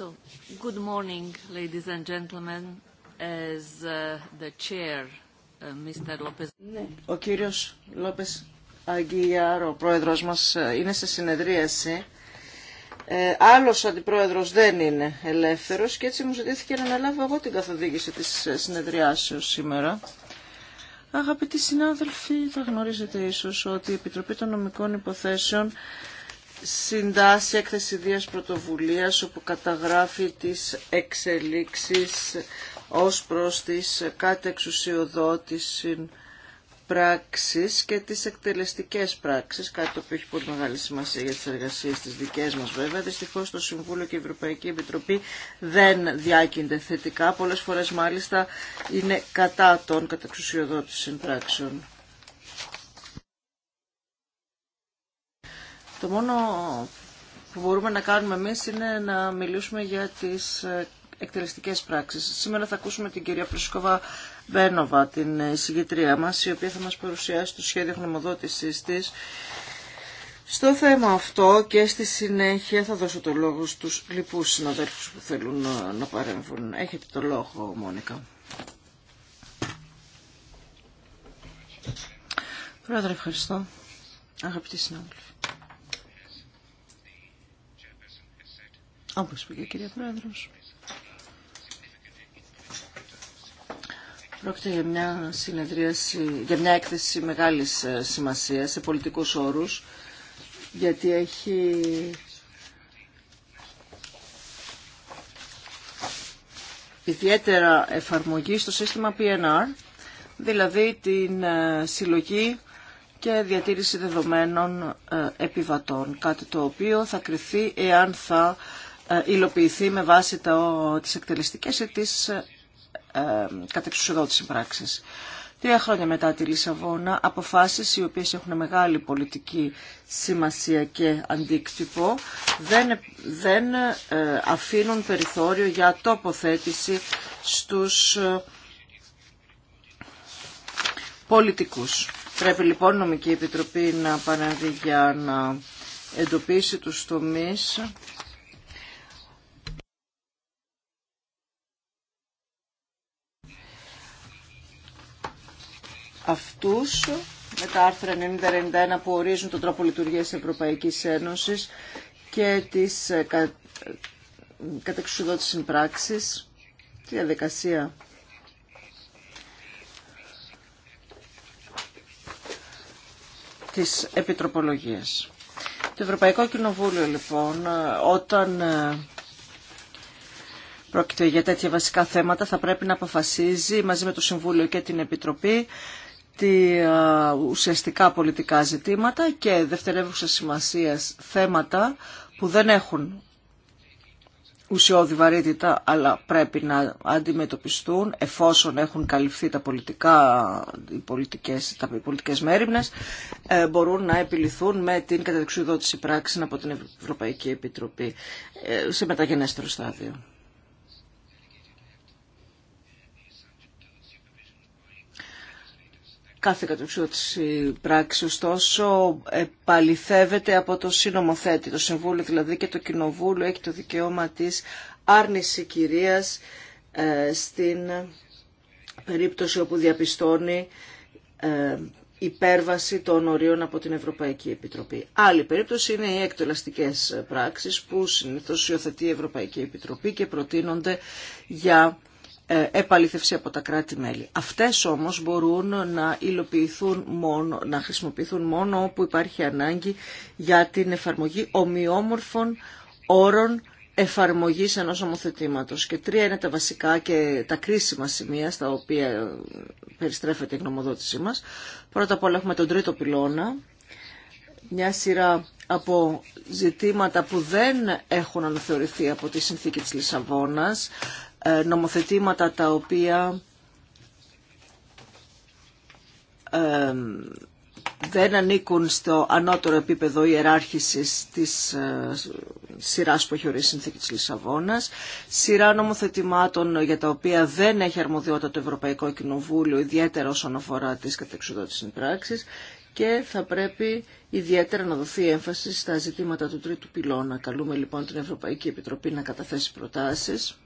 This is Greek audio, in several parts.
So, good morning, ladies and gentlemen. Uh, uh, ναι, ο κύριος Λόπες Αγγιάρο, ο πρόεδρος μας, ε, είναι σε συνεδρίαση. Ε, άλλος αντιπρόεδρος δεν είναι ελεύθερος και έτσι μου ζητήθηκε να αναλάβω εγώ την καθοδήγηση της ε, συνεδριάσεως σήμερα. Αγαπητοί συνάδελφοι, θα γνωρίζετε ίσως ότι η Επιτροπή των Νομικών Υποθέσεων συντάσσει έκθεση Δίας Πρωτοβουλίας όπου καταγράφει τις εξελίξεις ως προς τις κατεξουσιοδότηση πράξεις και τις εκτελεστικές πράξεις, κάτι το οποίο έχει πολύ μεγάλη σημασία για τις εργασίες της δικές μας βέβαια. Δυστυχώς το Συμβούλιο και η Ευρωπαϊκή Επιτροπή δεν διάκυνται θετικά, πολλές φορές μάλιστα είναι κατά των κατεξουσιοδότησης πράξεων. Το μόνο που μπορούμε να κάνουμε εμείς είναι να μιλήσουμε για τις ε, εκτελεστικές πράξεις. Σήμερα θα ακούσουμε την κυρία Πρίσκοβα Μπένοβα, την συγκητρία μας, η οποία θα μας παρουσιάσει το σχέδιο γνωμοδότησης της. Στο θέμα αυτό και στη συνέχεια θα δώσω το λόγο στους λοιπούς συναδέλφους που θέλουν ε, να παρέμβουν. Έχετε το λόγο, Μόνικα. Πρόεδρε, ευχαριστώ. Αγαπητοί συνάδελφοι. Όπως πήγε η κυρία Πρόεδρος. Πρόκειται για μια έκθεση μεγάλης ε, σημασίας σε πολιτικούς όρους, γιατί έχει ιδιαίτερα εφαρμογή στο σύστημα PNR, δηλαδή την ε, συλλογή και διατήρηση δεδομένων ε, επιβατών, κάτι το οποίο θα κριθεί εάν θα ε, υλοποιηθεί με βάση το, τις εκτελεστικές ή τις ε, ε κατεξουσιοδότηση Τρία χρόνια μετά τη Λισαβόνα, αποφάσεις οι οποίες έχουν μεγάλη πολιτική σημασία και αντίκτυπο δεν, δεν ε, αφήνουν περιθώριο για τοποθέτηση στους πολιτικούς. Πρέπει λοιπόν η Νομική Επιτροπή να παρέμβει για να εντοπίσει τους τομείς αυτούς με τα άρθρα 90-91 που ορίζουν τον τρόπο λειτουργίας της Ευρωπαϊκής Ένωσης και τις ε, κα... Ε, κατεξουδότης συμπράξης, τη διαδικασία. της Επιτροπολογίας. Το Ευρωπαϊκό Κοινοβούλιο λοιπόν ε, όταν πρόκειται για τέτοια βασικά θέματα θα πρέπει να αποφασίζει μαζί με το Συμβούλιο και την Επιτροπή ουσιαστικά πολιτικά ζητήματα και δευτερεύουσα σημασίας θέματα που δεν έχουν ουσιώδη βαρύτητα αλλά πρέπει να αντιμετωπιστούν εφόσον έχουν καλυφθεί τα πολιτικά, οι πολιτικές, τα πολιτικές μέρημνες ε, μπορούν να επιληθούν με την καταδεξιδότηση πράξη από την Ευρωπαϊκή Επιτροπή ε, σε μεταγενέστερο στάδιο. Κάθε της πράξη, ωστόσο, επαληθεύεται από το συνομοθέτη. Το Συμβούλιο δηλαδή και το Κοινοβούλιο έχει το δικαίωμα της άρνηση κυρίας ε, στην περίπτωση όπου διαπιστώνει ε, υπέρβαση των ορίων από την Ευρωπαϊκή Επιτροπή. Άλλη περίπτωση είναι οι εκτελεστικές πράξεις που συνήθως υιοθετεί η Ευρωπαϊκή Επιτροπή και προτείνονται για ε, επαλήθευση από τα κράτη-μέλη. Αυτές όμως μπορούν να υλοποιηθούν μόνο, να χρησιμοποιηθούν μόνο όπου υπάρχει ανάγκη για την εφαρμογή ομοιόμορφων όρων εφαρμογής ενός νομοθετήματο. Και τρία είναι τα βασικά και τα κρίσιμα σημεία στα οποία περιστρέφεται η γνωμοδότησή μας. Πρώτα απ' όλα έχουμε τον τρίτο πυλώνα, μια σειρά από ζητήματα που δεν έχουν αναθεωρηθεί από τη συνθήκη της Λισαβόνας, ε, νομοθετήματα τα οποία ε, δεν ανήκουν στο ανώτερο επίπεδο ιεράρχησης της ε, σειράς που έχει ορίσει η συνθήκη της Λισαβόνας, σειρά νομοθετημάτων για τα οποία δεν έχει αρμοδιότητα το Ευρωπαϊκό Κοινοβούλιο, ιδιαίτερα όσον αφορά τις κατεξουδότητες πράξεις και θα πρέπει ιδιαίτερα να δοθεί έμφαση στα ζητήματα του τρίτου πυλώνα. Καλούμε λοιπόν την Ευρωπαϊκή Επιτροπή να καταθέσει προτάσεις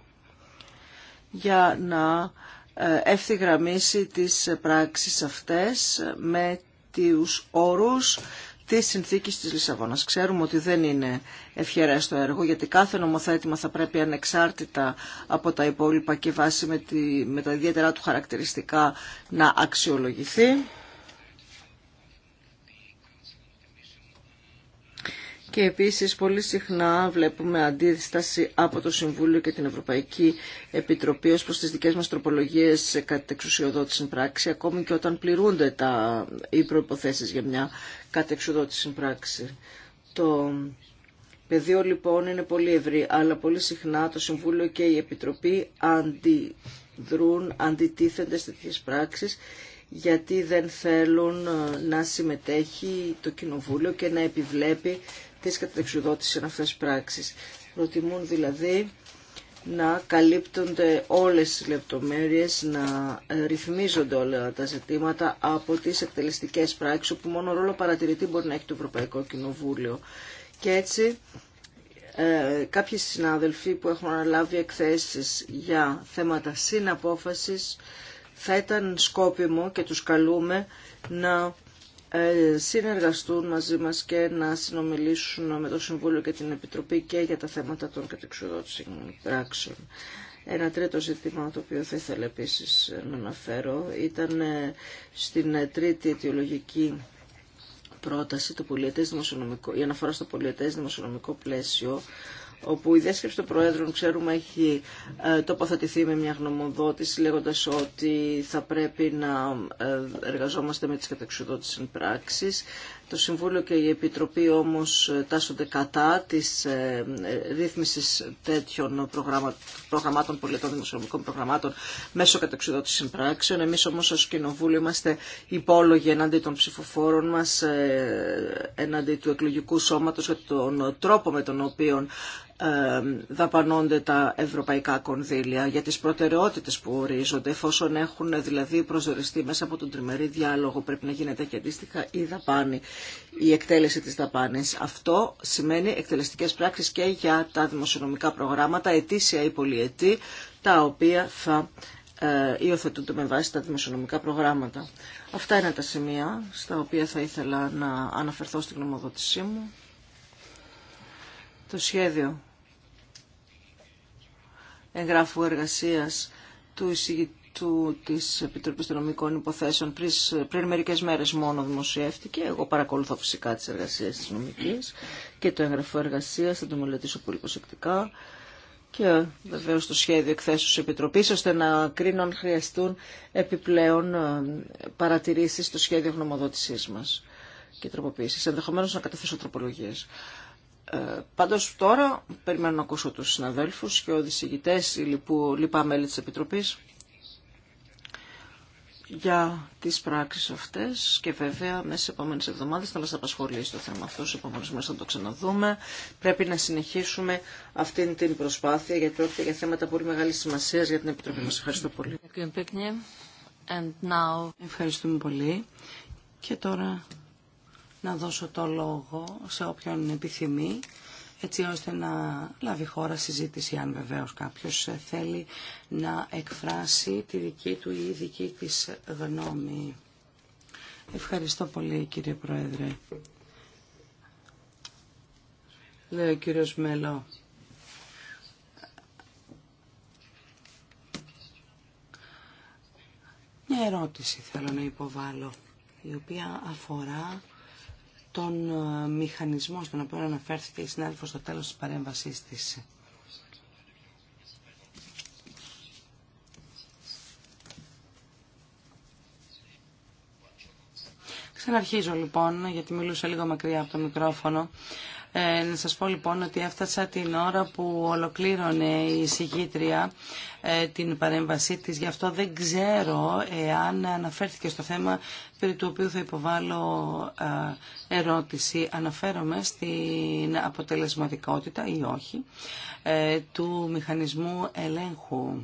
για να ε, ευθυγραμμίσει τις πράξεις αυτές με τους όρους τη συνθήκη τη Λισαβόνα. Ξέρουμε ότι δεν είναι ευχερέ το έργο, γιατί κάθε νομοθέτημα θα πρέπει ανεξάρτητα από τα υπόλοιπα και βάσει με, τη, με τα ιδιαίτερά του χαρακτηριστικά να αξιολογηθεί. και επίσης πολύ συχνά βλέπουμε αντίσταση από το Συμβούλιο και την Ευρωπαϊκή Επιτροπή ως προς τις δικές μας τροπολογίες κατά εξουσιοδότηση πράξη, ακόμη και όταν πληρούνται τα, οι προϋποθέσεις για μια κατεξουδότηση πράξη. Το πεδίο λοιπόν είναι πολύ ευρύ, αλλά πολύ συχνά το Συμβούλιο και η Επιτροπή αντιδρούν, αντιτίθενται σε τέτοιες πράξεις γιατί δεν θέλουν ε, να συμμετέχει το Κοινοβούλιο και να επιβλέπει και τις κατεξουδότηση σε αυτές πράξεις. Προτιμούν δηλαδή να καλύπτονται όλες τις λεπτομέρειες, να ρυθμίζονται όλα τα ζητήματα από τις εκτελεστικές πράξεις όπου μόνο ρόλο παρατηρητή μπορεί να έχει το Ευρωπαϊκό Κοινοβούλιο. Και έτσι ε, κάποιοι συνάδελφοι που έχουν αναλάβει εκθέσεις για θέματα συναπόφασης θα ήταν σκόπιμο και τους καλούμε να ε, συνεργαστούν μαζί μας και να συνομιλήσουν με το Συμβούλιο και την Επιτροπή και για τα θέματα των κατεξοδότησης πράξεων. Ένα τρίτο ζήτημα το οποίο θα ήθελα επίσης να αναφέρω ήταν ε, στην τρίτη αιτιολογική πρόταση το η αναφορά στο πολιετές δημοσιονομικό πλαίσιο όπου η δέσκευση των Προέδρων, ξέρουμε, έχει ε, τοποθετηθεί με μια γνωμοδότηση λέγοντας ότι θα πρέπει να ε, εργαζόμαστε με τις εν πράξεις. Το Συμβούλιο και η Επιτροπή όμως ε, τάσσονται κατά της ρύθμισης τέτοιων προγραμμάτων πολιτών δημοσιονομικών προγραμμάτων μέσω εν συμπράξεων. Εμείς όμως ως Κοινοβούλιο είμαστε υπόλογοι εναντί των ψηφοφόρων μας, εναντί του εκλογικού σώματος και τον τρόπο με τον οποίο δαπανώνται τα ευρωπαϊκά κονδύλια, για τις προτεραιότητες που ορίζονται, εφόσον έχουν δηλαδή προσδοριστεί μέσα από τον τριμερή διάλογο, πρέπει να γίνεται και αντίστοιχα η δαπάνη, η εκτέλεση της δαπάνης. Αυτό σημαίνει εκτελεστικές πράξεις και για τα δημοσιονομικά προγράμματα, ετήσια ή πολυετή, τα οποία θα ε, υιοθετούνται με βάση τα δημοσιονομικά προγράμματα. Αυτά είναι τα σημεία στα οποία θα ήθελα να αναφερθώ στην γνωμοδότησή μου. Το σχέδιο εγγράφου εργασίας του εισηγητή του, της Επιτροπής των Νομικών Υποθέσεων πριν, πριν μερικές μέρες μόνο δημοσιεύτηκε. Εγώ παρακολουθώ φυσικά τις εργασίες της νομικής και το έγγραφο εργασία θα το μελετήσω πολύ προσεκτικά και βεβαίω το σχέδιο εκθέσεως Επιτροπής ώστε να κρίνω αν χρειαστούν επιπλέον ε, παρατηρήσεις στο σχέδιο γνωμοδότησής μας και τροποποίησης. Ενδεχομένως να καταθέσω τροπολογίες. Ε, Πάντω τώρα περιμένω να ακούσω του συναδέλφου και ο ή λοιπού, λοιπά μέλη τη Επιτροπής για τι πράξει αυτέ και βέβαια μέσα στι επόμενε εβδομάδε θα μα απασχολήσει το θέμα αυτό, Στι επόμενε μέρε θα το ξαναδούμε. Πρέπει να συνεχίσουμε αυτή την προσπάθεια γιατί πρόκειται για θέματα πολύ μεγάλη σημασία για την Επιτροπή μας. Ευχαριστώ πολύ. Ευχαριστούμε πολύ. Και τώρα να δώσω το λόγο σε όποιον επιθυμεί, έτσι ώστε να λάβει χώρα συζήτηση, αν βεβαίως κάποιος θέλει να εκφράσει τη δική του ή δική της γνώμη. Ευχαριστώ πολύ κύριε Πρόεδρε. Λέει ο κύριος Μέλο. Μια ερώτηση θέλω να υποβάλω, η οποία αφορά τον ε, μηχανισμό στον οποίο αναφέρθηκε η συνάδελφος στο τέλος της παρέμβασής της. Ξαναρχίζω λοιπόν, γιατί μιλούσα λίγο μακριά από το μικρόφωνο. Ε, να σας πω λοιπόν ότι έφτασα την ώρα που ολοκλήρωνε η συγκήτρια ε, την παρέμβασή της. Γι' αυτό δεν ξέρω εάν αναφέρθηκε στο θέμα περί του οποίου θα υποβάλω ε, ερώτηση. Αναφέρομαι στην αποτελεσματικότητα ή όχι ε, του μηχανισμού ελέγχου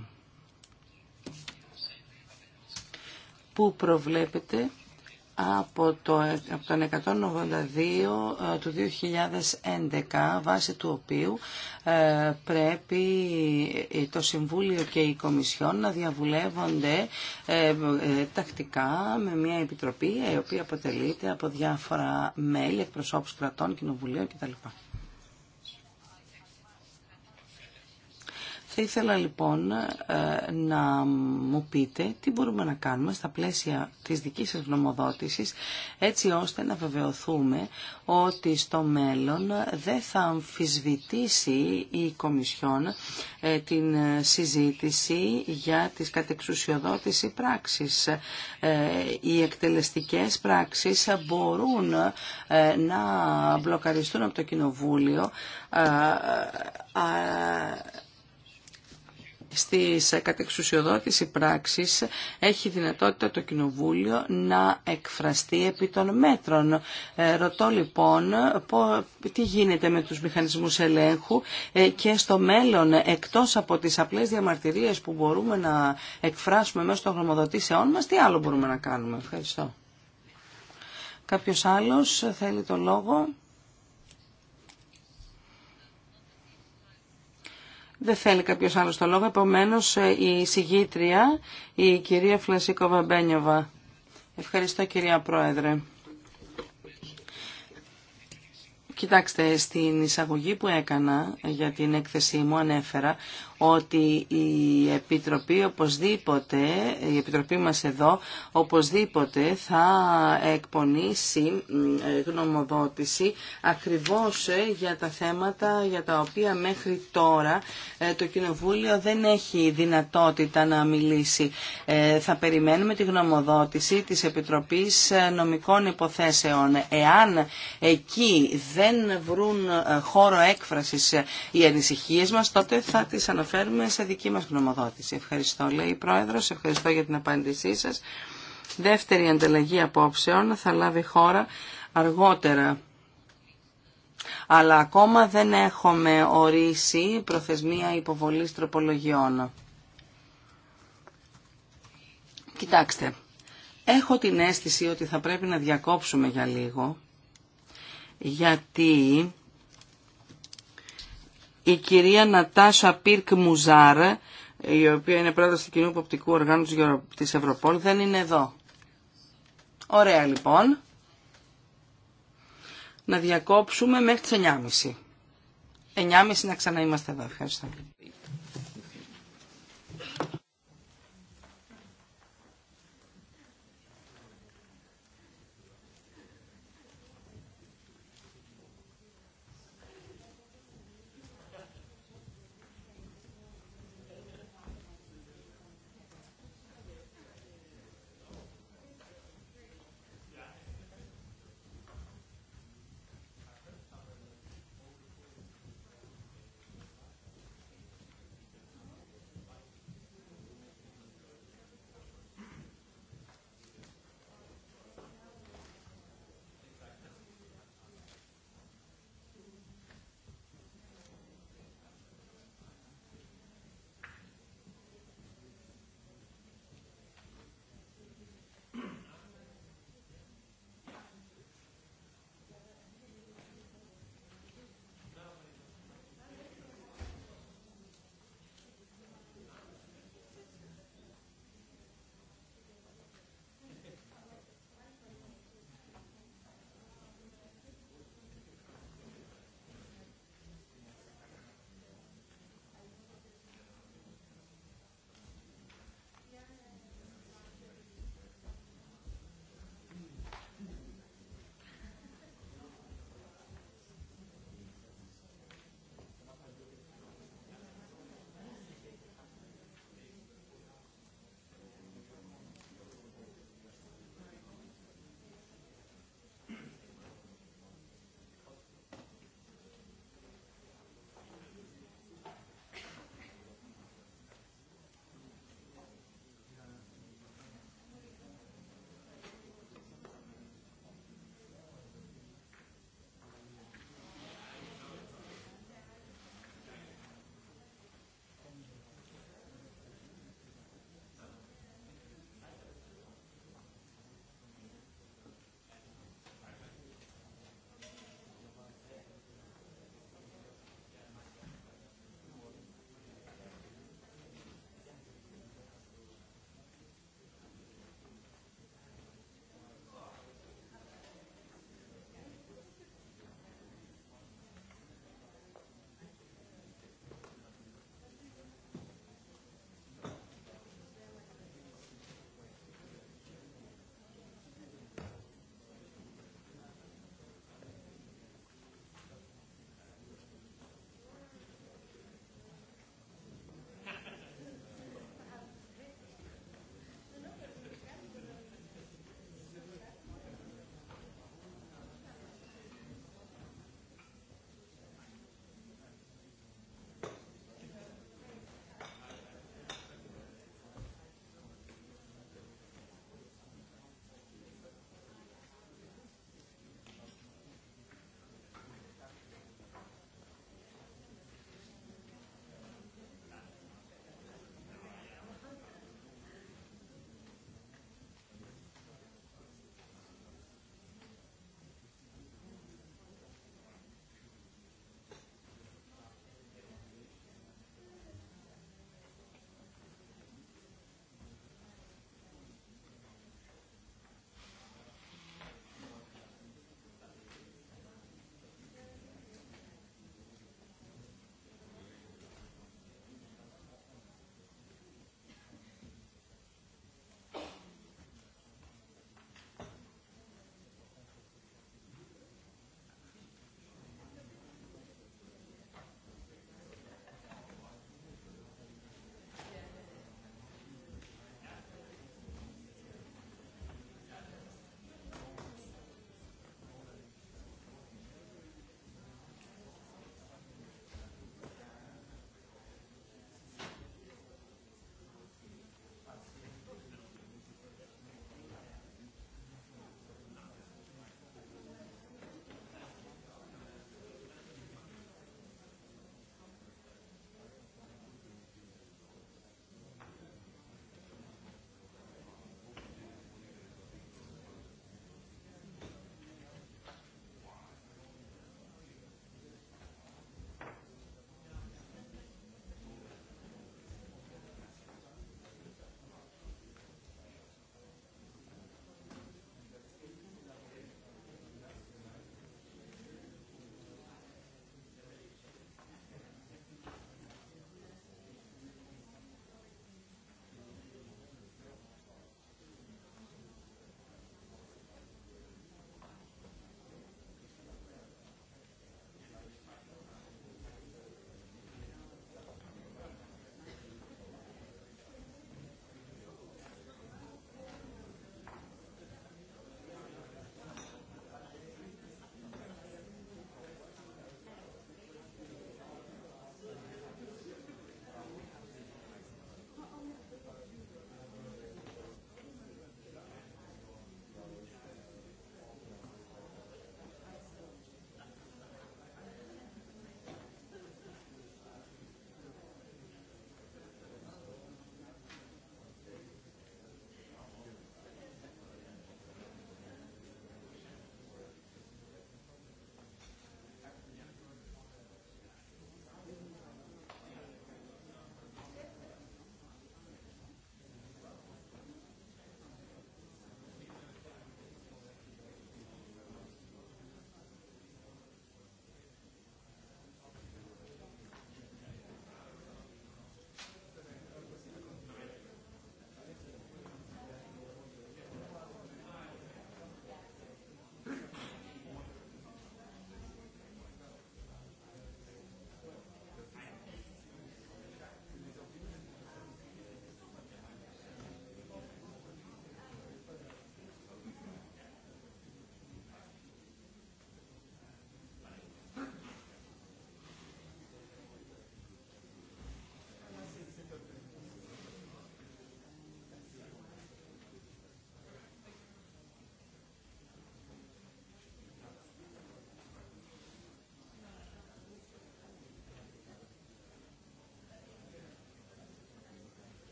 που προβλέπεται από, το, από τον 182 ε, του 2011, βάσει του οποίου ε, πρέπει το Συμβούλιο και η Κομισιόν να διαβουλεύονται ε, τακτικά με μια επιτροπή η οποία αποτελείται από διάφορα μέλη, εκπροσώπους κρατών, κοινοβουλίων κτλ. Θα ήθελα λοιπόν ε, να μου πείτε τι μπορούμε να κάνουμε στα πλαίσια της δικής σας γνωμοδότησης έτσι ώστε να βεβαιωθούμε ότι στο μέλλον δεν θα αμφισβητήσει η Κομισιόν ε, την συζήτηση για τις κατεξουσιοδότηση πράξεις. Ε, οι εκτελεστικές πράξεις μπορούν να μπλοκαριστούν από το Κοινοβούλιο στις ε, κατεξουσιοδότηση πράξης έχει δυνατότητα το Κοινοβούλιο να εκφραστεί επί των μέτρων. Ε, ρωτώ λοιπόν τι γίνεται με τους μηχανισμούς ελέγχου ε, και στο μέλλον εκτός από τις απλές διαμαρτυρίες που μπορούμε να εκφράσουμε μέσω των γνωμοδοτήσεών μας, τι άλλο μπορούμε να κάνουμε. Ευχαριστώ. Κάποιος άλλος θέλει το λόγο. Δεν θέλει κάποιο άλλο το λόγο, επομένω ε, η συγγήτρια, η κυρία Φλασίκοβα Μπένιοβα. Ευχαριστώ κυρία Πρόεδρε. Κοιτάξτε, στην εισαγωγή που έκανα για την έκθεσή μου ανέφερα ότι η Επιτροπή οπωσδήποτε, η Επιτροπή μας εδώ οπωσδήποτε θα εκπονήσει γνωμοδότηση ακριβώς ε, για τα θέματα για τα οποία μέχρι τώρα ε, το Κοινοβούλιο δεν έχει δυνατότητα να μιλήσει. Ε, θα περιμένουμε τη γνωμοδότηση της Επιτροπής Νομικών Υποθέσεων. Εάν εκεί δεν βρουν χώρο έκφρασης οι ανησυχίες μας, τότε θα τις αναφέρουμε αναφέρουμε σε δική μας γνωμοδότηση. Ευχαριστώ, λέει η Πρόεδρος, ευχαριστώ για την απάντησή σας. Δεύτερη ανταλλαγή απόψεων θα λάβει χώρα αργότερα. Αλλά ακόμα δεν έχουμε ορίσει προθεσμία υποβολής τροπολογιών. Κοιτάξτε, έχω την αίσθηση ότι θα πρέπει να διακόψουμε για λίγο, γιατί η κυρία Νατάσα Πίρκ Μουζάρ, η οποία είναι πρόεδρος του Κοινού Ποπτικού Οργάνου της Ευρωπόλ, δεν είναι εδώ. Ωραία λοιπόν. Να διακόψουμε μέχρι τις 9.30. 9.30 να ξαναείμαστε εδώ. Ευχαριστώ.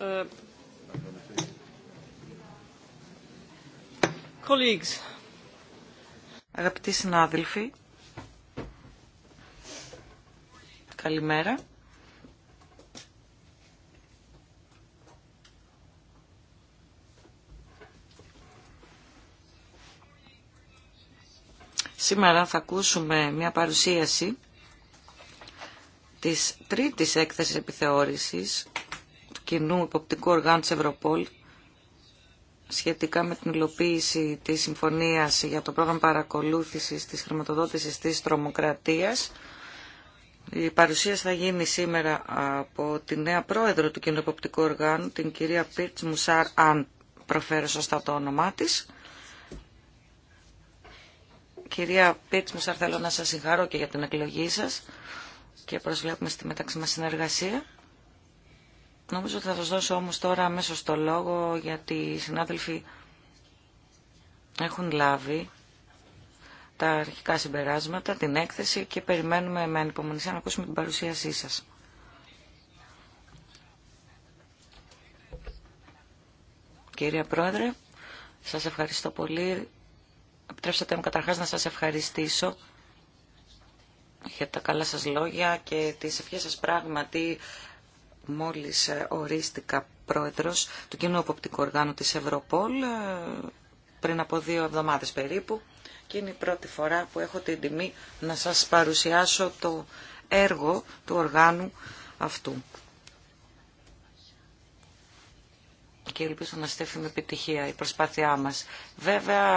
Uh, Αγαπητοί συνάδελφοι, καλημέρα. Σήμερα θα ακούσουμε μια παρουσίαση της τρίτης έκθεσης επιθεώρησης κοινού υποπτικού οργάνου της Ευρωπόλ σχετικά με την υλοποίηση της συμφωνίας για το πρόγραμμα παρακολούθησης της χρηματοδότησης της τρομοκρατίας. Η παρουσία θα γίνει σήμερα από τη νέα πρόεδρο του κοινού υποπτικού οργάνου, την κυρία Πίρτς Μουσάρ, αν προφέρω σωστά το όνομά της. Κυρία Πίρτς Μουσάρ, θέλω να σα συγχαρώ και για την εκλογή σας και προσβλέπουμε στη μεταξύ μα συνεργασία. Νομίζω ότι θα σας δώσω όμως τώρα αμέσως το λόγο γιατί οι συνάδελφοι έχουν λάβει τα αρχικά συμπεράσματα, την έκθεση και περιμένουμε με ανυπομονησία να ακούσουμε την παρουσίασή σας. Κυρία Πρόεδρε, σας ευχαριστώ πολύ. Επιτρέψατε μου καταρχάς να σας ευχαριστήσω για τα καλά σας λόγια και τις ευχές σας πράγματι μόλις ε, ορίστηκα πρόεδρος του κοινού αποπτικού οργάνου της Ευρωπόλ ε, πριν από δύο εβδομάδες περίπου και είναι η πρώτη φορά που έχω την τιμή να σας παρουσιάσω το έργο του οργάνου αυτού. Και ελπίζω να στέφει με επιτυχία η προσπάθειά μας. Βέβαια,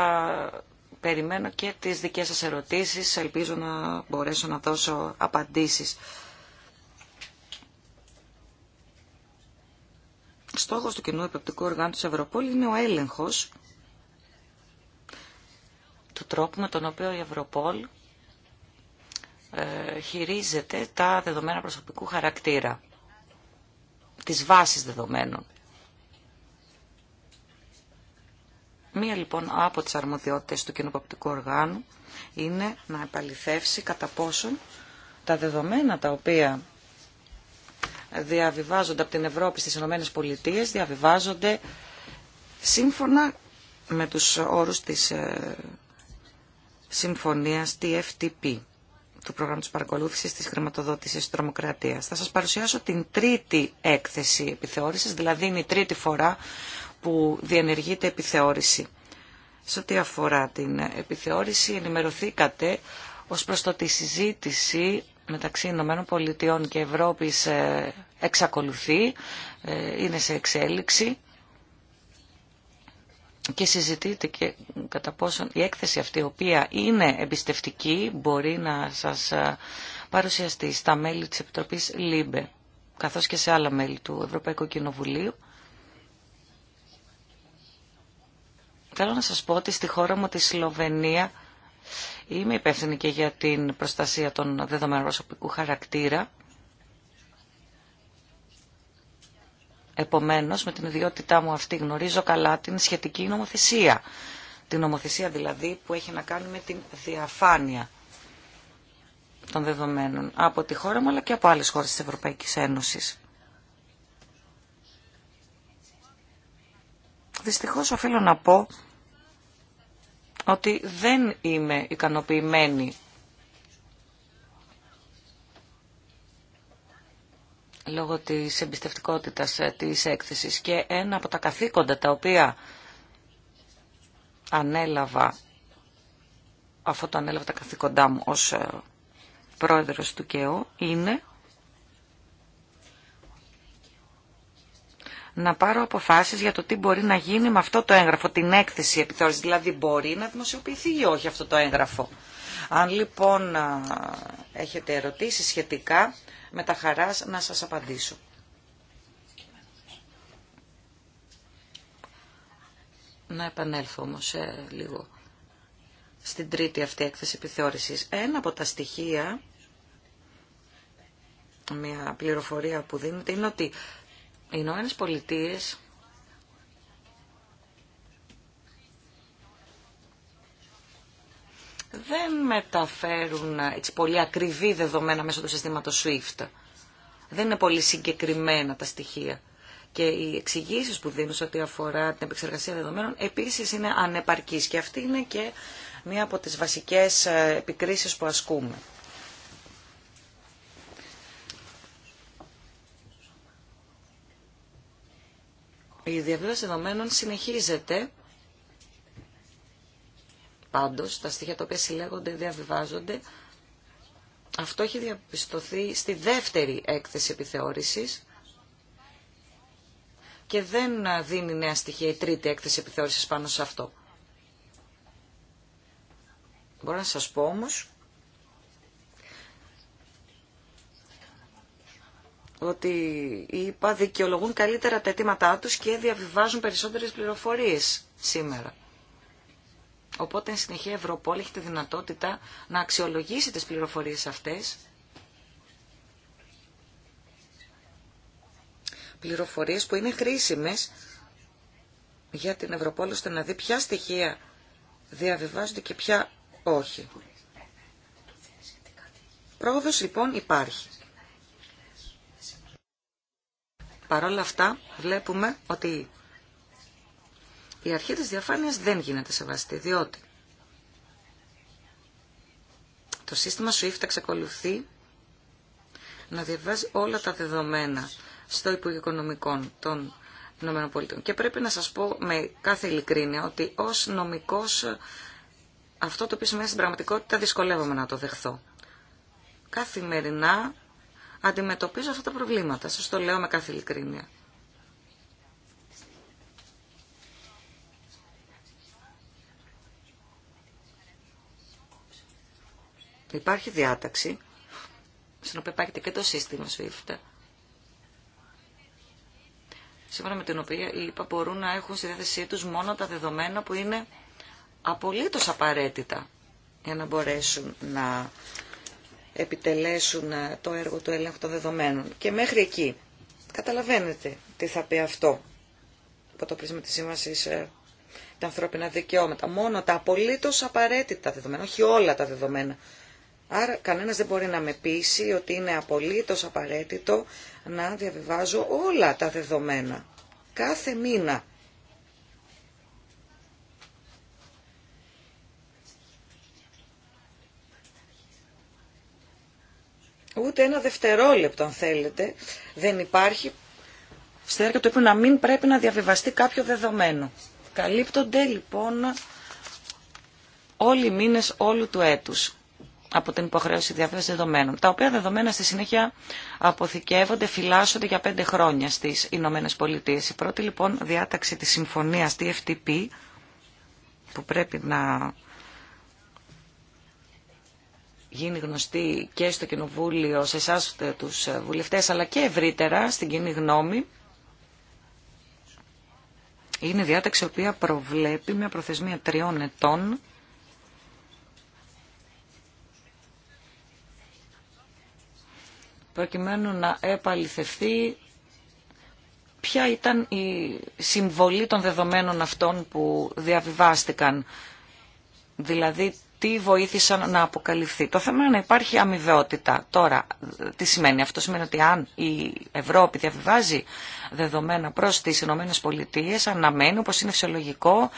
περιμένω και τις δικές σας ερωτήσεις. Ελπίζω να μπορέσω να δώσω απαντήσεις Στόχος του κοινού οργάνου της Ευρωπολ είναι ο έλεγχος του τρόπου με τον οποίο η Ευρωπόλ ε, χειρίζεται τα δεδομένα προσωπικού χαρακτήρα, τις βάσεις δεδομένων. Μία λοιπόν από τις αρμοδιότητες του κοινοποπτικού οργάνου είναι να επαληθεύσει κατά πόσον τα δεδομένα τα οποία διαβιβάζονται από την Ευρώπη στις Ηνωμένες Πολιτείες, διαβιβάζονται σύμφωνα με τους όρους της ε, συμφωνίας TFTP του προγράμματος παρακολούθησης της χρηματοδότησης της τρομοκρατίας. Θα σας παρουσιάσω την τρίτη έκθεση επιθεώρησης, δηλαδή είναι η τρίτη φορά που διενεργείται επιθεώρηση. Σε ό,τι αφορά την επιθεώρηση ενημερωθήκατε ως προς το τη συζήτηση μεταξύ Ηνωμένων Πολιτειών και Ευρώπης ε, εξακολουθεί, ε, είναι σε εξέλιξη και συζητείται και κατά πόσον η έκθεση αυτή η οποία είναι εμπιστευτική μπορεί να σας ε, παρουσιαστεί στα μέλη της Επιτροπής ΛΥΜΠΕ καθώς και σε άλλα μέλη του Ευρωπαϊκού Κοινοβουλίου. Θέλω να σας πω ότι στη χώρα μου τη Σλοβενία Είμαι υπεύθυνη και για την προστασία των δεδομένων προσωπικού χαρακτήρα. Επομένως, με την ιδιότητά μου αυτή γνωρίζω καλά την σχετική νομοθεσία. Την νομοθεσία δηλαδή που έχει να κάνει με την διαφάνεια των δεδομένων από τη χώρα μου αλλά και από άλλες χώρες της Ευρωπαϊκής Ένωσης. Δυστυχώς οφείλω να πω ότι δεν είμαι ικανοποιημένη. λόγω της εμπιστευτικότητας ε, της έκθεσης και ένα από τα καθήκοντα τα οποία ανέλαβα αφού το ανέλαβα τα καθήκοντά μου ως ε, πρόεδρος του ΚΕΟ είναι να πάρω αποφάσεις για το τι μπορεί να γίνει με αυτό το έγγραφο, την έκθεση επιθεώρησης. Δηλαδή μπορεί να δημοσιοποιηθεί ή όχι αυτό το έγγραφο. Αν λοιπόν έχετε ερωτήσεις σχετικά, με τα χαράς να σας απαντήσω. Να επανέλθω όμως ε, λίγο στην τρίτη αυτή έκθεση επιθεώρησης. Ένα από τα στοιχεία, μια πληροφορία που δίνεται, είναι ότι οι Ηνωμένε Πολιτείε δεν μεταφέρουν έτσι, πολύ ακριβή δεδομένα μέσω του συστήματος SWIFT. Δεν είναι πολύ συγκεκριμένα τα στοιχεία. Και οι εξηγήσει που δίνουν σε ό,τι αφορά την επεξεργασία δεδομένων επίσης είναι ανεπαρκείς. Και αυτή είναι και μία από τις βασικές ε, επικρίσεις που ασκούμε. Η διαβίβαση δεδομένων συνεχίζεται. Πάντως, τα στοιχεία τα οποία συλλέγονται, διαβιβάζονται. Αυτό έχει διαπιστωθεί στη δεύτερη έκθεση επιθεώρησης και δεν δίνει νέα στοιχεία η τρίτη έκθεση επιθεώρησης πάνω σε αυτό. Μπορώ να σας πω όμως ότι οι ΙΠΑ δικαιολογούν καλύτερα τα αιτήματά τους και διαβιβάζουν περισσότερες πληροφορίες σήμερα. Οπότε, εν συνεχεία, η Ευρωπόλη έχει τη δυνατότητα να αξιολογήσει τις πληροφορίες αυτές. Πληροφορίες που είναι χρήσιμες για την Ευρωπόλη ώστε να δει ποια στοιχεία διαβιβάζονται και ποια όχι. Πρόοδος, λοιπόν, υπάρχει. Παρ' όλα αυτά βλέπουμε ότι η αρχή της διαφάνειας δεν γίνεται σεβαστή, διότι το σύστημα SWIFT εξακολουθεί να διαβάζει όλα τα δεδομένα στο Υπουργείο Οικονομικών των ΗΠΑ. Και πρέπει να σας πω με κάθε ειλικρίνεια ότι ως νομικός αυτό το οποίο σημαίνει στην πραγματικότητα δυσκολεύομαι να το δεχθώ. Καθημερινά αντιμετωπίζω αυτά τα προβλήματα. Σας το λέω με κάθε ειλικρίνεια. Υπάρχει διάταξη, στην οποία υπάρχει και το σύστημα SWIFT, σύμφωνα με την οποία οι ΙΠΑ μπορούν να έχουν στη διάθεσή τους μόνο τα δεδομένα που είναι απολύτως απαραίτητα για να μπορέσουν να επιτελέσουν ε, το έργο του ελέγχου των δεδομένων. Και μέχρι εκεί. Καταλαβαίνετε τι θα πει αυτό από το πρίσμα της σύμβασης ε, τα ανθρώπινα δικαιώματα. Μόνο τα απολύτως απαραίτητα δεδομένα, όχι όλα τα δεδομένα. Άρα κανένας δεν μπορεί να με πείσει ότι είναι απολύτως απαραίτητο να διαβιβάζω όλα τα δεδομένα. Κάθε μήνα Ούτε ένα δευτερόλεπτο, αν θέλετε, δεν υπάρχει στη το του να μην πρέπει να διαβιβαστεί κάποιο δεδομένο. Καλύπτονται λοιπόν όλοι οι μήνες όλου του έτους από την υποχρέωση διαβίβασης δεδομένων, τα οποία δεδομένα στη συνέχεια αποθηκεύονται, φυλάσσονται για πέντε χρόνια στις Ηνωμένες Πολιτείες. Η πρώτη λοιπόν διάταξη της συμφωνίας TFTP που πρέπει να γίνει γνωστή και στο Κοινοβούλιο, σε εσά ε, τους ε, βουλευτές, αλλά και ευρύτερα στην κοινή γνώμη. Είναι διάταξη η οποία προβλέπει μια προθεσμία τριών ετών προκειμένου να επαληθευθεί ποια ήταν η συμβολή των δεδομένων αυτών που διαβιβάστηκαν. Δηλαδή τι βοήθησαν να αποκαλυφθεί. Το θέμα είναι να υπάρχει αμοιβαιότητα. Τώρα, τι σημαίνει αυτό. Σημαίνει ότι αν η Ευρώπη διαβιβάζει δεδομένα προ τι ΗΠΑ αναμένει, όπω είναι φυσιολογικό,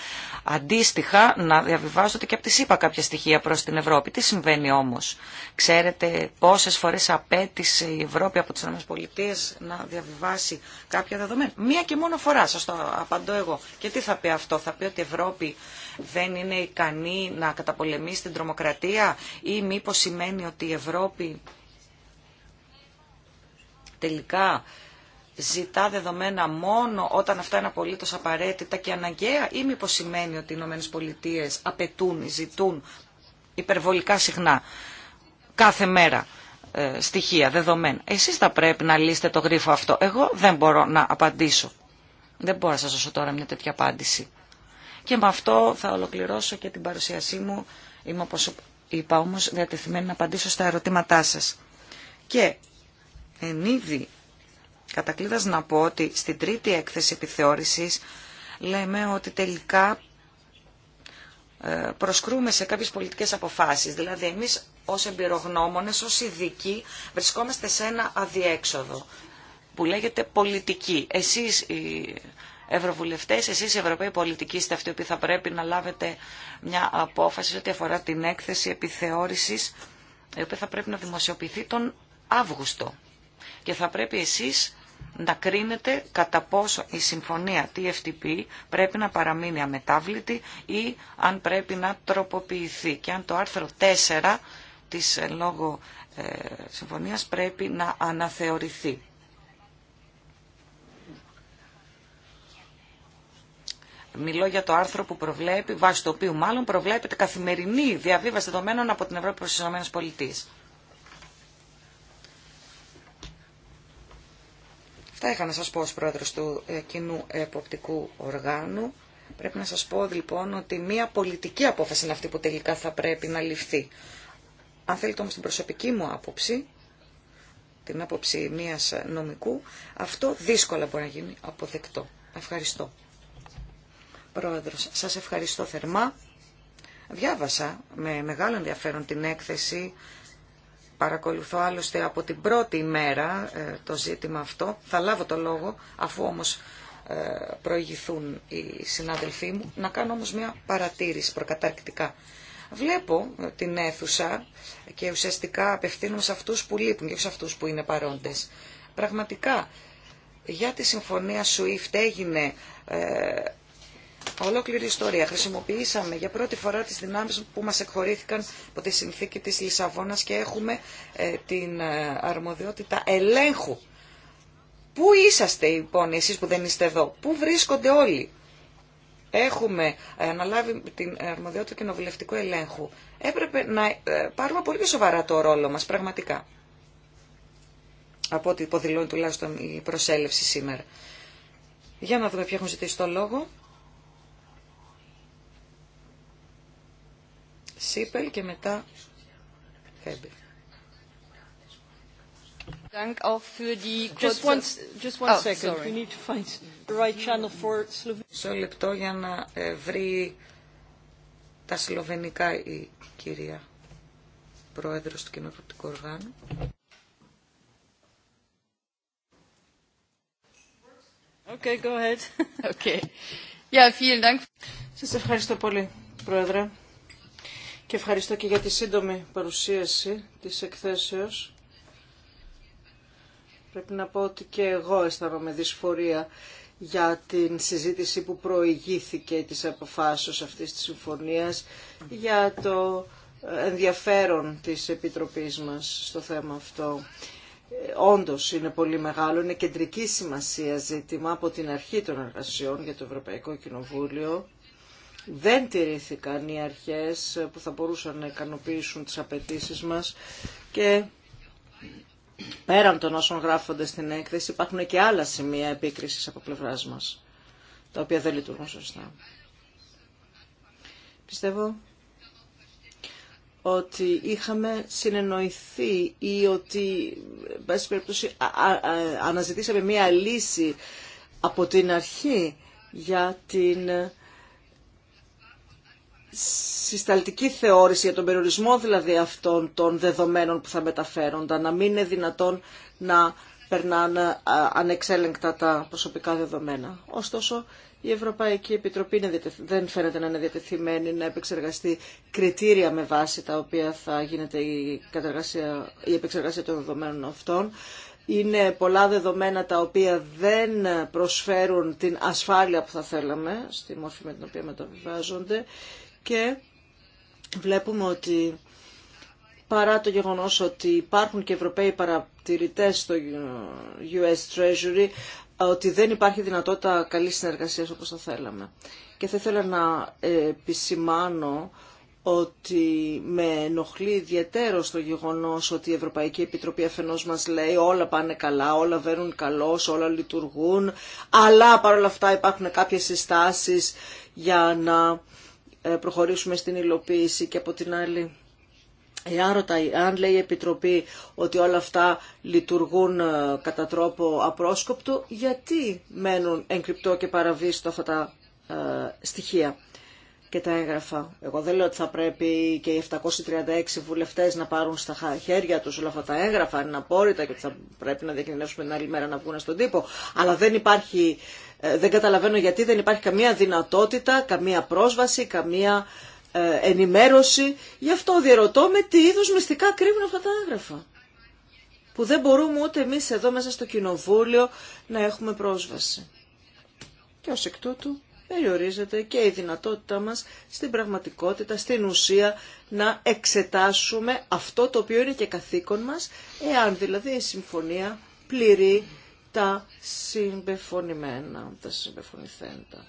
αντίστοιχα να διαβιβάζονται και από τη ΣΥΠΑ κάποια στοιχεία προ την Ευρώπη. Τι συμβαίνει όμω, Ξέρετε πόσε φορέ απέτησε η Ευρώπη από τι ΗΠΑ να διαβιβάσει κάποια δεδομένα. Μία και μόνο φορά, σα το απαντώ εγώ. Και τι θα πει αυτό. Θα πει ότι η Ευρώπη δεν είναι ικανή να καταπολεμήσει την τρομοκρατία ή μήπως σημαίνει ότι η Ευρώπη τελικά ζητά δεδομένα μόνο όταν αυτά είναι απολύτως απαραίτητα και αναγκαία ή μήπως σημαίνει ότι οι Ηνωμένε Πολιτείε απαιτούν ζητούν υπερβολικά συχνά κάθε μέρα ε, στοιχεία, δεδομένα. Εσείς θα πρέπει να λύσετε το γρίφο αυτό. Εγώ δεν μπορώ να απαντήσω. Δεν μπορώ να σας δώσω τώρα μια τέτοια απάντηση. Και με αυτό θα ολοκληρώσω και την παρουσίασή μου. Είμαι, όπως είπα όμως, διατεθειμένη να απαντήσω στα ερωτήματά σας. Και εν είδη κατακλείδας να πω ότι στην τρίτη έκθεση επιθεώρησης λέμε ότι τελικά ε, προσκρούμε σε κάποιες πολιτικές αποφάσεις. Δηλαδή εμείς ως εμπειρογνώμονες, ως ειδικοί βρισκόμαστε σε ένα αδιέξοδο που λέγεται πολιτική. Εσείς οι Ευρωβουλευτές, εσείς οι Ευρωπαίοι πολιτικοί είστε αυτοί που θα πρέπει να λάβετε μια απόφαση ό,τι αφορά την έκθεση επιθεώρησης, η οποία θα πρέπει να δημοσιοποιηθεί τον Αύγουστο. Και θα πρέπει εσείς να κρίνετε κατά πόσο η συμφωνία TFTP πρέπει να παραμείνει αμετάβλητη ή αν πρέπει να τροποποιηθεί. Και αν το άρθρο 4 της λόγω συμφωνία ε, συμφωνίας πρέπει να αναθεωρηθεί. Μιλώ για το άρθρο που προβλέπει, βάσει το οποίο μάλλον προβλέπεται καθημερινή διαβίβαση δεδομένων από την Ευρώπη προς τις ΗΠΑ. Αυτά είχα να σας πω ως πρόεδρος του ε, κοινού εποπτικού οργάνου. Πρέπει να σας πω λοιπόν ότι μια πολιτική απόφαση είναι αυτή που τελικά θα πρέπει να ληφθεί. Αν θέλετε όμως την προσωπική μου άποψη, την άποψη μιας νομικού, αυτό δύσκολα μπορεί να γίνει αποδεκτό. Ευχαριστώ. Πρόεδρος, σας ευχαριστώ θερμά. Διάβασα με μεγάλο ενδιαφέρον την έκθεση. Παρακολουθώ άλλωστε από την πρώτη ημέρα ε, το ζήτημα αυτό. Θα λάβω το λόγο, αφού όμως ε, προηγηθούν οι συνάδελφοί μου, να κάνω όμως μια παρατήρηση προκαταρκτικά. Βλέπω ε, την αίθουσα και ουσιαστικά απευθύνομαι σε αυτούς που λείπουν και σε αυτούς που είναι παρόντες. Πραγματικά, για τη συμφωνία SWIFT έγινε ολόκληρη ιστορία. Χρησιμοποιήσαμε για πρώτη φορά τις δυνάμεις που μας εκχωρήθηκαν από τη συνθήκη της Λισαβόνας και έχουμε ε, την ε, αρμοδιότητα ελέγχου. Πού είσαστε λοιπόν εσείς που δεν είστε εδώ, πού βρίσκονται όλοι. Έχουμε ε, αναλάβει την αρμοδιότητα κοινοβουλευτικού ελέγχου. Έπρεπε να πάρουμε πολύ σοβαρά το ρόλο μας πραγματικά. Από ό,τι υποδηλώνει τουλάχιστον η προσέλευση σήμερα. Για να δούμε ποιοι έχουν ζητήσει το λόγο. Σίπελ και μετά oh, So Σε λεπτό για να ε, βρει τα σλοβενικά η κυρία πρόεδρος του κοινοβουλευτικού οργάνου. Okay, go ahead. Okay. Yeah, vielen Dank. Σας ευχαριστώ πολύ, πρόεδρε και ευχαριστώ και για τη σύντομη παρουσίαση της εκθέσεως. Πρέπει να πω ότι και εγώ αισθάνομαι δυσφορία για την συζήτηση που προηγήθηκε της αποφάσεως αυτής της συμφωνίας για το ενδιαφέρον της Επιτροπής μας στο θέμα αυτό. Όντως είναι πολύ μεγάλο, είναι κεντρική σημασία ζήτημα από την αρχή των εργασιών για το Ευρωπαϊκό Κοινοβούλιο δεν τηρήθηκαν οι αρχές που θα μπορούσαν να ικανοποιήσουν τις απαιτήσει μας και πέραν των όσων γράφονται στην έκθεση υπάρχουν και άλλα σημεία επίκρισης από πλευράς μας, τα οποία δεν λειτουργούν σωστά. Πιστεύω ότι είχαμε συνεννοηθεί ή ότι, αναζητήσαμε μία λύση από την αρχή για την συσταλτική θεώρηση για τον περιορισμό δηλαδή αυτών των δεδομένων που θα μεταφέρονταν, να μην είναι δυνατόν να περνάνε ανεξέλεγκτα τα προσωπικά δεδομένα. Ωστόσο, η Ευρωπαϊκή Επιτροπή δεν φαίνεται να είναι διατεθειμένη να επεξεργαστεί κριτήρια με βάση τα οποία θα γίνεται η, η επεξεργασία των δεδομένων αυτών. Είναι πολλά δεδομένα τα οποία δεν προσφέρουν την ασφάλεια που θα θέλαμε στη μόρφη με την οποία μεταβιβάζονται και βλέπουμε ότι παρά το γεγονός ότι υπάρχουν και Ευρωπαίοι παρατηρητές στο US Treasury, ότι δεν υπάρχει δυνατότητα καλής συνεργασίας όπως θα θέλαμε. Και θα ήθελα να επισημάνω ότι με ενοχλεί ιδιαίτερο το γεγονός ότι η Ευρωπαϊκή Επιτροπή αφενός μας λέει όλα πάνε καλά, όλα βαίνουν καλώς, όλα λειτουργούν, αλλά παρόλα αυτά υπάρχουν κάποιες συστάσεις για να ε, προχωρήσουμε στην υλοποίηση και από την άλλη Εάν, ρωτάει, λέει η Επιτροπή ότι όλα αυτά λειτουργούν ε, κατά τρόπο απρόσκοπτο, γιατί μένουν εγκρυπτό και παραβίστο αυτά τα ε, στοιχεία και τα έγγραφα. Εγώ δεν λέω ότι θα πρέπει και οι 736 βουλευτές να πάρουν στα χέρια τους όλα αυτά τα έγγραφα, είναι απόρριτα και ότι θα πρέπει να διακινδυνεύσουμε την άλλη μέρα να βγουν στον τύπο. Αλλά δεν υπάρχει ε, δεν καταλαβαίνω γιατί δεν υπάρχει καμία δυνατότητα, καμία πρόσβαση, καμία ε, ενημέρωση. Γι' αυτό διερωτώ με τι είδου μυστικά κρύβουν αυτά τα έγγραφα που δεν μπορούμε ούτε εμείς εδώ μέσα στο κοινοβούλιο να έχουμε πρόσβαση. Και ω εκ τούτου περιορίζεται και η δυνατότητά μας στην πραγματικότητα, στην ουσία να εξετάσουμε αυτό το οποίο είναι και καθήκον μας, εάν δηλαδή η συμφωνία πληρεί τα συμπεφωνημένα, τα συμπεφωνηθέντα.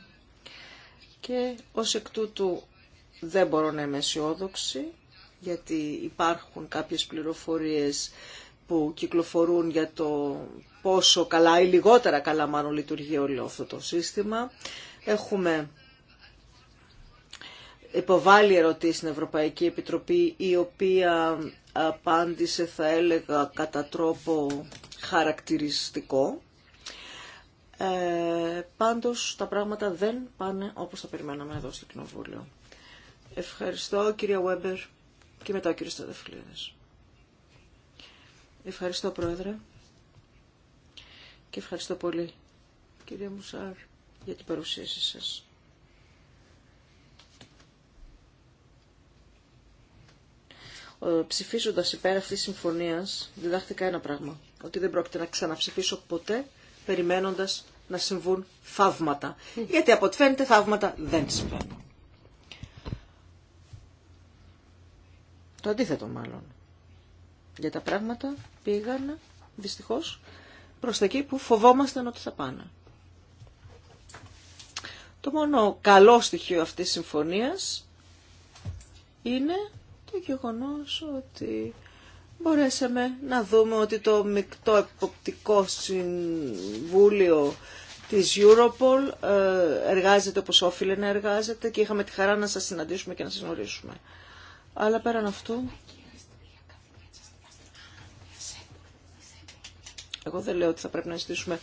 Και ως εκ τούτου δεν μπορώ να είμαι αισιόδοξη, γιατί υπάρχουν κάποιες πληροφορίες που κυκλοφορούν για το πόσο καλά ή λιγότερα καλά μάλλον λειτουργεί όλο αυτό το σύστημα. Έχουμε υποβάλει ερωτήσεις στην Ευρωπαϊκή Επιτροπή η οποία απάντησε θα έλεγα κατά τρόπο χαρακτηριστικό. Ε, πάντως τα πράγματα δεν πάνε όπως τα περιμέναμε εδώ στο Κοινοβούλιο. Ευχαριστώ κυρία Βέμπερ και μετά ο κύριος Ευχαριστώ πρόεδρε και ευχαριστώ πολύ κυρία Μουσάρ για την παρουσίαση σας. ψηφίζοντας υπέρ αυτής της συμφωνίας διδάχτηκα ένα πράγμα ότι δεν πρόκειται να ξαναψηφίσω ποτέ περιμένοντας να συμβούν θαύματα. Γιατί από ό,τι φαίνεται θαύματα δεν συμβαίνουν. Το αντίθετο μάλλον. Για τα πράγματα πήγαν δυστυχώς προς τα εκεί που φοβόμασταν ότι θα πάνε. Το μόνο καλό στοιχείο αυτής της συμφωνίας είναι το γεγονός ότι μπορέσαμε να δούμε ότι το μεικτό εποπτικό συμβούλιο της Europol ε, εργάζεται όπως όφιλε να εργάζεται και είχαμε τη χαρά να σας συναντήσουμε και να σας γνωρίσουμε. Αλλά πέραν αυτού, εγώ δεν λέω ότι θα πρέπει να ζητήσουμε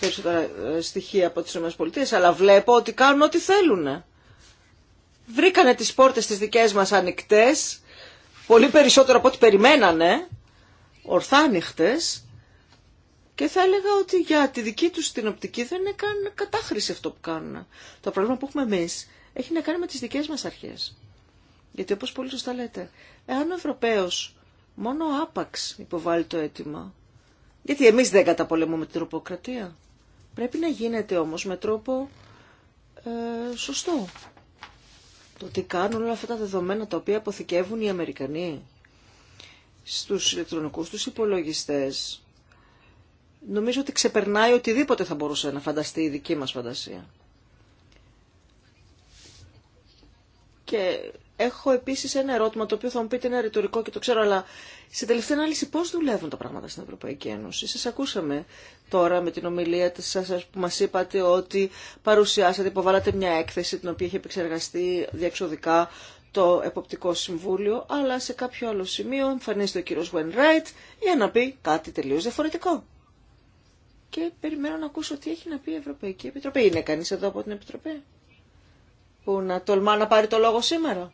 περισσότερα ε, στοιχεία από τις ΗΠΑ, αλλά βλέπω ότι κάνουν ό,τι θέλουν. Βρήκανε τις πόρτες τις δικές μας ανοιχτές πολύ περισσότερο από ό,τι περιμένανε, ορθάνυχτες, και θα έλεγα ότι για τη δική τους την οπτική δεν είναι κατάχρηση αυτό που κάνουν. Το πρόβλημα που έχουμε εμείς έχει να κάνει με τις δικές μας αρχές. Γιατί όπως πολύ σωστά λέτε, εάν ο Ευρωπαίος μόνο άπαξ υποβάλλει το αίτημα, γιατί εμείς δεν καταπολεμούμε την τροποκρατία. Πρέπει να γίνεται όμως με τρόπο ε, σωστό το τι κάνουν όλα αυτά τα δεδομένα τα οποία αποθηκεύουν οι Αμερικανοί στους ηλεκτρονικούς τους υπολογιστές. Νομίζω ότι ξεπερνάει οτιδήποτε θα μπορούσε να φανταστεί η δική μας φαντασία. Και Έχω επίση ένα ερώτημα το οποίο θα μου πείτε είναι ρητορικό και το ξέρω, αλλά σε τελευταία ανάλυση πώ δουλεύουν τα πράγματα στην Ευρωπαϊκή Ένωση. Σα ακούσαμε τώρα με την ομιλία σα που μα είπατε ότι παρουσιάσατε, υποβάλατε μια έκθεση την οποία έχει επεξεργαστεί διεξοδικά το Εποπτικό Συμβούλιο, αλλά σε κάποιο άλλο σημείο εμφανίζεται ο κύριος Ράιτ για να πει κάτι τελείω διαφορετικό. Και περιμένω να ακούσω τι έχει να πει η Ευρωπαϊκή Επιτροπή. Είναι κανεί εδώ από την Επιτροπή που να τολμά να πάρει το λόγο σήμερα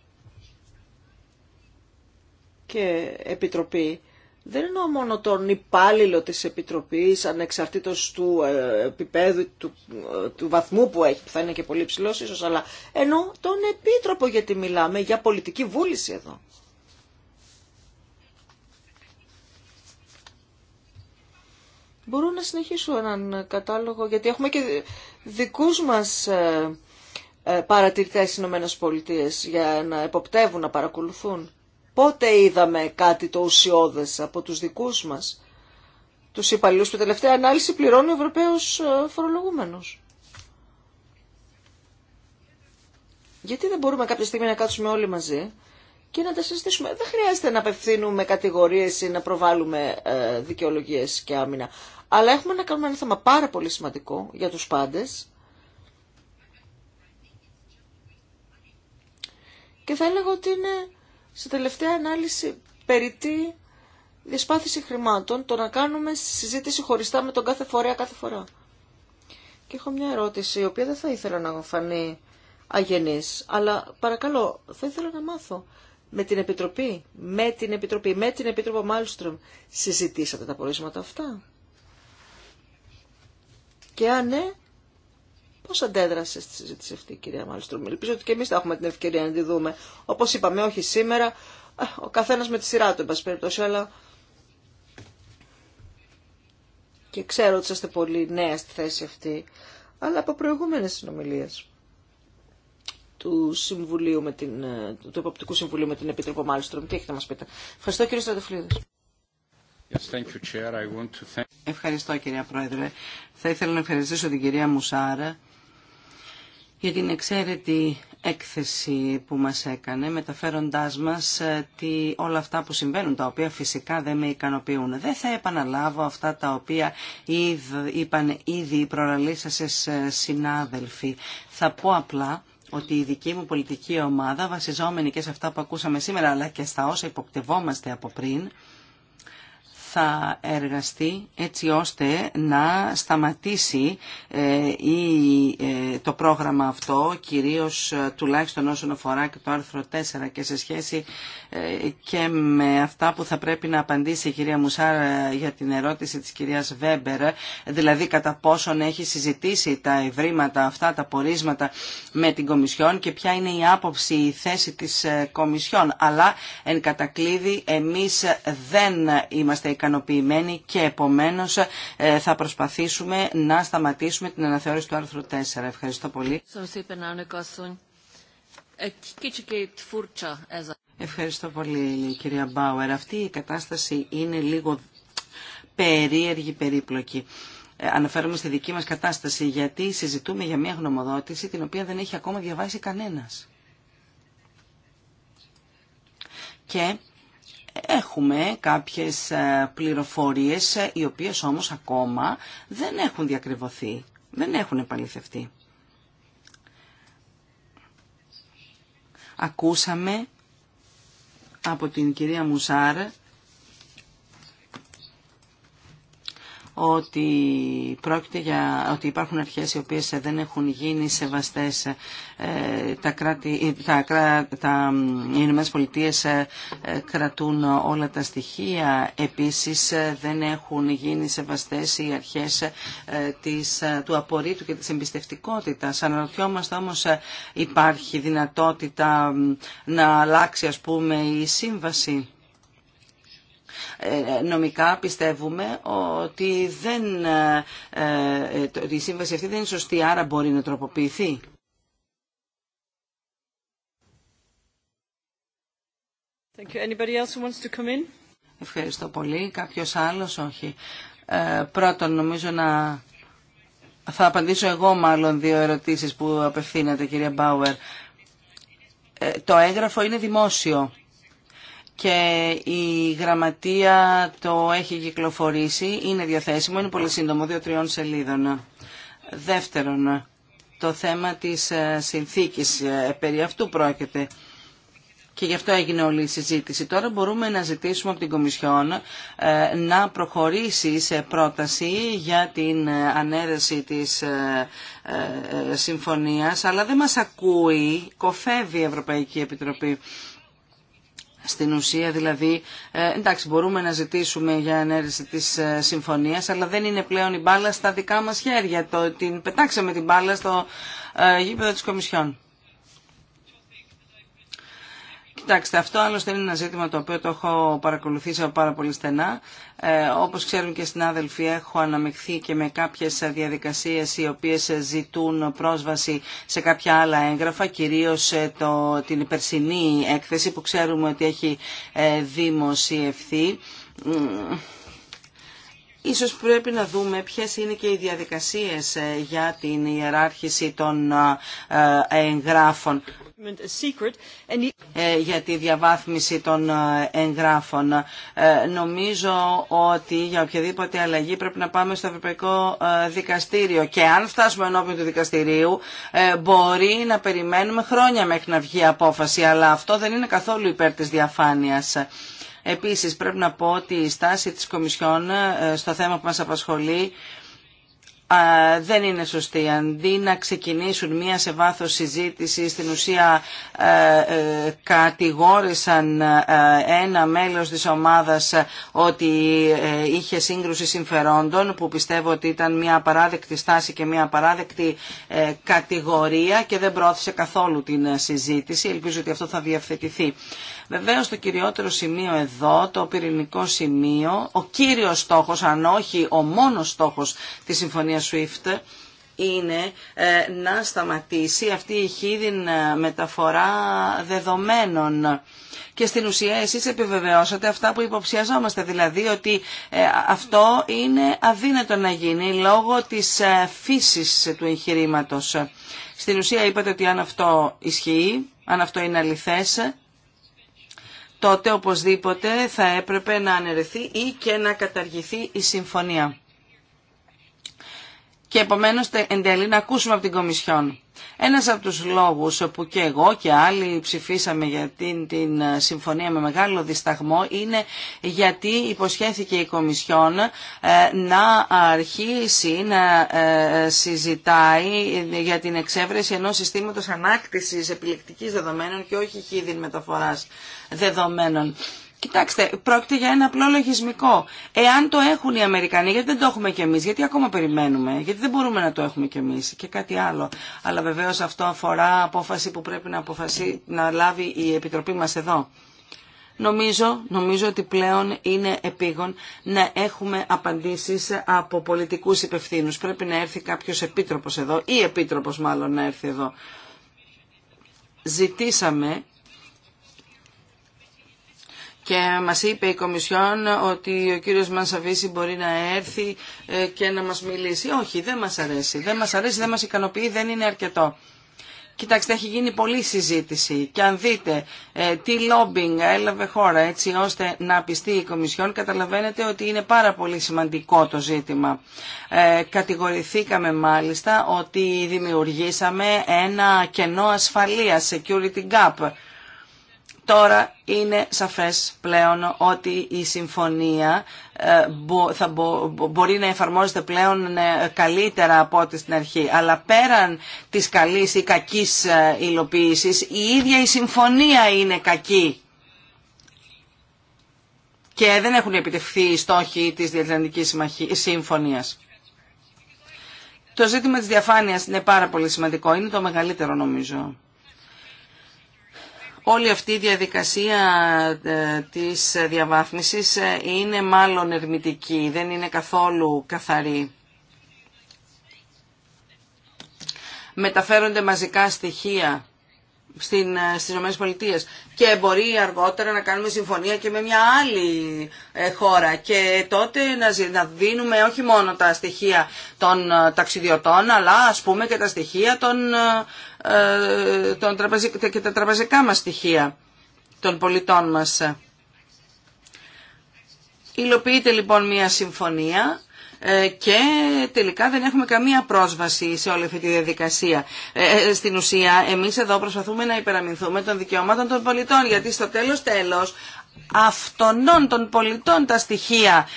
και επιτροπή δεν εννοώ μόνο τον υπάλληλο της Επιτροπής, ανεξαρτήτως του ε, επίπεδου, ε, του, βαθμού που έχει, που θα είναι και πολύ ψηλό ίσως, αλλά εννοώ τον Επίτροπο, γιατί μιλάμε για πολιτική βούληση εδώ. Μπορώ να συνεχίσω έναν κατάλογο, γιατί έχουμε και δικούς μας ε, παρατηρητές στις Ηνωμένες Πολιτείες για να εποπτεύουν, να παρακολουθούν. Πότε είδαμε κάτι το ουσιώδες από τους δικούς μας, τους υπαλλήλους που τελευταία ανάλυση πληρώνει ο Ευρωπαίος ε, φορολογούμενος. Γιατί δεν μπορούμε κάποια στιγμή να κάτσουμε όλοι μαζί και να τα συζητήσουμε. Δεν χρειάζεται να απευθύνουμε κατηγορίες ή να προβάλλουμε ε, δικαιολογίες και άμυνα. Αλλά έχουμε να κάνουμε ένα θέμα πάρα πολύ σημαντικό για τους πάντες. Και θα έλεγα ότι είναι Στη τελευταία ανάλυση περί τι διασπάθηση χρημάτων το να κάνουμε συζήτηση χωριστά με τον κάθε φορέα κάθε φορά. Και έχω μια ερώτηση, η οποία δεν θα ήθελα να φανεί αγενής, αλλά παρακαλώ, θα ήθελα να μάθω. Με την Επιτροπή, με την Επιτροπή, με την Επίτροπο Μάλστρομ, συζητήσατε τα πορίσματα αυτά. Και αν ναι, Πώ αντέδρασε στη συζήτηση αυτή η κυρία Μάλστρομ. Ελπίζω ότι και εμεί θα έχουμε την ευκαιρία να τη δούμε. Όπω είπαμε, όχι σήμερα, ε, ο καθένα με τη σειρά του, εν πάση περιπτώσει, αλλά... Και ξέρω ότι είστε πολύ νέα στη θέση αυτή, αλλά από προηγούμενε συνομιλίε του, Συμβουλίου με την, ε, του Εποπτικού Συμβουλίου με την Επίτροπο Μάλστρομ. Τι έχετε να μα πείτε. Ευχαριστώ κύριε thank... Ευχαριστώ κυρία Πρόεδρε. Θα ήθελα να ευχαριστήσω την κυρία Μουσάρα για την εξαίρετη έκθεση που μας έκανε, μεταφέροντάς μας ε, τι, όλα αυτά που συμβαίνουν, τα οποία φυσικά δεν με ικανοποιούν. Δεν θα επαναλάβω αυτά τα οποία είπαν ήδη οι προραλήσασες ε, συνάδελφοι. Θα πω απλά ότι η δική μου πολιτική ομάδα, βασιζόμενη και σε αυτά που ακούσαμε σήμερα, αλλά και στα όσα υποπτευόμαστε από πριν, θα εργαστεί έτσι ώστε να σταματήσει ε, ε, το πρόγραμμα αυτό, κυρίως ε, τουλάχιστον όσον αφορά και το άρθρο 4 και σε σχέση και με αυτά που θα πρέπει να απαντήσει η κυρία Μουσάρα για την ερώτηση της κυρίας Βέμπερ, δηλαδή κατά πόσον έχει συζητήσει τα ευρήματα αυτά, τα πορίσματα με την Κομισιόν και ποια είναι η άποψη, η θέση της Κομισιόν. Αλλά εν κατακλείδη εμείς δεν είμαστε ικανοποιημένοι και επομένως ε, θα προσπαθήσουμε να σταματήσουμε την αναθεώρηση του άρθρου 4. Ευχαριστώ πολύ. Ευχαριστώ πολύ κυρία Μπάουερ. Αυτή η κατάσταση είναι λίγο περίεργη, περίπλοκη. Ε, αναφέρομαι στη δική μας κατάσταση γιατί συζητούμε για μια γνωμοδότηση την οποία δεν έχει ακόμα διαβάσει κανένας. Και Έχουμε κάποιες ε, πληροφορίες ε, οι οποίες όμως ακόμα δεν έχουν διακριβωθεί, δεν έχουν επαληθευτεί. Ακούσαμε από την κυρία Μουσάρ ότι, πρόκειται για, ότι υπάρχουν αρχές οι οποίες δεν έχουν γίνει σεβαστές ε, τα, κράτη, ε, τα, τα, οι Ηνωμένες Πολιτείες ε, κρατούν όλα τα στοιχεία επίσης δεν έχουν γίνει σεβαστές οι αρχές της, του απορρίτου και της εμπιστευτικότητας αναρωτιόμαστε όμως υπάρχει δυνατότητα να αλλάξει ας πούμε η σύμβαση νομικά πιστεύουμε ότι δεν, ε, ε, η σύμβαση αυτή δεν είναι σωστή, άρα μπορεί να τροποποιηθεί. Ευχαριστώ πολύ. Κάποιος άλλος, όχι. Ε, πρώτον, νομίζω να... Θα απαντήσω εγώ μάλλον δύο ερωτήσεις που απευθύνατε, κυρία Μπάουερ. Ε, το έγγραφο είναι δημόσιο και η γραμματεία το έχει κυκλοφορήσει, είναι διαθέσιμο, είναι πολύ σύντομο, δύο-τριών σελίδων. Δεύτερον, το θέμα της ε, συνθήκης, ε, περί αυτού πρόκειται και γι' αυτό έγινε όλη η συζήτηση. Τώρα μπορούμε να ζητήσουμε από την Κομισιόν ε, να προχωρήσει σε πρόταση για την ανέρεση της συμφωνίας, αλλά δεν μας ακούει, κοφεύει η Ευρωπαϊκή Επιτροπή. Στην ουσία δηλαδή, ε, εντάξει μπορούμε να ζητήσουμε για ενέργεια της ε, συμφωνίας, αλλά δεν είναι πλέον η μπάλα στα δικά μας χέρια. Το, την πετάξαμε την μπάλα στο ε, γήπεδο της Κομισιόν. Κοιτάξτε, αυτό άλλωστε είναι ένα ζήτημα το οποίο το έχω παρακολουθήσει πάρα πολύ στενά. Ε, όπως ξέρουν και συνάδελφοι, έχω αναμειχθεί και με κάποιες διαδικασίες οι οποίες ζητούν πρόσβαση σε κάποια άλλα έγγραφα, κυρίως ε, το, την περσινή έκθεση που ξέρουμε ότι έχει ε, δημοσιευθεί. Ίσως πρέπει να δούμε ποιες είναι και οι διαδικασίες ε, για την ιεράρχηση των εγγράφων. Ε, για τη διαβάθμιση των ε, εγγράφων. Ε, νομίζω ότι για οποιαδήποτε αλλαγή πρέπει να πάμε στο Ευρωπαϊκό Δικαστήριο και αν φτάσουμε ενώπιον του δικαστηρίου μπορεί να περιμένουμε χρόνια μέχρι να βγει απόφαση αλλά αυτό δεν είναι καθόλου υπέρ της διαφάνειας. Επίσης πρέπει να πω ότι η στάση της Κομισιόν στο θέμα που μας απασχολεί δεν είναι σωστή. Αντί να ξεκινήσουν μία σε βάθος συζήτηση, στην ουσία ε, ε, κατηγόρησαν ε, ένα μέλος της ομάδας ότι είχε σύγκρουση συμφερόντων, που πιστεύω ότι ήταν μία απαράδεκτη στάση και μία απαράδεκτη κατηγορία και δεν πρόθεσε καθόλου την συζήτηση. Ελπίζω ότι αυτό θα διευθετηθεί. Βεβαίω, το κυριότερο σημείο εδώ, το πυρηνικό σημείο, ο κύριος στόχος, αν όχι ο μόνος στόχος της Συμφωνία SWIFT, είναι ε, να σταματήσει αυτή η χίδιν ε, μεταφορά δεδομένων. Και στην ουσία εσείς επιβεβαιώσατε αυτά που υποψιαζόμαστε, δηλαδή ότι ε, αυτό είναι αδύνατο να γίνει λόγω της φύσης του εγχειρήματο. Στην ουσία είπατε ότι αν αυτό ισχύει, αν αυτό είναι αληθές, τότε οπωσδήποτε θα έπρεπε να αναιρεθεί ή και να καταργηθεί η συμφωνία και επομένως εν τέλει να ακούσουμε από την Κομισιόν. Ένας από τους λόγους που και εγώ και άλλοι ψηφίσαμε για την, την ε, συμφωνία με μεγάλο δισταγμό είναι γιατί υποσχέθηκε η Κομισιόν ε, να αρχίσει να ε, συζητάει για την εξέβρεση ενός συστήματος ανάκτησης επιλεκτικής δεδομένων και όχι χίδιν μεταφοράς δεδομένων. Κοιτάξτε, πρόκειται για ένα απλό λογισμικό. Εάν το έχουν οι Αμερικανοί, γιατί δεν το έχουμε κι εμείς, γιατί ακόμα περιμένουμε, γιατί δεν μπορούμε να το έχουμε κι εμείς και κάτι άλλο. Αλλά βεβαίως αυτό αφορά απόφαση που πρέπει να, αποφασίσει να λάβει η Επιτροπή μας εδώ. Νομίζω, νομίζω ότι πλέον είναι επίγον να έχουμε απαντήσεις από πολιτικούς υπευθύνους. Πρέπει να έρθει κάποιος επίτροπος εδώ ή επίτροπος μάλλον να έρθει εδώ. Ζητήσαμε και μα είπε η Κομισιόν ότι ο κύριος Μανσαβίση μπορεί να έρθει ε, και να μας μιλήσει. Όχι, δεν μας αρέσει. Δεν μας αρέσει, δεν μας ικανοποιεί, δεν είναι αρκετό. Κοιτάξτε, έχει γίνει πολλή συζήτηση και αν δείτε ε, τι λόμπινγκ έλαβε χώρα έτσι ώστε να πιστεί η Κομισιόν, καταλαβαίνετε ότι είναι πάρα πολύ σημαντικό το ζήτημα. Ε, κατηγορηθήκαμε μάλιστα ότι δημιουργήσαμε ένα κενό ασφαλείας, security gap, Τώρα είναι σαφές πλέον ότι η συμφωνία ε, θα μπορεί να εφαρμόζεται πλέον ε, καλύτερα από ό,τι στην αρχή. Αλλά πέραν της καλής ή κακής ε, υλοποίησης, η ίδια η συμφωνία είναι κακή. Και δεν έχουν επιτευχθεί οι στόχοι της Διατλαντικής Συμφωνίας. Το ζήτημα της διαφάνειας είναι πάρα πολύ σημαντικό. Είναι το μεγαλύτερο νομίζω. Όλη αυτή η διαδικασία ε, της διαβάθμισης ε, είναι μάλλον ερμητική, δεν είναι καθόλου καθαρή. Μεταφέρονται μαζικά στοιχεία στην, ε, στις ΗΠΑ και μπορεί αργότερα να κάνουμε συμφωνία και με μια άλλη χώρα και τότε να, δίνουμε όχι μόνο τα στοιχεία των ταξιδιωτών αλλά ας πούμε και τα στοιχεία των τον και τα τραπεζικά μας στοιχεία των πολιτών μας. Υλοποιείται λοιπόν μια συμφωνία ε, και τελικά δεν έχουμε καμία πρόσβαση σε όλη αυτή τη διαδικασία. Ε, ε, στην ουσία εμείς εδώ προσπαθούμε να υπεραμεινθούμε των δικαιωμάτων των πολιτών γιατί στο τέλος τέλος αυτονών των πολιτών τα στοιχεία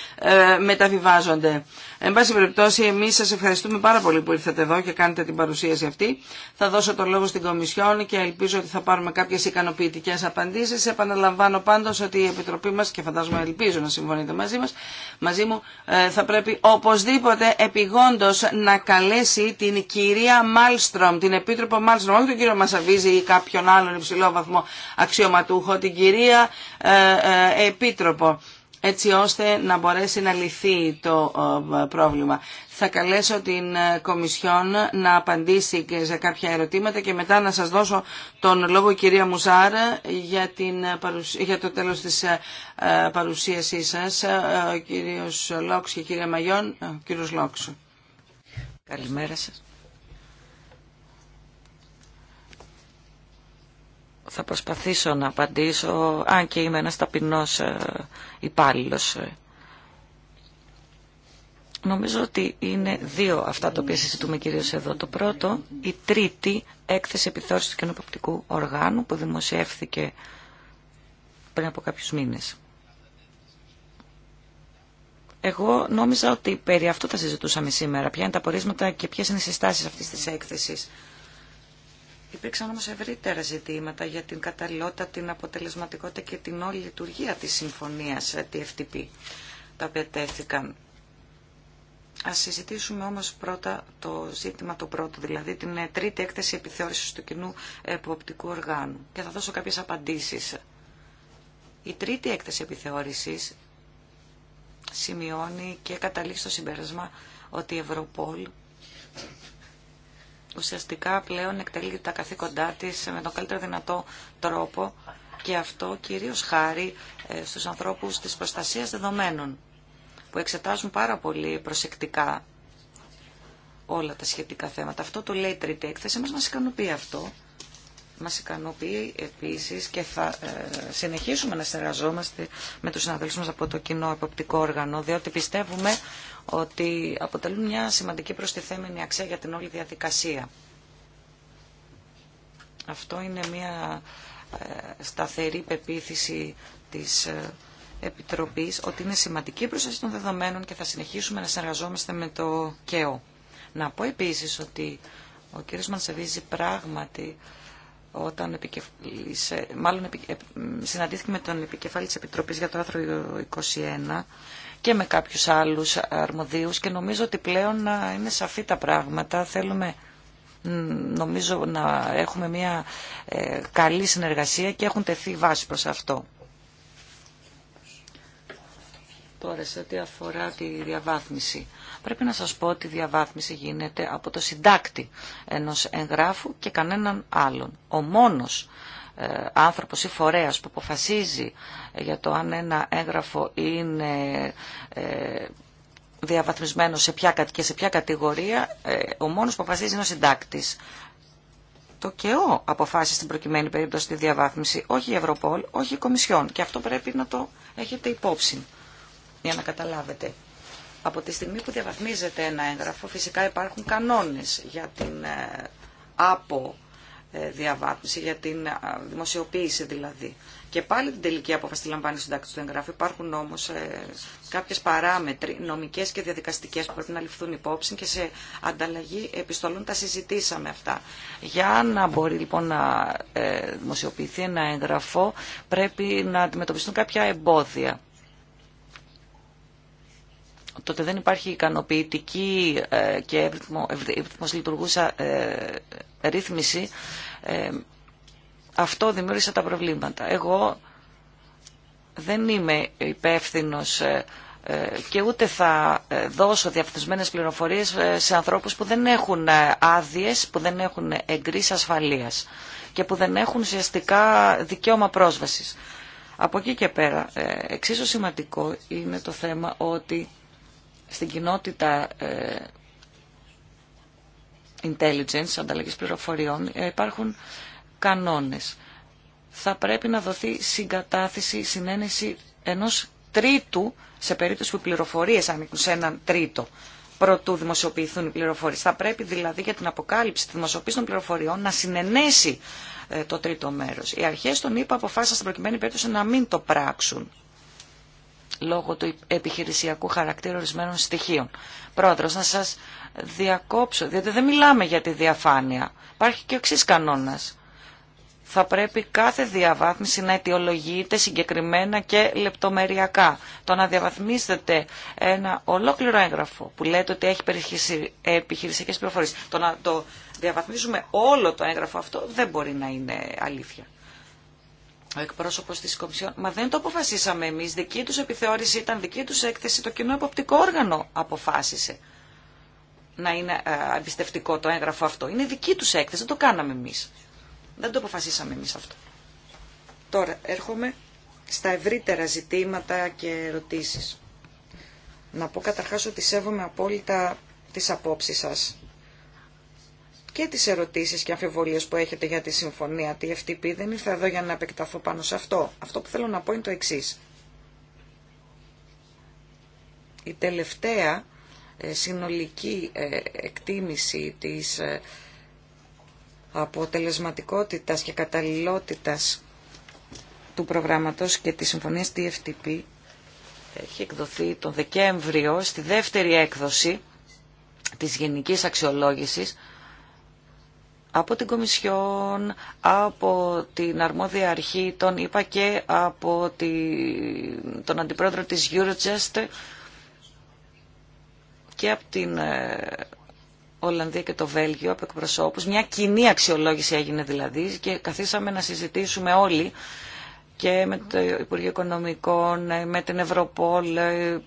μεταβιβάζονται. Εν πάση περιπτώσει, εμεί σα ευχαριστούμε πάρα πολύ που ήρθατε εδώ και κάνετε την παρουσίαση αυτή. Θα δώσω το λόγο στην Κομισιόν και ελπίζω ότι θα πάρουμε κάποιε ικανοποιητικέ απαντήσει. Επαναλαμβάνω πάντω ότι η Επιτροπή μα και φαντάζομαι ελπίζω να συμφωνείτε μαζί, μας, μαζί μου, ε, θα πρέπει οπωσδήποτε επιγόντω να καλέσει την κυρία Μάλστρομ, την Επίτροπο Μάλστρομ, όχι τον κύριο Μασαβίζη ή κάποιον άλλον υψηλό βαθμό αξιωματούχο, την κυρία ε, ε, Επίτροπο έτσι ώστε να μπορέσει να λυθεί το ε, πρόβλημα. Θα καλέσω την ε, Κομισιόν να απαντήσει και σε κάποια ερωτήματα και μετά να σας δώσω τον λόγο κυρία Μουζάρ για, την, ε, για το τέλος της παρουσίασής σας. Ο κύριος Λόξ και η κυρία Μαγιόν. κύριος Λόξ. Καλημέρα σας. Θα προσπαθήσω να απαντήσω, αν και είμαι ένας ταπεινός ε, υπάλληλος. Νομίζω ότι είναι δύο αυτά τα οποία συζητούμε κυρίως εδώ. Το πρώτο, η τρίτη έκθεση επιθόρησης του κοινοποπτικού οργάνου που δημοσιεύθηκε πριν από κάποιους μήνες. Εγώ νόμιζα ότι περί αυτού θα συζητούσαμε σήμερα. Ποια είναι τα πορίσματα και ποιες είναι οι συστάσεις αυτής της έκθεσης. Υπήρξαν όμως ευρύτερα ζητήματα για την καταλληλότητα, την αποτελεσματικότητα και την όλη λειτουργία της συμφωνίας ε, TFTP. Τα τέθηκαν. Ας συζητήσουμε όμως πρώτα το ζήτημα το πρώτο, δηλαδή την ε, τρίτη έκθεση επιθεώρησης του κοινού εποπτικού οργάνου. Και θα δώσω κάποιες απαντήσεις. Η τρίτη έκθεση επιθεώρησης σημειώνει και καταλήγει στο συμπέρασμα ότι η Ευρωπόλ ουσιαστικά πλέον εκτελεί τα καθήκοντά της με τον καλύτερο δυνατό τρόπο και αυτό κυρίως χάρη ε, στους ανθρώπους της προστασίας δεδομένων που εξετάζουν πάρα πολύ προσεκτικά όλα τα σχετικά θέματα. Αυτό το λέει η τρίτη έκθεση μας, μας ικανοποιεί αυτό. Μας ικανοποιεί επίσης και θα ε, συνεχίσουμε να συνεργαζόμαστε με τους συναδέλφους μας από το κοινό εποπτικό όργανο, διότι πιστεύουμε ότι αποτελούν μια σημαντική προστιθέμενη αξία για την όλη διαδικασία. Αυτό είναι μια ε, σταθερή πεποίθηση της ε, Επιτροπής ότι είναι σημαντική η προστασία των δεδομένων και θα συνεχίσουμε να συνεργαζόμαστε με το ΚΕΟ. Να πω επίσης ότι ο κύριος Μανσεβίζη πράγματι όταν ε, μάλλον ε, συναντήθηκε με τον επικεφαλή της Επιτροπής για το άρθρο 21 και με κάποιους άλλους αρμοδίους και νομίζω ότι πλέον ε, είναι σαφή τα πράγματα. Θέλουμε νομίζω να έχουμε μια καλή συνεργασία και έχουν τεθεί βάση προς αυτό. Τώρα, σε ό,τι αφορά τη διαβάθμιση, πρέπει να σας πω ότι η διαβάθμιση γίνεται από το συντάκτη ενός εγγράφου και κανέναν άλλον. Ο μόνος ε, άνθρωπος ή φορέας που αποφασίζει ε, για το αν ένα έγγραφο είναι ε, διαβαθμισμένο σε ποια, και σε ποια κατηγορία, ο μόνος που αποφασίζει είναι ο συντάκτης. Το ΚΕΟ αποφάσισε στην προκειμένη περίπτωση τη διαβάθμιση, όχι η Ευρωπόλ, όχι η Κομισιόν. Και αυτό πρέπει να το έχετε υπόψη για να καταλάβετε. Από τη στιγμή που διαβαθμίζεται ένα έγγραφο, φυσικά υπάρχουν κανόνες για την ε, από ε, διαβάθμιση, για την ε, δημοσιοποίηση δηλαδή. Και πάλι την τελική απόφαση τη λαμβάνει συντάκτη του εγγράφου. Υπάρχουν όμω ε, κάποιε παράμετροι νομικέ και διαδικαστικέ που πρέπει να ληφθούν υπόψη και σε ανταλλαγή επιστολών τα συζητήσαμε αυτά. Για να μπορεί λοιπόν να δημοσιοποιηθεί ένα έγγραφο πρέπει να αντιμετωπιστούν κάποια εμπόδια τότε δεν υπάρχει ικανοποιητική ε, και εύρυθμος λειτουργούσα ε, ρύθμιση, ε, αυτό δημιούργησε τα προβλήματα. Εγώ δεν είμαι υπεύθυνο και ούτε θα δώσω διαφθουσμένες πληροφορίες σε ανθρώπους που δεν έχουν άδειες, που δεν έχουν εγκρίσεις ασφαλείας και που δεν έχουν ουσιαστικά δικαίωμα πρόσβασης. Από εκεί και πέρα, εξίσου σημαντικό είναι το θέμα ότι στην κοινότητα ε, intelligence, ανταλλαγής πληροφοριών, ε, υπάρχουν κανόνες. Θα πρέπει να δοθεί συγκατάθεση, συνένεση ενός τρίτου, σε περίπτωση που οι πληροφορίες ανήκουν σε έναν τρίτο, προτού δημοσιοποιηθούν οι πληροφορίες. Θα πρέπει δηλαδή για την αποκάλυψη, τη δημοσιοποίηση των πληροφοριών να συνενέσει ε, το τρίτο μέρος. Οι αρχές των ΗΠΑ αποφάσισαν στην προκειμένη περίπτωση να μην το πράξουν λόγω του επιχειρησιακού χαρακτήρου ορισμένων στοιχείων. Πρόεδρος, να σας διακόψω, διότι δεν μιλάμε για τη διαφάνεια. Υπάρχει και ο εξή κανόνας. Θα πρέπει κάθε διαβάθμιση να αιτιολογείται συγκεκριμένα και λεπτομεριακά. Το να διαβαθμίσετε ένα ολόκληρο έγγραφο που λέτε ότι έχει επιχειρησιακές πληροφορίες, το να το διαβαθμίζουμε όλο το έγγραφο αυτό δεν μπορεί να είναι αλήθεια ο εκπρόσωπο τη Κομισιόν. Μα δεν το αποφασίσαμε εμεί. Δική του επιθεώρηση ήταν δική του έκθεση. Το κοινό υποπτικό όργανο αποφάσισε να είναι ε, εμπιστευτικό το έγγραφο αυτό. Είναι δική του έκθεση. Δεν το κάναμε εμεί. Δεν το αποφασίσαμε εμεί αυτό. Τώρα έρχομαι στα ευρύτερα ζητήματα και ερωτήσεις. Να πω καταρχά ότι σέβομαι απόλυτα τι απόψει σα και τις ερωτήσεις και αμφιβολίες που έχετε για τη συμφωνία TFTP. Δεν ήρθα εδώ για να επεκταθώ πάνω σε αυτό. Αυτό που θέλω να πω είναι το εξής. Η τελευταία ε, συνολική ε, εκτίμηση της ε, αποτελεσματικότητας και καταλληλότητας του προγράμματος και της συμφωνίας TFTP έχει εκδοθεί τον Δεκέμβριο στη δεύτερη έκδοση της Γενικής Αξιολόγησης από την Κομισιόν, από την αρμόδια αρχή, τον είπα και από τη, τον αντιπρόεδρο της Eurojust και από την ε, Ολλανδία και το Βέλγιο, από εκπροσώπους. Μια κοινή αξιολόγηση έγινε δηλαδή και καθίσαμε να συζητήσουμε όλοι και με το Υπουργείο Οικονομικών, ε, με την Ευρωπόλ, ε.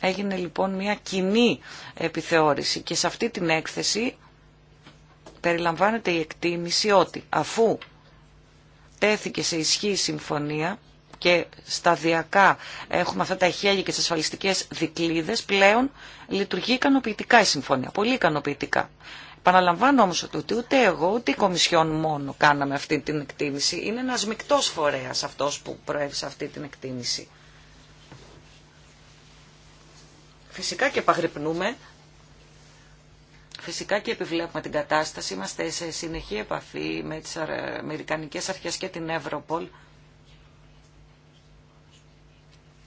Έγινε λοιπόν μια κοινή επιθεώρηση και σε αυτή την έκθεση περιλαμβάνεται η εκτίμηση ότι αφού τέθηκε σε ισχύ η συμφωνία και σταδιακά έχουμε αυτά τα χέρια και τι ασφαλιστικέ δικλίδες, πλέον λειτουργεί ικανοποιητικά η συμφωνία, πολύ ικανοποιητικά. Παναλαμβάνω όμως ότι ούτε εγώ ούτε η Κομισιόν μόνο κάναμε αυτή την εκτίμηση. Είναι ένας μεικτό φορέας αυτός που προέβησε αυτή την εκτίμηση. Φυσικά και επαγρυπνούμε Φυσικά και επιβλέπουμε την κατάσταση. Είμαστε σε συνεχή επαφή με τις Αμερικανικές Αρχές και την Ευρωπολ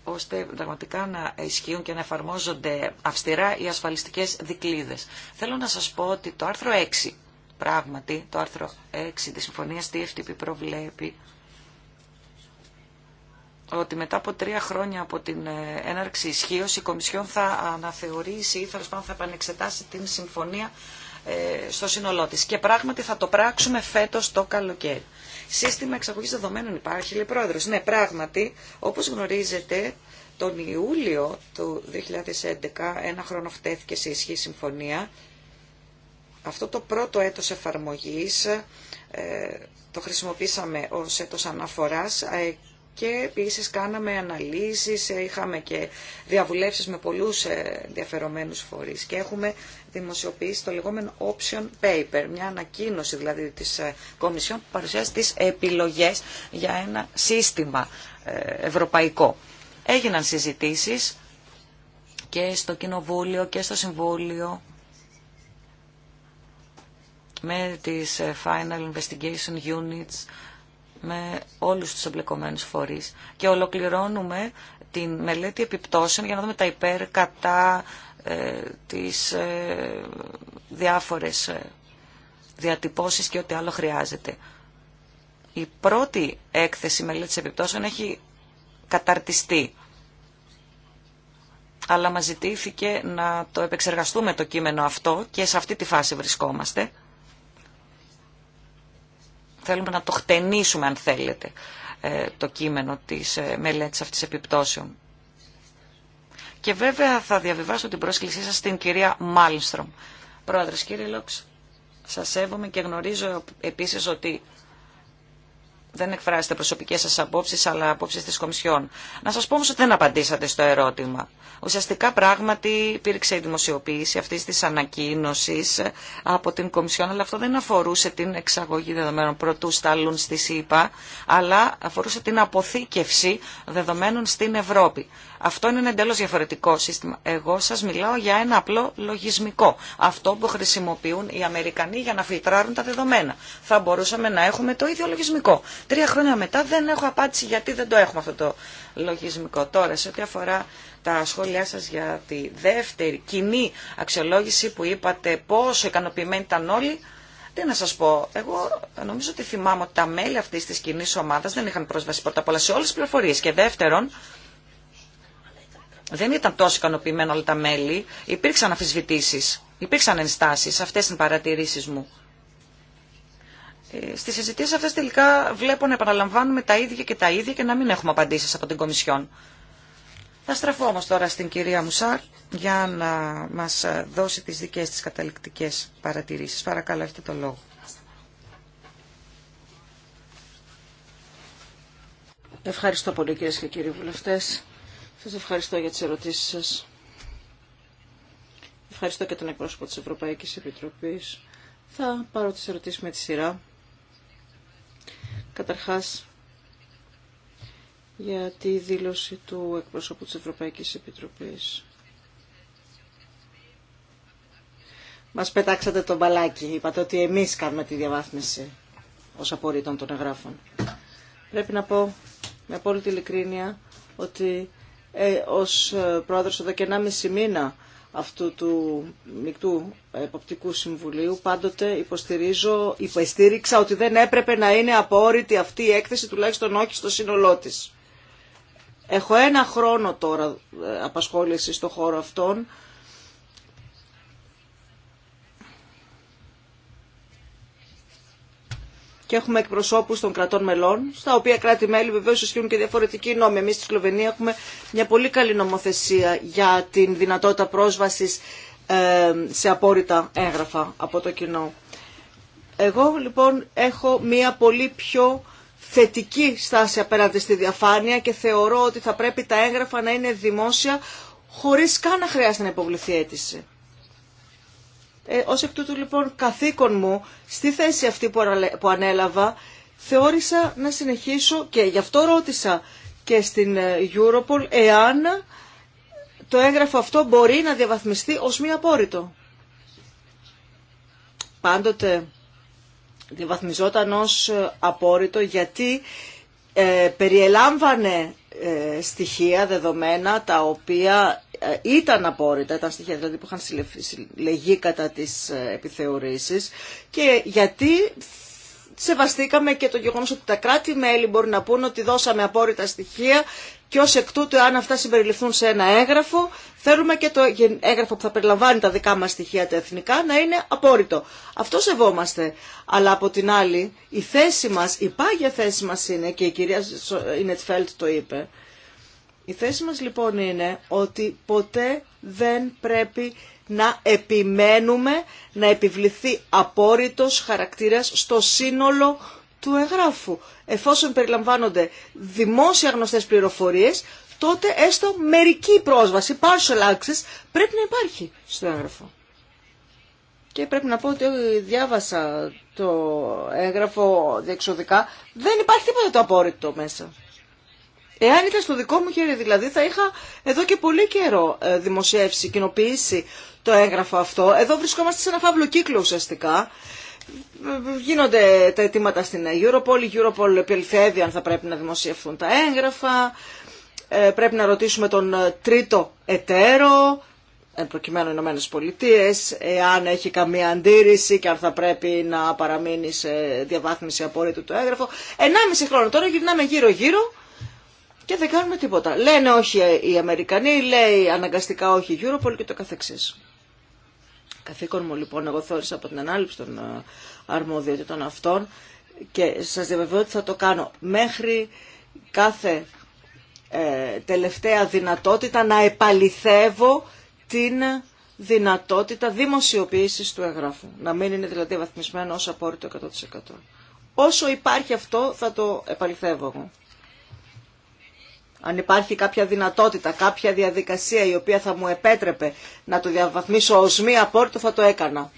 ώστε πραγματικά να ισχύουν και να εφαρμόζονται αυστηρά οι ασφαλιστικές δικλίδες. Θέλω να σας πω ότι το άρθρο 6, πράγματι, το άρθρο 6 της Συμφωνίας TFTP προβλέπει ότι μετά από τρία χρόνια από την ε, έναρξη ισχύω η Κομισιόν θα αναθεωρήσει ή θα επανεξετάσει την συμφωνία ε, στο σύνολό τη. Και πράγματι θα το πράξουμε φέτο το καλοκαίρι. Σύστημα εξαγωγή δεδομένων υπάρχει, λέει πρόεδρο. Ναι, πράγματι, όπω γνωρίζετε, τον Ιούλιο του 2011, ένα χρόνο φτέθηκε σε ισχύ συμφωνία. Αυτό το πρώτο έτος εφαρμογής ε, το χρησιμοποίησαμε ως έτος αναφοράς και επίσης κάναμε αναλύσεις, ε, είχαμε και διαβουλεύσεις με πολλούς ε, ενδιαφερομένους φορείς και έχουμε δημοσιοποιήσει το λεγόμενο option paper, μια ανακοίνωση δηλαδή της ε, Κομισιόν που παρουσιάζει τις επιλογές για ένα σύστημα ευρωπαϊκό. Έγιναν συζητήσεις και στο Κοινοβούλιο και στο Συμβούλιο με τις Final Investigation Units με όλους τους εμπλεκομένους φορείς και ολοκληρώνουμε την μελέτη επιπτώσεων για να δούμε τα υπέρ κατά ε, τις ε, διάφορες ε, διατυπώσεις και ό,τι άλλο χρειάζεται. Η πρώτη έκθεση μελέτης επιπτώσεων έχει καταρτιστεί αλλά μας ζητήθηκε να το επεξεργαστούμε το κείμενο αυτό και σε αυτή τη φάση βρισκόμαστε. Θέλουμε να το χτενίσουμε, αν θέλετε, ε, το κείμενο της ε, μελέτης αυτής επιπτώσεων. Και βέβαια θα διαβιβάσω την πρόσκλησή σας στην κυρία Μάλνστρομ. Πρόεδρε, κύριε Λόξ, σας σέβομαι και γνωρίζω επίσης ότι δεν εκφράσετε προσωπικέ σα απόψει αλλά απόψει τη Κομισιόν. Να σα πω όμω ότι δεν απαντήσατε στο ερώτημα. Ουσιαστικά πράγματι υπήρξε η δημοσιοποίηση αυτή τη ανακοίνωση από την Κομισιόν, αλλά αυτό δεν αφορούσε την εξαγωγή δεδομένων πρωτού σταλούν στη ΣΥΠΑ, αλλά αφορούσε την αποθήκευση δεδομένων στην Ευρώπη. Αυτό είναι ένα εντελώς διαφορετικό σύστημα. Εγώ σα μιλάω για ένα απλό λογισμικό. Αυτό που χρησιμοποιούν οι Αμερικανοί για να φιλτράρουν τα δεδομένα. Θα μπορούσαμε να έχουμε το ίδιο λογισμικό. Τρία χρόνια μετά δεν έχω απάντηση γιατί δεν το έχουμε αυτό το λογισμικό. Τώρα, σε ό,τι αφορά τα σχόλιά σας για τη δεύτερη κοινή αξιολόγηση που είπατε πόσο ικανοποιημένοι ήταν όλοι, τι να σα πω, εγώ νομίζω ότι θυμάμαι ότι τα μέλη αυτής της κοινή ομάδας δεν είχαν πρόσβαση πρώτα απ' όλα σε όλε τι πληροφορίε. Και δεύτερον, δεν ήταν τόσο ικανοποιημένα όλα τα μέλη. Υπήρξαν αφισβητήσεις, υπήρξαν ενστάσεις Αυτέ είναι παρατηρήσεις παρατηρήσει μου. Ε, στις συζητήσεις αυτές τελικά βλέπω να επαναλαμβάνουμε τα ίδια και τα ίδια και να μην έχουμε απαντήσεις από την Κομισιόν. Θα στραφώ όμως τώρα στην κυρία Μουσάρ για να μας δώσει τις δικές της καταληκτικές παρατηρήσεις. Παρακαλώ, έχετε το λόγο. Ευχαριστώ πολύ κυρίες και κύριοι βουλευτές. Σας ευχαριστώ για τις ερωτήσεις σας. Ευχαριστώ και τον εκπρόσωπο της Ευρωπαϊκής Επιτροπής. Θα πάρω τις ερωτήσεις με τη σειρά. Καταρχάς, για τη δήλωση του εκπρόσωπου της Ευρωπαϊκής Επιτροπής. Μας πετάξατε το μπαλάκι. Είπατε ότι εμείς κάνουμε τη διαβάθμιση ως απορρίτων των εγγράφων. Πρέπει να πω με απόλυτη ειλικρίνεια ότι ε, ως ε, πρόεδρος εδώ και μισή μήνα αυτού του μεικτού εποπτικού συμβουλίου. Πάντοτε υποστηρίζω, υποστήριξα ότι δεν έπρεπε να είναι απόρριτη αυτή η έκθεση, τουλάχιστον όχι στο σύνολό της. Έχω ένα χρόνο τώρα ε, απασχόληση στον χώρο αυτόν και έχουμε εκπροσώπους των κρατών μελών, στα οποία κράτη-μέλη βεβαίως ισχύουν και διαφορετικοί νόμοι. Εμείς στη Σλοβενία έχουμε μια πολύ καλή νομοθεσία για την δυνατότητα πρόσβασης ε, σε απόρριτα έγγραφα από το κοινό. Εγώ λοιπόν έχω μια πολύ πιο θετική στάση απέναντι στη διαφάνεια και θεωρώ ότι θα πρέπει τα έγγραφα να είναι δημόσια χωρίς καν να χρειάζεται να υποβληθεί αίτηση. Ε, ως εκ τούτου λοιπόν καθήκον μου, στη θέση αυτή που ανέλαβα, θεώρησα να συνεχίσω και γι' αυτό ρώτησα και στην ε, Europol εάν το έγγραφο αυτό μπορεί να διαβαθμιστεί ως μη απόρριτο. Πάντοτε διαβαθμιζόταν ως ε, απόρριτο γιατί ε, περιελάμβανε στοιχεία, δεδομένα, τα οποία ε, ήταν απόρριτα, τα στοιχεία δηλαδή που είχαν συλλεγεί κατά τις ε, επιθεωρήσεις και γιατί σεβαστήκαμε και το γεγονός ότι τα κράτη-μέλη μπορεί να πούν ότι δώσαμε απόρριτα στοιχεία και ως εκ τούτου αν αυτά συμπεριληφθούν σε ένα έγγραφο θέλουμε και το έγγραφο που θα περιλαμβάνει τα δικά μας στοιχεία τα εθνικά να είναι απόρριτο. Αυτό σεβόμαστε. Αλλά από την άλλη η θέση μας, η πάγια θέση μας είναι και η κυρία Ινετφέλτ το είπε η θέση μας λοιπόν είναι ότι ποτέ δεν πρέπει να επιμένουμε να επιβληθεί απόρριτος χαρακτήρας στο σύνολο του εγγράφου. Εφόσον περιλαμβάνονται δημόσια γνωστές πληροφορίες, τότε έστω μερική πρόσβαση, partial access, πρέπει να υπάρχει στο έγγραφο. Και πρέπει να πω ότι διάβασα το έγγραφο διεξοδικά, δεν υπάρχει τίποτα το απόρριτο μέσα. Εάν ήταν στο δικό μου χέρι δηλαδή θα είχα εδώ και πολύ καιρό ε, δημοσιεύσει, κοινοποιήσει το έγγραφο αυτό. Εδώ βρισκόμαστε σε ένα φαύλο κύκλο ουσιαστικά. Γίνονται τα αιτήματα στην Europol, η Europol επιληθεύει αν θα πρέπει να δημοσιευθούν τα έγγραφα, ε, πρέπει να ρωτήσουμε τον ε, τρίτο εταίρο, εν προκειμένου Ηνωμένες Πολιτείες, εάν έχει καμία αντίρρηση και αν θα πρέπει να παραμείνει σε διαβάθμιση απορρίτου το έγγραφο. Ενάμιση χρόνο τώρα γυρνάμε γύρω-γύρω και δεν κάνουμε τίποτα. Λένε όχι οι Αμερικανοί, λέει αναγκαστικά όχι η Europol και το καθεξής. Καθήκον μου λοιπόν εγώ θεώρησα από την ανάληψη των ε, αρμοδιότητων αυτών και σας διαβεβαιώ ότι θα το κάνω μέχρι κάθε ε, τελευταία δυνατότητα να επαληθεύω την δυνατότητα δημοσιοποίησης του εγγράφου. Να μην είναι δηλαδή βαθμισμένο ως απόρριτο 100%. Όσο υπάρχει αυτό θα το επαληθεύω εγώ αν υπάρχει κάποια δυνατότητα, κάποια διαδικασία η οποία θα μου επέτρεπε να το διαβαθμίσω ως μία απόρριτο θα το έκανα.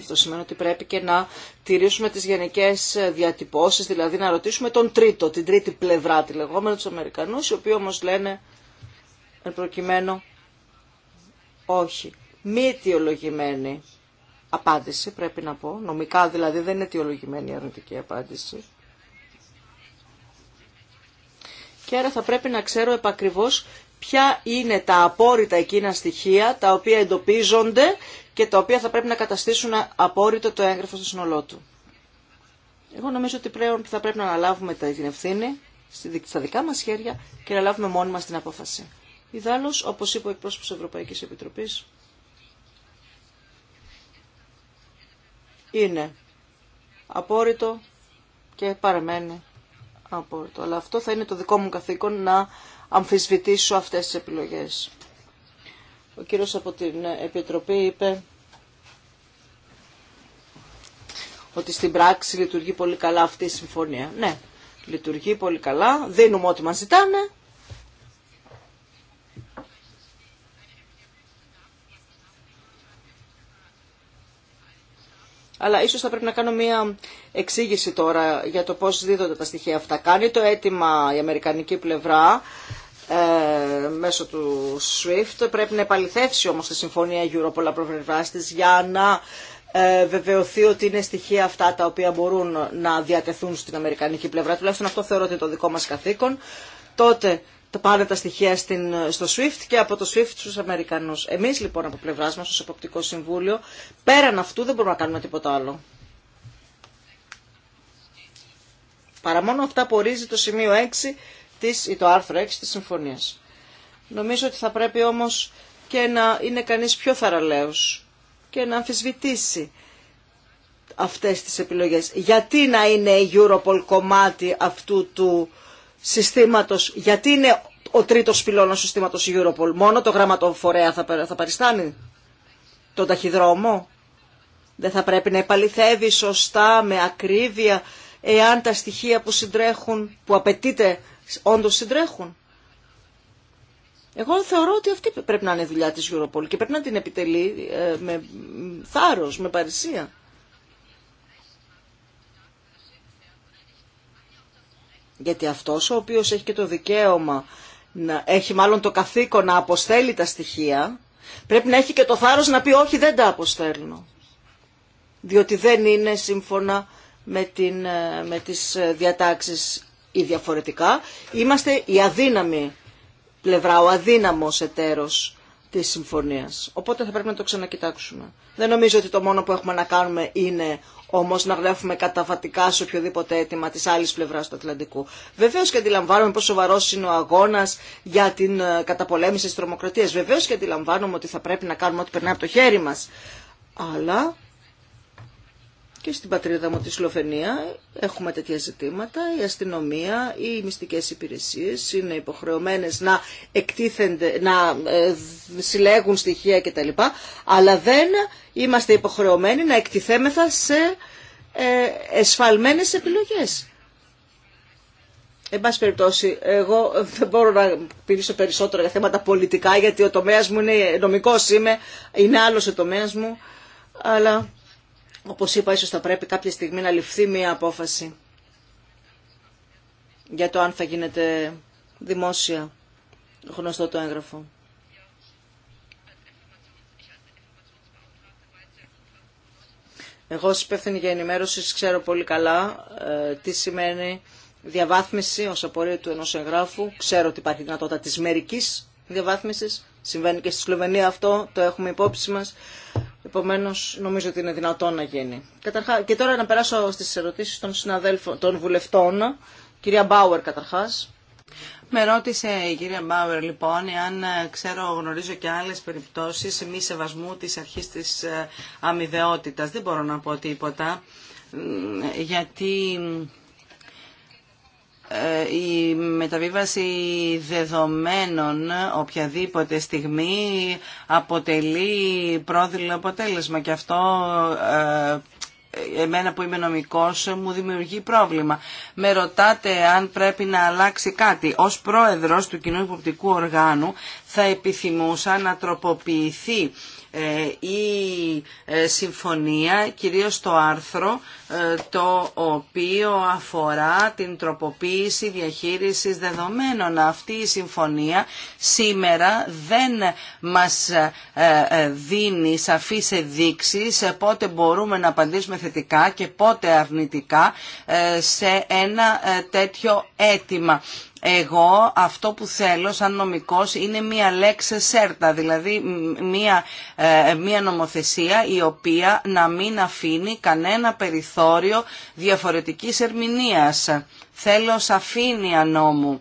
Αυτό σημαίνει ότι πρέπει και να τηρήσουμε τις γενικές διατυπώσεις, δηλαδή να ρωτήσουμε τον τρίτο, την τρίτη πλευρά, τη λεγόμενη του Αμερικανούς, οι οποίοι όμως λένε, εν προκειμένου, όχι. Μη αιτιολογημένη απάντηση πρέπει να πω, νομικά δηλαδή δεν είναι αιτιολογημένη η αρνητική απάντηση. και άρα θα πρέπει να ξέρω επακριβώς ποια είναι τα απόρριτα εκείνα στοιχεία τα οποία εντοπίζονται και τα οποία θα πρέπει να καταστήσουν απόρριτο το έγγραφο στο σύνολό του. Εγώ νομίζω ότι πλέον θα πρέπει να αναλάβουμε την ευθύνη στα δικά μας χέρια και να λάβουμε μόνοι μας την απόφαση. Ιδάλλως, όπως είπε ο εκπρόσωπος της Ευρωπαϊκής Επιτροπής, είναι απόρριτο και παραμένει Απόρριτο. Αλλά αυτό θα είναι το δικό μου καθήκον να αμφισβητήσω αυτές τις επιλογές. Ο κύριος από την Επιτροπή είπε ότι στην πράξη λειτουργεί πολύ καλά αυτή η συμφωνία. Ναι, λειτουργεί πολύ καλά, δίνουμε ό,τι μας ζητάνε αλλά ίσω θα πρέπει να κάνω μία εξήγηση τώρα για το πώ δίδονται τα στοιχεία αυτά. Κάνει το αίτημα η αμερικανική πλευρά ε, μέσω του SWIFT. Πρέπει να επαληθεύσει όμω τη συμφωνία Europol από τη, για να ε, βεβαιωθεί ότι είναι στοιχεία αυτά τα οποία μπορούν να διατεθούν στην αμερικανική πλευρά. Τουλάχιστον αυτό θεωρώ ότι είναι το δικό μα καθήκον. Τότε τα πάντα τα στοιχεία στην, στο SWIFT και από το SWIFT στους Αμερικανούς. Εμείς λοιπόν από πλευρά μας ως Εποπτικό Συμβούλιο, πέραν αυτού δεν μπορούμε να κάνουμε τίποτα άλλο. Παρά μόνο αυτά που ορίζει το σημείο 6 της, ή το άρθρο 6 της συμφωνίας. Νομίζω ότι θα πρέπει όμως και να είναι κανείς πιο θαραλέος και να αμφισβητήσει αυτές τις επιλογές. Γιατί να είναι η Europol κομμάτι αυτού του συστήματος, γιατί είναι ο τρίτος πυλώνας συστήματο η Europol. Μόνο το γραμματοφορέα θα, θα παριστάνει τον ταχυδρόμο. Δεν θα πρέπει να επαληθεύει σωστά, με ακρίβεια, εάν τα στοιχεία που συντρέχουν, που απαιτείται, όντως συντρέχουν. Εγώ θεωρώ ότι αυτή πρέπει να είναι η δουλειά της Europol και πρέπει να την επιτελεί ε, με θάρρος, με παρησία. Γιατί αυτός ο οποίος έχει και το δικαίωμα, να έχει μάλλον το καθήκον να αποστέλει τα στοιχεία, πρέπει να έχει και το θάρρος να πει όχι δεν τα αποστέλνω. Διότι δεν είναι σύμφωνα με, την, ε, με τις ε, διατάξεις ή διαφορετικά. Είμαστε η αδύναμη πλευρά, ο αδύναμος εταίρος της συμφωνίας. Οπότε θα πρέπει να το ξανακοιτάξουμε. Δεν νομίζω ότι το μόνο που έχουμε να κάνουμε είναι όμω να γράφουμε καταβατικά σε οποιοδήποτε αίτημα τη άλλη πλευρά του Ατλαντικού. Βεβαίω και αντιλαμβάνομαι πόσο σοβαρό είναι ο αγώνα για την ε, καταπολέμηση τη τρομοκρατία. Βεβαίω και αντιλαμβάνομαι ότι θα πρέπει να κάνουμε ό,τι περνάει από το χέρι μα. Αλλά και στην πατρίδα μου τη Σλοφενία, έχουμε τέτοια ζητήματα. Η αστυνομία, οι μυστικές υπηρεσίες είναι υποχρεωμένες να εκτίθενται, να ε, συλλέγουν στοιχεία κτλ. Αλλά δεν είμαστε υποχρεωμένοι να εκτιθέμεθα σε ε, εσφαλμένες επιλογές. Εν πάση περιπτώσει, εγώ δεν μπορώ να μιλήσω περισσότερο για θέματα πολιτικά, γιατί ο τομέας μου είναι νομικός είμαι, είναι άλλο ο τομέας μου, αλλά όπως είπα, ίσως θα πρέπει κάποια στιγμή να ληφθεί μία απόφαση για το αν θα γίνεται δημόσια γνωστό το έγγραφο. Εγώ ως υπεύθυνη για ενημέρωση ξέρω πολύ καλά ε, τι σημαίνει διαβάθμιση ως απορία του ενός εγγράφου. Ξέρω ότι υπάρχει δυνατότητα της μερικής διαβάθμισης. Συμβαίνει και στη Σλοβενία αυτό, το έχουμε υπόψη μας. Επομένω, νομίζω ότι είναι δυνατόν να γίνει. Καταρχά, και τώρα να περάσω στι ερωτήσει των συναδέλφων, των βουλευτών. Κυρία Μπάουερ, καταρχά. Με ρώτησε η κυρία Μπάουερ, λοιπόν, εάν ε, ξέρω, γνωρίζω και άλλε περιπτώσει μη σεβασμού τη αρχή τη ε, αμοιβαιότητα. Δεν μπορώ να πω τίποτα, γιατί ε, η μεταβίβαση δεδομένων οποιαδήποτε στιγμή αποτελεί πρόδειλο αποτέλεσμα και αυτό ε, εμένα που είμαι νομικός μου δημιουργεί πρόβλημα. Με ρωτάτε αν πρέπει να αλλάξει κάτι. Ως πρόεδρος του κοινού υποπτικού οργάνου θα επιθυμούσα να τροποποιηθεί ε, η ε, συμφωνία, κυρίως το άρθρο, ε, το οποίο αφορά την τροποποίηση διαχείρισης δεδομένων. Αυτή η συμφωνία σήμερα δεν μας δίνει σαφείς ενδείξεις πότε μπορούμε να απαντήσουμε θετικά και πότε αρνητικά σε ένα τέτοιο αίτημα. Εγώ αυτό που θέλω σαν νομικός είναι μία λέξη σέρτα, δηλαδή μία, ε, μία νομοθεσία η οποία να μην αφήνει κανένα περιθώριο διαφορετικής ερμηνείας. Θέλω σαφήνεια νόμου.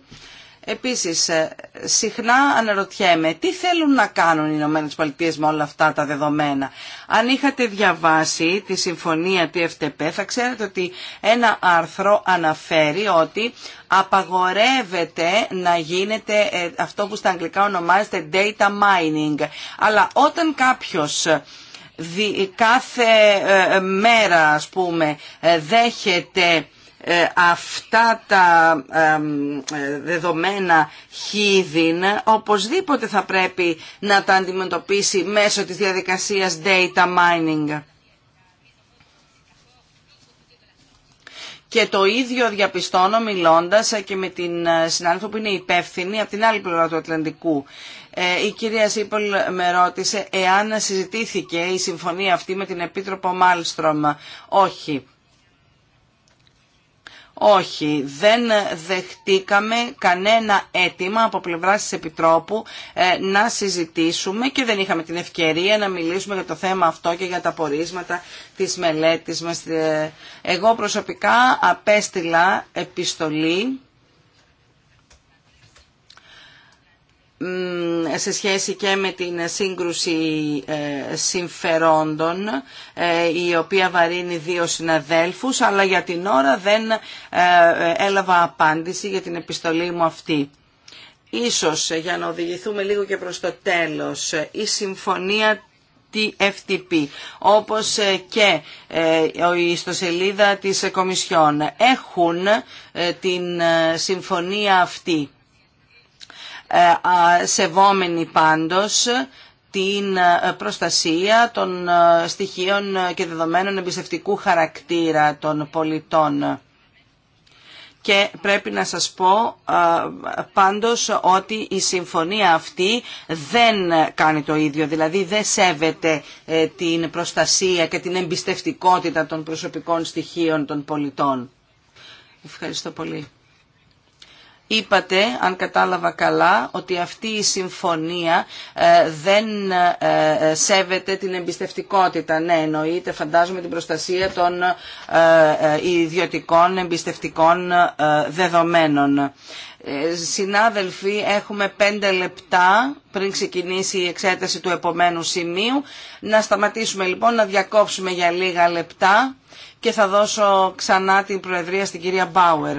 Επίσης, ε, συχνά αναρωτιέμαι τι θέλουν να κάνουν οι Ηνωμένες Πολιτείες με όλα αυτά τα δεδομένα. Αν είχατε διαβάσει τη συμφωνία FTP θα ξέρετε ότι ένα άρθρο αναφέρει ότι απαγορεύεται να γίνεται ε, αυτό που στα αγγλικά ονομάζεται data mining. Αλλά όταν κάποιος ε, κάθε μέρα ας πούμε δέχεται ε, αυτά τα ε, δεδομένα χίδιν οπωσδήποτε θα πρέπει να τα αντιμετωπίσει μέσω της διαδικασίας data mining. Και το ίδιο διαπιστώνω μιλώντας και με την ε, συνάδελφο που είναι υπεύθυνη από την άλλη πλευρά του Ατλαντικού. Η κυρία Σίπολ με ρώτησε εάν συζητήθηκε η συμφωνία αυτή με την Επίτροπο Μάλστρομ. Όχι. Όχι, δεν δεχτήκαμε κανένα αίτημα από πλευρά της Επιτρόπου ε, να συζητήσουμε και δεν είχαμε την ευκαιρία να μιλήσουμε για το θέμα αυτό και για τα πορίσματα της μελέτης μας. Ε, εγώ προσωπικά απέστειλα επιστολή σε σχέση και με την σύγκρουση ε, συμφερόντων ε, η οποία βαρύνει δύο συναδέλφους αλλά για την ώρα δεν ε, έλαβα απάντηση για την επιστολή μου αυτή. Ίσως για να οδηγηθούμε λίγο και προς το τέλος η συμφωνία TFTP, όπως και η ιστοσελίδα της Κομισιόν έχουν την συμφωνία αυτή ε, σεβόμενοι πάντως την ε, προστασία των ε, στοιχείων και δεδομένων εμπιστευτικού χαρακτήρα των πολιτών. Και πρέπει να σας πω πάντως ότι η συμφωνία αυτή δεν κάνει το ίδιο, δηλαδή δεν σέβεται την προστασία και την εμπιστευτικότητα των προσωπικών στοιχείων των πολιτών. Ευχαριστώ πολύ. Είπατε, αν κατάλαβα καλά, ότι αυτή η συμφωνία ε, δεν ε, ε, σέβεται την εμπιστευτικότητα. Ναι, εννοείται, φαντάζομαι, την προστασία των ιδιωτικών εμπιστευτικών δεδομένων. Συνάδελφοι, έχουμε πέντε λεπτά πριν ξεκινήσει η εξέταση του επομένου σημείου. Να σταματήσουμε λοιπόν, να διακόψουμε για λίγα λεπτά και θα δώσω ξανά την Προεδρία στην κυρία Μπάουερ.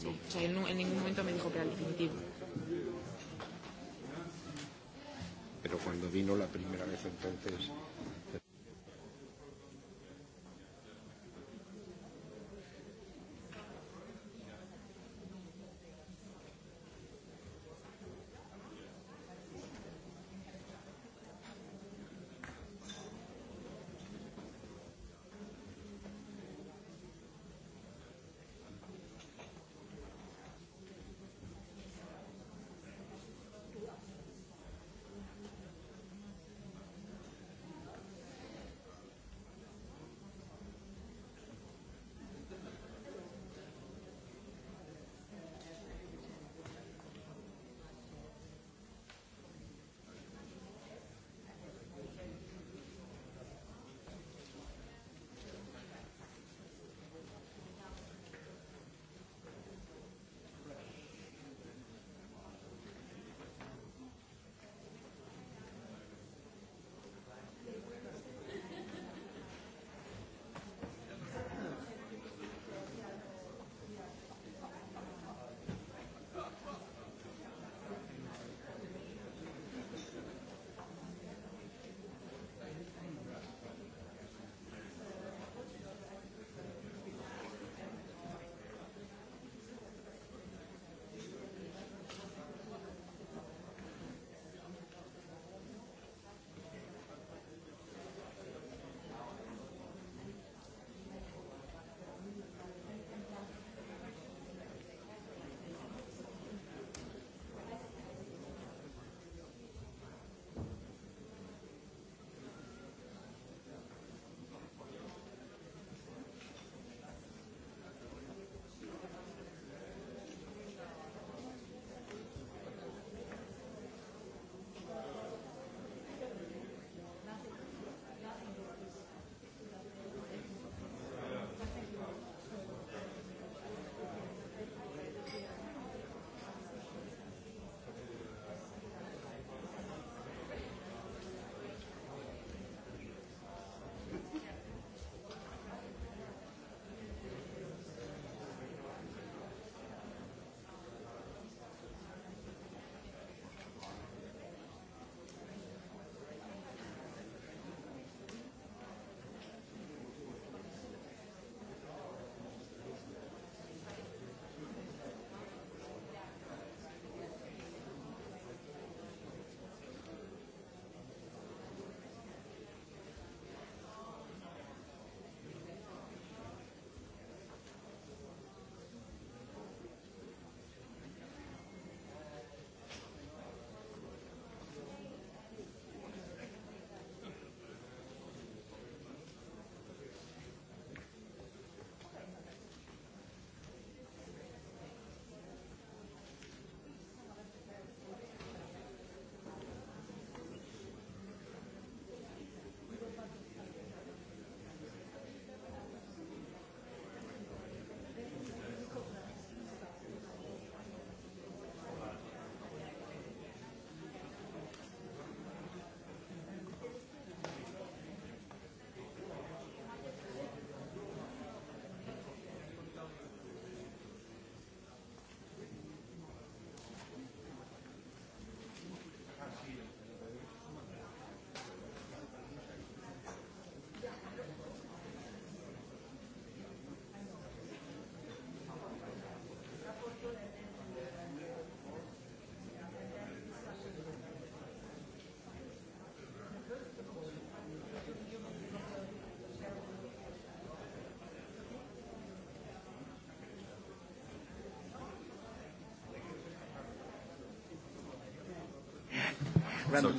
Sí, o sea, en ningún momento me dijo que era el definitivo. Pero cuando vino la primera vez entonces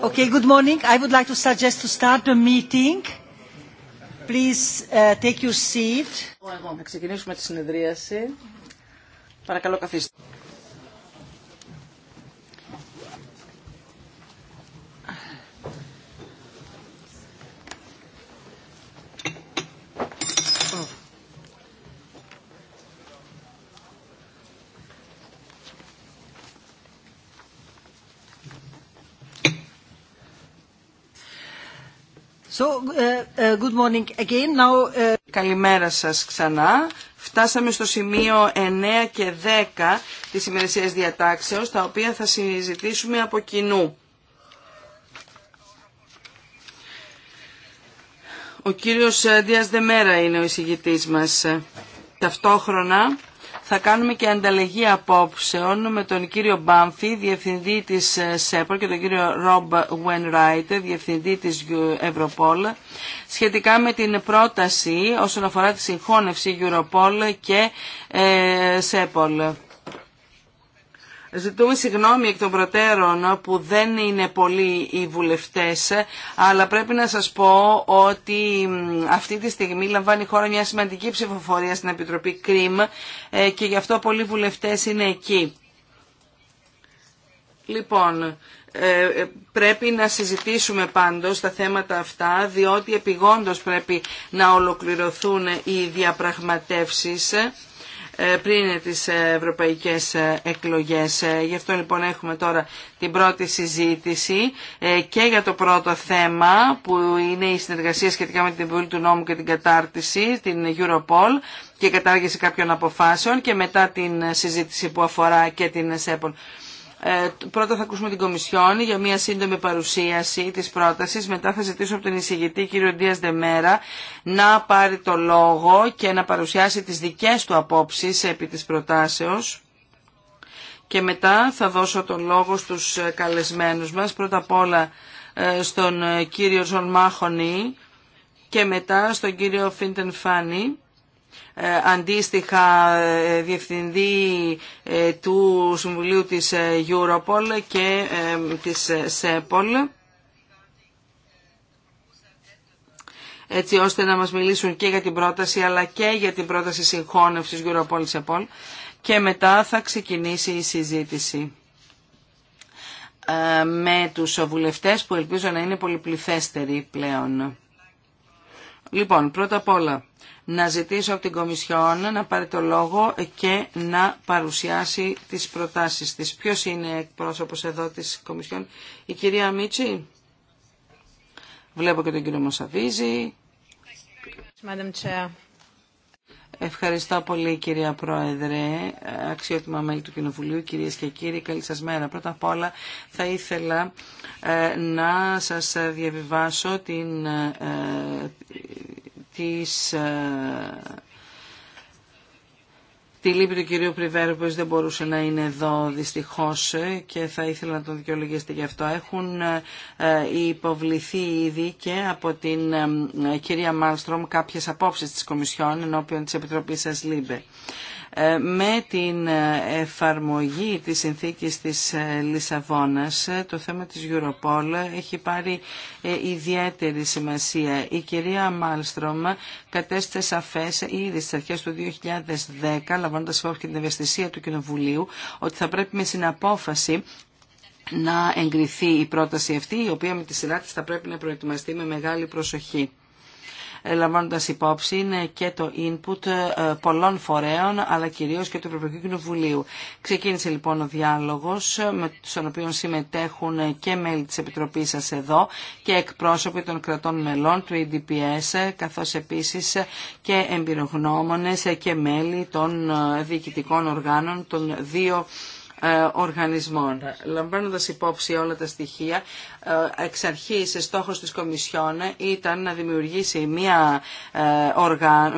Okay, good morning. I would like to suggest to start the meeting. Please take your seat. τη συνεδρίαση. Παρακαλώ Uh, uh, uh, Καλημέρα σας ξανά. Φτάσαμε στο σημείο 9 και 10 της ημερησίας διατάξεως, τα οποία θα συζητήσουμε από κοινού. Ο κύριος ε, Δίας Δεμέρα είναι ο εισηγητής μας. Ε, ταυτόχρονα θα κάνουμε και ανταλλαγή απόψεων με τον κύριο Μπάμφη, διευθυντή της ε, ΣΕΠΟΛ και τον κύριο Ρόμπ Βενράιτ, διευθυντή της Ευρωπόλ, σχετικά με την πρόταση όσον αφορά τη συγχώνευση Europol και ε, ΣΕΠΟΛ. Ζητούμε συγγνώμη εκ των προτέρων που δεν είναι πολλοί οι βουλευτές, αλλά πρέπει να σας πω ότι αυτή τη στιγμή λαμβάνει η χώρα μια σημαντική ψηφοφορία στην Επιτροπή ΚΡΙΜ ε, και γι' αυτό πολλοί βουλευτές είναι εκεί. Λοιπόν, ε, ε, πρέπει να συζητήσουμε πάντως τα θέματα αυτά, διότι επιγόντως πρέπει να ολοκληρωθούν οι διαπραγματεύσεις ε, πριν τις ευρωπαϊκές ε, εκλογές. Ε, γι' αυτό λοιπόν έχουμε τώρα την πρώτη συζήτηση και για το πρώτο θέμα που είναι η συνεργασία σχετικά με την βουλή του νόμου και την κατάρτιση, την Europol και κατάργηση κάποιων αποφάσεων και μετά την συζήτηση που αφορά και την ΣΕΠΟΛ. Ε, πρώτα θα ακούσουμε την Κομισιόν για μια σύντομη παρουσίαση της πρότασης. Μετά θα ζητήσω από τον εισηγητή κύριο Ντίας Δεμέρα να πάρει το λόγο και να παρουσιάσει τις δικές του απόψεις επί της προτάσεως. Και μετά θα δώσω το λόγο στους ε, καλεσμένους μας. Πρώτα απ' όλα ε, στον κύριο Ζων Μάχονη και μετά στον κύριο Φίντεν Φάνη ε, αντίστοιχα ε, διευθυντή ε, του Συμβουλίου της Europol και της ΣΕΠΟΛ έτσι ώστε να μας μιλήσουν και για την πρόταση αλλά και για την πρόταση συγχώνευσης Europol Επολ, και μετά θα ξεκινήσει η συζήτηση με τους βουλευτές που ελπίζω να είναι πολυπληθέστεροι πλέον. Λοιπόν, πρώτα απ' όλα να ζητήσω από την Κομισιόν να πάρει το λόγο και να παρουσιάσει τις προτάσεις της. Ποιος είναι εκπρόσωπος εδώ της Κομισιόν, η κυρία Μίτσι. Βλέπω και τον κύριο Μοσαβίζη. Ευχαριστώ πολύ κυρία Πρόεδρε, αξιότιμα μέλη του Κοινοβουλίου, κυρίες και κύριοι, καλή σας μέρα. Πρώτα απ' όλα θα ήθελα ε, να σας διαβιβάσω την, ε, ε, τις Τη λύπη του κυρίου Πριβέρου που δεν μπορούσε να είναι εδώ δυστυχώς και θα ήθελα να τον δικαιολογήσετε γι' αυτό. Έχουν ε, υποβληθεί ήδη και από την ε, κυρία Μάλστρομ κάποιες απόψεις της Κομισιόν ενώπιον της Επιτροπής σας Λίμπε. Ε, με την ε, εφαρμογή της συνθήκης της ε, Λισαβόνας το θέμα της Europol έχει πάρει ιδιαίτερη σημασία. Η κυρία Μάλστρομ κατέστησε σαφές ήδη στις αρχές του 2010 λαμβάνοντας υπόψη και την ευαισθησία του Κοινοβουλίου ότι θα πρέπει με συναπόφαση να εγκριθεί η πρόταση αυτή, η οποία με τη σειρά θα πρέπει να προετοιμαστεί με μεγάλη προσοχή. Ε, λαμβάνοντας υπόψη και το input ε, πολλών φορέων αλλά κυρίως και του Ευρωπαϊκού Κοινοβουλίου. Ξεκίνησε λοιπόν ο διάλογος ε, με τους οποίους συμμετέχουν και μέλη της Επιτροπής σας εδώ και εκπρόσωποι των κρατών μελών του EDPS καθώς επίσης και εμπειρογνώμονες και μέλη των διοικητικών οργάνων των δύο ε, οργανισμών. Λαμβάνοντας υπόψη όλα τα στοιχεία, ε, εξ αρχής ε, στόχος της Κομισιόν ήταν να δημιουργήσει μια,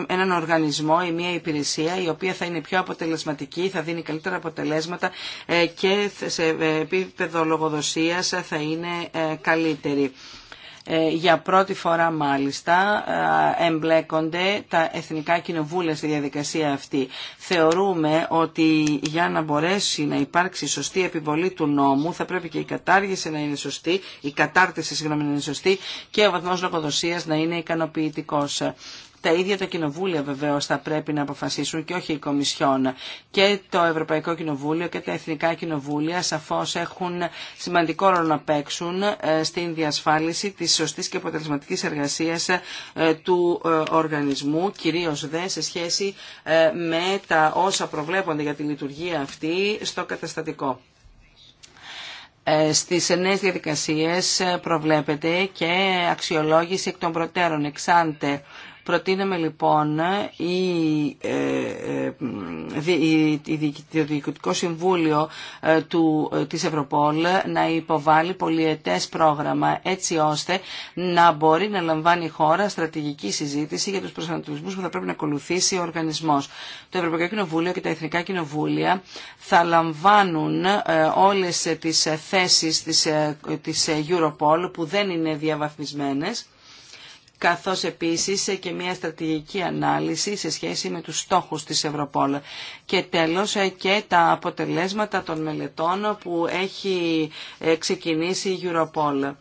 έναν οργανισμό ή μια υπηρεσία η οποία θα είναι πιο αποτελεσματική, θα δίνει καλύτερα αποτελέσματα και σε επίπεδο λογοδοσία θα είναι καλύτερη. Ε, για πρώτη φορά μάλιστα ε, εμπλέκονται τα Εθνικά Κοινοβούλια στη διαδικασία αυτή. Θεωρούμε ότι για να μπορέσει να υπάρξει σωστή επιβολή του νόμου θα πρέπει και η κατάργηση να είναι σωστή, η κατάρτιση να είναι σωστή και ο βαθμός λογοδοσίας να είναι ικανοποιητικός. Τα ίδια τα κοινοβούλια βεβαίω θα πρέπει να αποφασίσουν και όχι οι Κομισιόν. Και το Ευρωπαϊκό Κοινοβούλιο και τα Εθνικά Κοινοβούλια σαφώ έχουν σημαντικό ρόλο να παίξουν ε, στην διασφάλιση τη σωστή και αποτελεσματική εργασία ε, του ε, οργανισμού, κυρίω δε σε σχέση με τα όσα προβλέπονται για τη λειτουργία αυτή στο καταστατικό. Στις νέες διαδικασίες προβλέπεται και αξιολόγηση εκ των προτέρων εξάντε Προτείναμε λοιπόν το ε, ε, Διοικητικό Συμβούλιο ε, του, της Ευρωπόλ να υποβάλει πολυετές πρόγραμμα έτσι ώστε να μπορεί να λαμβάνει η χώρα στρατηγική συζήτηση για τους προσανατολισμούς που θα πρέπει να ακολουθήσει ο οργανισμός. Το Ευρωπαϊκό Κοινοβούλιο και τα Εθνικά Κοινοβούλια θα λαμβάνουν όλες τις θέσεις της Europol που δεν είναι διαβαθμισμένες καθώς επίσης και μια στρατηγική ανάλυση σε σχέση με τους στόχους της Ευρωπόλ. Και τέλος ε, και τα αποτελέσματα των μελετών που έχει ε, ξεκινήσει η Europol.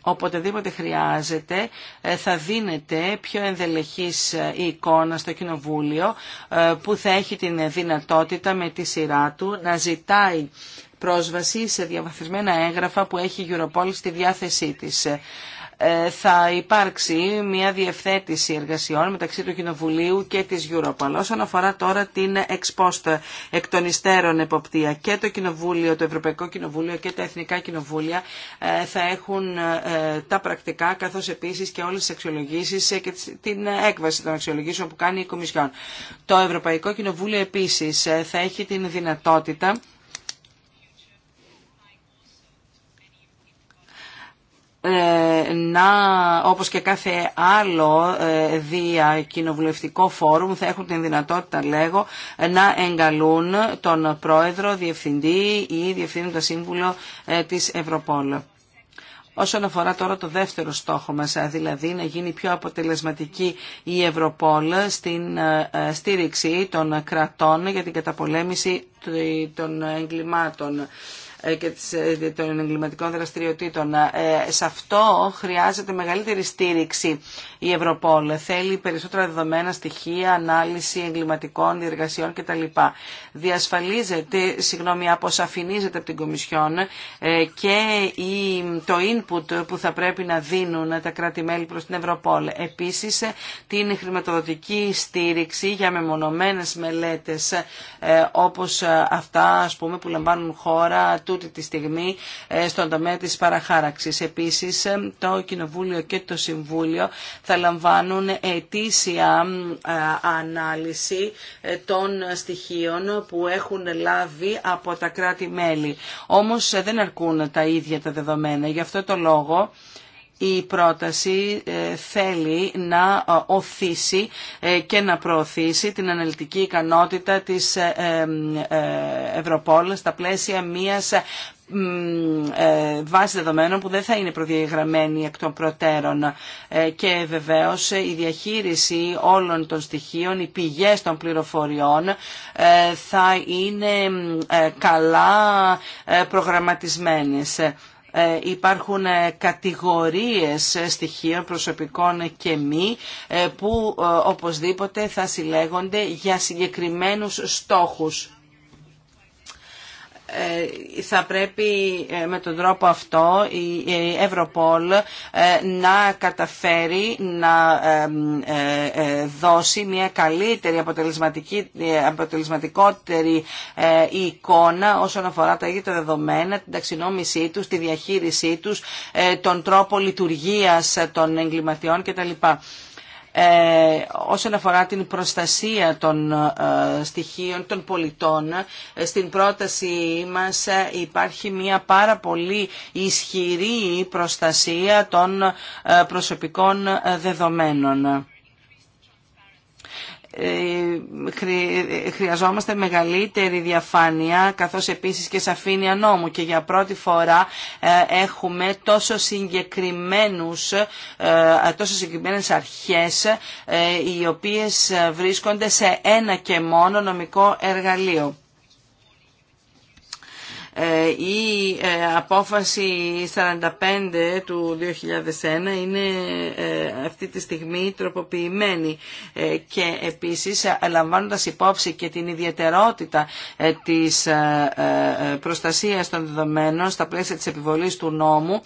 Οποτεδήποτε χρειάζεται ε, θα δίνεται πιο ενδελεχής η εικόνα στο Κοινοβούλιο που θα έχει την δυνατότητα με τη σειρά του να ζητάει πρόσβαση σε διαβαθμισμένα έγγραφα που έχει η Europol στη διάθεσή της. Ε, θα υπάρξει μια διευθέτηση εργασιών μεταξύ του Κοινοβουλίου και της Europol. Όσον αφορά τώρα την εξπόστα εκ των υστέρων εποπτεία και το Κοινοβούλιο, το Ευρωπαϊκό Κοινοβούλιο και τα Εθνικά Κοινοβούλια ε, θα έχουν ε, τα πρακτικά καθώς επίσης και όλες τις αξιολογήσεις και την έκβαση των αξιολογήσεων που κάνει η Κομισιόν. Το Ευρωπαϊκό Κοινοβούλιο επίσης θα έχει την δυνατότητα να, όπως και κάθε άλλο ε, διακοινοβουλευτικό φόρουμ, θα έχουν την δυνατότητα, λέγω, να εγκαλούν τον πρόεδρο, διευθυντή ή διευθύνοντα σύμβουλο ε, της Ευρωπόλ. Όσον αφορά τώρα το δεύτερο στόχο μας, ε, δηλαδή να γίνει πιο αποτελεσματική η Ευρωπόλ στην στήριξη των κρατών για την καταπολέμηση των εγκλημάτων. Ε, και ε, των εγκληματικών δραστηριοτήτων. Ε, σε αυτό χρειάζεται μεγαλύτερη στήριξη η Ευρωπόλ. Θέλει περισσότερα δεδομένα, στοιχεία, ανάλυση εγκληματικών διεργασιών κτλ. Διασφαλίζεται, συγγνώμη, αποσαφηνίζεται από την Κομισιόν και το input που θα πρέπει να δίνουν τα κράτη-μέλη προς την Ευρωπόλ. Επίσης, την χρηματοδοτική στήριξη για μεμονωμένες μελέτες όπως αυτά ας πούμε, που λαμβάνουν χώρα τούτη τη στιγμή ε, στον τομέα της παραχάραξης. Επίσης, ε, το Κοινοβούλιο και το Συμβούλιο θα λαμβάνουν ετήσια ε, ανάλυση των στοιχείων που έχουν λάβει από τα κράτη-μέλη. Όμως δεν αρκούν τα ίδια τα δεδομένα. Γι' αυτό το λόγο η πρόταση ε, θέλει να ε, οθήσει ε, και να προωθήσει την αναλυτική ικανότητα της Ευρωπόλ στα πλαίσια μιας βάση δεδομένων που δεν θα είναι προδιαγραμμένη εκ των προτέρων και βεβαίως η διαχείριση όλων των στοιχείων, οι πηγές των πληροφοριών θα είναι καλά προγραμματισμένες. Ε, υπάρχουν ε, κατηγορίες ε, στοιχείων προσωπικών και μη που οπωσδήποτε θα συλλέγονται για συγκεκριμένους στόχους. Ε, θα πρέπει ε, με τον τρόπο αυτό η Ευρωπόλ ε, να καταφέρει να δώσει μια καλύτερη αποτελεσματική, αποτελεσματικότερη εικόνα όσον αφορά τα ίδια τα δεδομένα, την ταξινόμησή τους, τη διαχείρισή τους, τον τρόπο λειτουργίας των εγκληματιών κτλ. Ε, όσον αφορά την προστασία των ε, στοιχείων των πολιτών. Ε, στην πρόταση μας υπάρχει μια πάρα πολύ ισχυρή προστασία των προσωπικών δεδομένων. Ε, χρειαζόμαστε μεγαλύτερη διαφάνεια καθώς επίσης και σαφήνεια νόμου και για πρώτη φορά ε, έχουμε τόσο συγκεκριμένους ε, τόσο συγκεκριμένες αρχές οι οποίες βρίσκονται σε ένα και μόνο νομικό εργαλείο. Ε, η ε, απόφαση 45 του 2001 είναι ε, αυτή τη στιγμή τροποποιημένη και επίσης λαμβάνοντας υπόψη και την ιδιαιτερότητα της προστασίας των δεδομένων στα πλαίσια της επιβολής του νόμου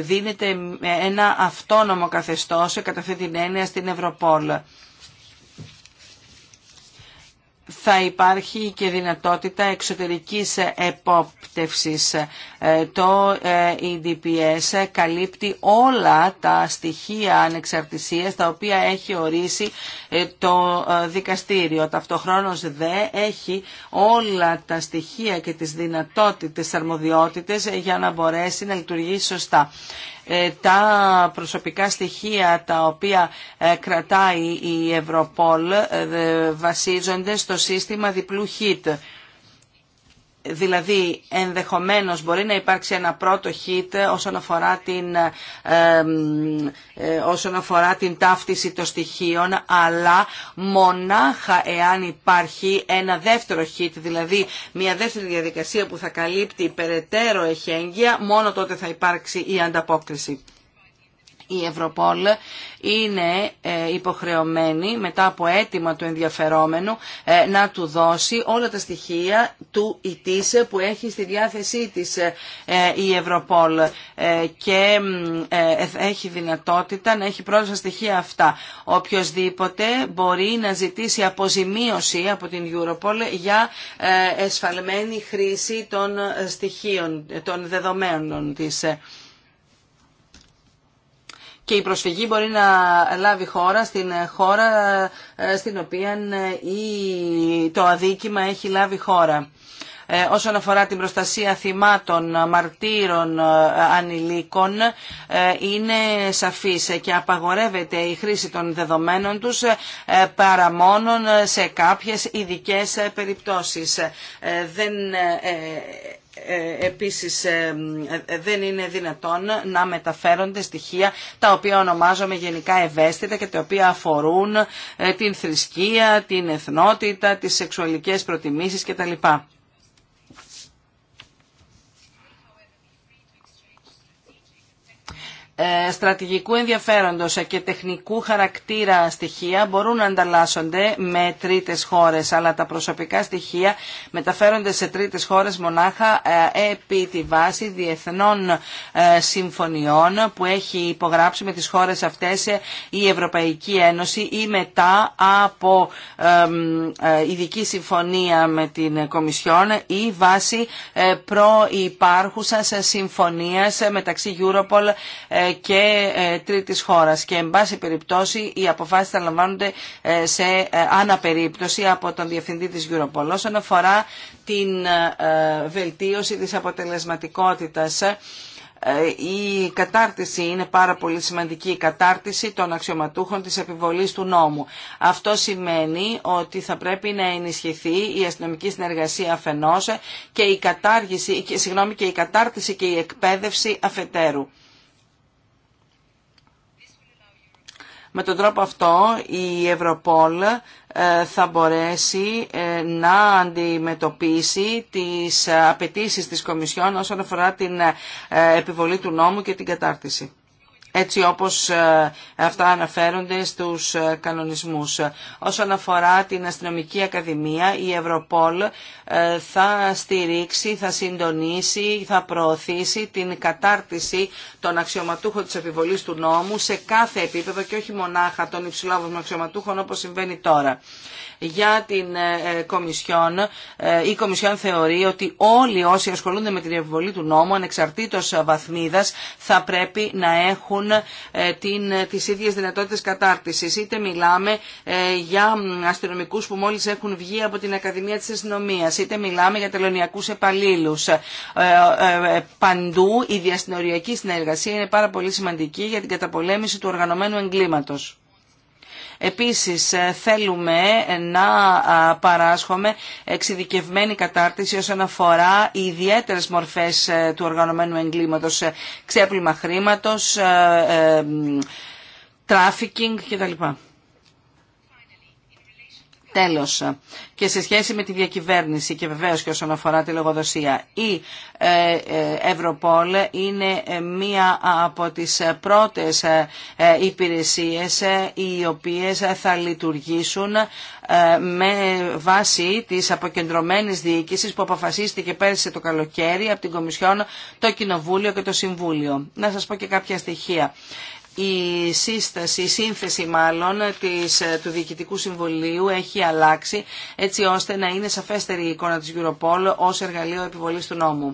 δίνεται ένα αυτόνομο καθεστώς κατά αυτή την έννοια στην Ευρωπόλ θα υπάρχει και δυνατότητα εξωτερικής επόπτευσης. Ε, το ε, EDPS καλύπτει όλα τα στοιχεία ανεξαρτησίας τα οποία έχει ορίσει ε, το δικαστήριο. Ταυτοχρόνως δε έχει όλα τα στοιχεία και τις δυνατότητες αρμοδιότητες για να μπορέσει να λειτουργήσει σωστά. Ε, τα προσωπικά στοιχεία τα οποία ε, κρατάει η Ευρωπόλ ε, βασίζονται στο σύστημα διπλού hit. Δηλαδή, ενδεχομένως μπορεί να υπάρξει ένα πρώτο hit όσον αφορά την, ε, ε, όσον αφορά την ταύτιση των στοιχείων, αλλά μονάχα εάν υπάρχει ένα δεύτερο hit, δηλαδή μια δεύτερη διαδικασία που θα καλύπτει περαιτέρω εχέγγυα, μόνο τότε θα υπάρξει η ανταπόκριση η Ευρωπόλ είναι ε, υποχρεωμένη μετά από αίτημα του ενδιαφερόμενου ε, να του δώσει όλα τα στοιχεία του ΙΤΙΣ που έχει στη διάθεσή της ε, η Ευρωπόλ και έχει δυνατότητα να έχει πρόσβαση στοιχεία αυτά. Οποιοςδήποτε μπορεί να ζητήσει αποζημίωση από την Ευρωπόλ για εσφαλμένη χρήση των στοιχείων, των δεδομένων της και η προσφυγή μπορεί να λάβει χώρα στην χώρα ε, στην οποία ε, το αδίκημα έχει λάβει χώρα. Ε, όσον αφορά την προστασία θυμάτων, μαρτύρων, ανηλίκων, είναι σαφής και απαγορεύεται η χρήση των δεδομένων τους παρά σε κάποιες ειδικές περιπτώσεις. Δεν ε, επίσης ε, ε, δεν είναι δυνατόν να μεταφέρονται στοιχεία τα οποία ονομάζομαι γενικά ευαίσθητα και τα οποία αφορούν την θρησκεία, την εθνότητα, τις σεξουαλικές προτιμήσεις κτλ. Ε, στρατηγικού ενδιαφέροντος και τεχνικού χαρακτήρα στοιχεία μπορούν να ανταλλάσσονται με τρίτες χώρες, αλλά τα προσωπικά στοιχεία μεταφέρονται σε τρίτες χώρες μονάχα ε, επί τη βάση διεθνών ε, συμφωνιών που έχει υπογράψει με τις χώρες αυτές η Ευρωπαϊκή Ένωση ή μετά από ειδική συμφωνία με την Κομισιόν ή βάση προϋπάρχουσας συμφωνίας μεταξύ Europol και ε, τρίτης χώρας και εν πάση περιπτώσει οι αποφάσεις θα λαμβάνονται ε, σε ε, αναπερίπτωση από τον Διευθυντή της Europol. Όσον αφορά την βελτίωση της αποτελεσματικότητας η κατάρτιση είναι πάρα πολύ σημαντική, η κατάρτιση των αξιωματούχων της επιβολής του νόμου. Αυτό σημαίνει ότι θα πρέπει να ενισχυθεί η αστυνομική συνεργασία αφενός και η, κατάργηση, συγγνώμη, και η κατάρτιση και η εκπαίδευση αφετέρου. Με τον τρόπο αυτό η Ευρωπόλ ε, θα μπορέσει ε, να αντιμετωπίσει τις ε, απαιτήσεις της Κομισιόν όσον αφορά την επιβολή του νόμου και την κατάρτιση έτσι όπως ε, αυτά αναφέρονται στους ε, κανονισμούς. Όσον αφορά την Αστυνομική Ακαδημία, η Ευρωπόλ ε, θα στηρίξει, θα συντονίσει, θα προωθήσει την κατάρτιση των αξιωματούχων της επιβολής του νόμου σε κάθε επίπεδο και όχι μονάχα των υψηλόβων αξιωματούχων όπως συμβαίνει τώρα για την ε, ε, Κομισιόν. Ε, η Κομισιόν θεωρεί ότι όλοι όσοι ασχολούνται με την επιβολή του νόμου, ανεξαρτήτως βαθμίδας, θα πρέπει να έχουν την, τις ίδιες δυνατότητες κατάρτισης. Είτε μιλάμε για αστυνομικούς που μόλις έχουν βγει από την Ακαδημία της Αστυνομίας, είτε μιλάμε για τελωνιακούς επαλλήλους. Παντού η διαστηνοριακή συνεργασία είναι πάρα πολύ σημαντική για την καταπολέμηση του οργανωμένου εγκλήματος. Επίσης ε, θέλουμε να παράσχουμε εξειδικευμένη κατάρτιση όσον αφορά οι ιδιαίτερες μορφές ε, του οργανωμένου εγκλήματος, ε, ξέπλυμα χρήματος, τράφικινγκ κτλ. Τέλος, και σε σχέση με τη διακυβέρνηση και βεβαίως και όσον αφορά τη λογοδοσία, η ε, ε, Ευρωπόλ είναι ε, μία από τις πρώτες υπηρεσίες οι οποίες θα λειτουργήσουν με βάση της αποκεντρωμένης διοίκησης που αποφασίστηκε πέρσι το καλοκαίρι από την Κομισιόν, το Κοινοβούλιο και το Συμβούλιο. Να σας πω και κάποια στοιχεία η σύσταση, η σύνθεση μάλλον της, του Διοικητικού Συμβουλίου έχει αλλάξει έτσι ώστε να είναι σαφέστερη η εικόνα της Europol ως εργαλείο επιβολής του νόμου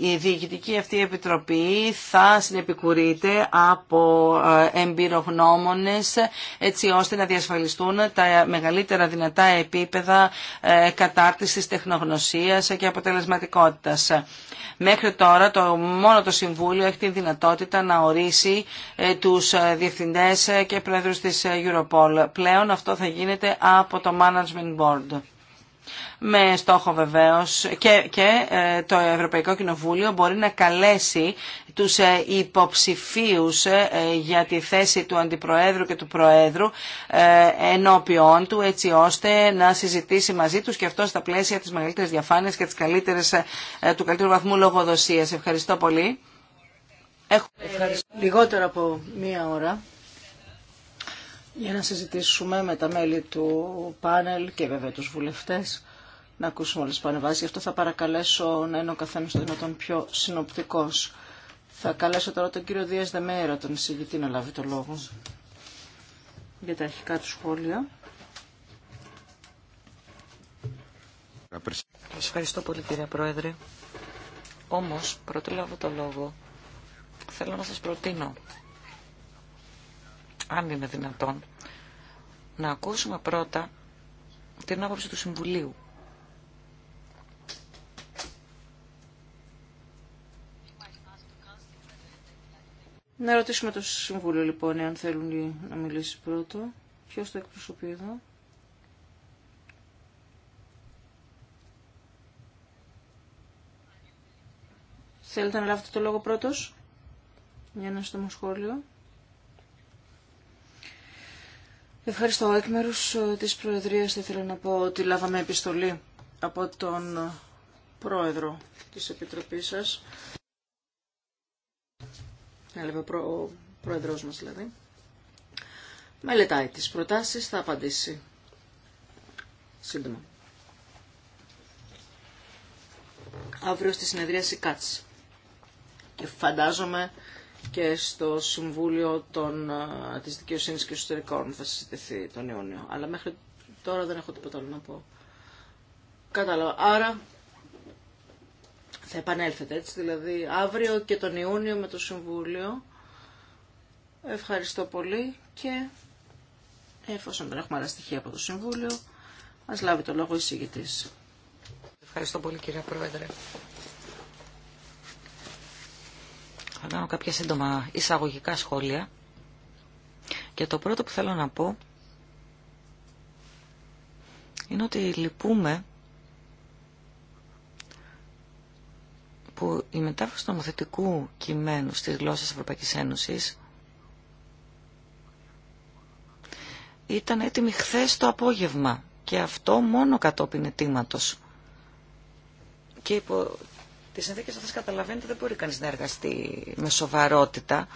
η διοικητική αυτή επιτροπή θα συνεπικουρείται από ε, εμπειρογνώμονες έτσι ώστε να διασφαλιστούν τα μεγαλύτερα δυνατά επίπεδα ε, κατάρτισης τεχνογνωσίας και αποτελεσματικότητας. Μέχρι τώρα το, μόνο το Συμβούλιο έχει τη δυνατότητα να ορίσει ε, τους διευθυντές και πρόεδρους της Europol. Πλέον αυτό θα γίνεται από το Management Board με στόχο βεβαίως και, και ε, το Ευρωπαϊκό Κοινοβούλιο μπορεί να καλέσει τους ε, υποψηφίους ε, για τη θέση του Αντιπροέδρου και του Προέδρου ενώπιόν του έτσι ώστε να συζητήσει μαζί τους και αυτό στα πλαίσια της μεγαλύτερης διαφάνειας και της του καλύτερου βαθμού λογοδοσίας. Ευχαριστώ πολύ. Έχω... Λιγότερο από μία ώρα για να συζητήσουμε με τα μέλη του πάνελ και βέβαια τους βουλευτές να ακούσουμε όλες τις πανεβάσεις. Γι' αυτό θα παρακαλέσω να είναι ο καθένας το δυνατόν πιο συνοπτικός. Θα καλέσω τώρα τον κύριο Δίας Δεμέρα, τον εισηγητή, να λάβει το λόγο για τα αρχικά του σχόλια. Σας ευχαριστώ πολύ κύριε Πρόεδρε. Όμως, πρωτού λάβω το λόγο, θέλω να σας προτείνω αν είναι δυνατόν, να ακούσουμε πρώτα την άποψη του Συμβουλίου. Να ρωτήσουμε το Συμβούλιο λοιπόν, εάν θέλουν να μιλήσει πρώτο. Ποιος το εκπροσωπεί εδώ. Θέλετε να λάβετε το λόγο πρώτος, για να σύντομο σχόλιο. Ευχαριστώ. Εκ μέρου ε, τη Προεδρία θα ήθελα να πω ότι λάβαμε επιστολή από τον ε, Πρόεδρο τη Επιτροπή σα. Έλαβε ο Πρόεδρό μα δηλαδή. Μελετάει τι προτάσει, θα απαντήσει σύντομα. Αύριο στη συνεδρίαση ΚΑΤΣ. Και φαντάζομαι και στο Συμβούλιο των, της Δικαιοσύνης και Εσωτερικών θα συζητηθεί τον Ιούνιο. Αλλά μέχρι τώρα δεν έχω τίποτα άλλο να πω. Κατάλαβα. Άρα θα επανέλθετε έτσι, δηλαδή αύριο και τον Ιούνιο με το Συμβούλιο. Ευχαριστώ πολύ και εφόσον δεν έχουμε άλλα στοιχεία από το Συμβούλιο, ας λάβει το λόγο η Ευχαριστώ πολύ κύριε Πρόεδρε. Θα κάνω κάποια σύντομα εισαγωγικά σχόλια. Και το πρώτο που θέλω να πω είναι ότι λυπούμε που η μετάφραση του νομοθετικού κειμένου στις γλώσσες Ευρωπαϊκής Ένωσης ήταν έτοιμη χθε το απόγευμα και αυτό μόνο κατόπιν ετήματος και υπό τις συνθήκε αυτές καταλαβαίνετε δεν μπορεί κανεί να εργαστεί με σοβαρότητα.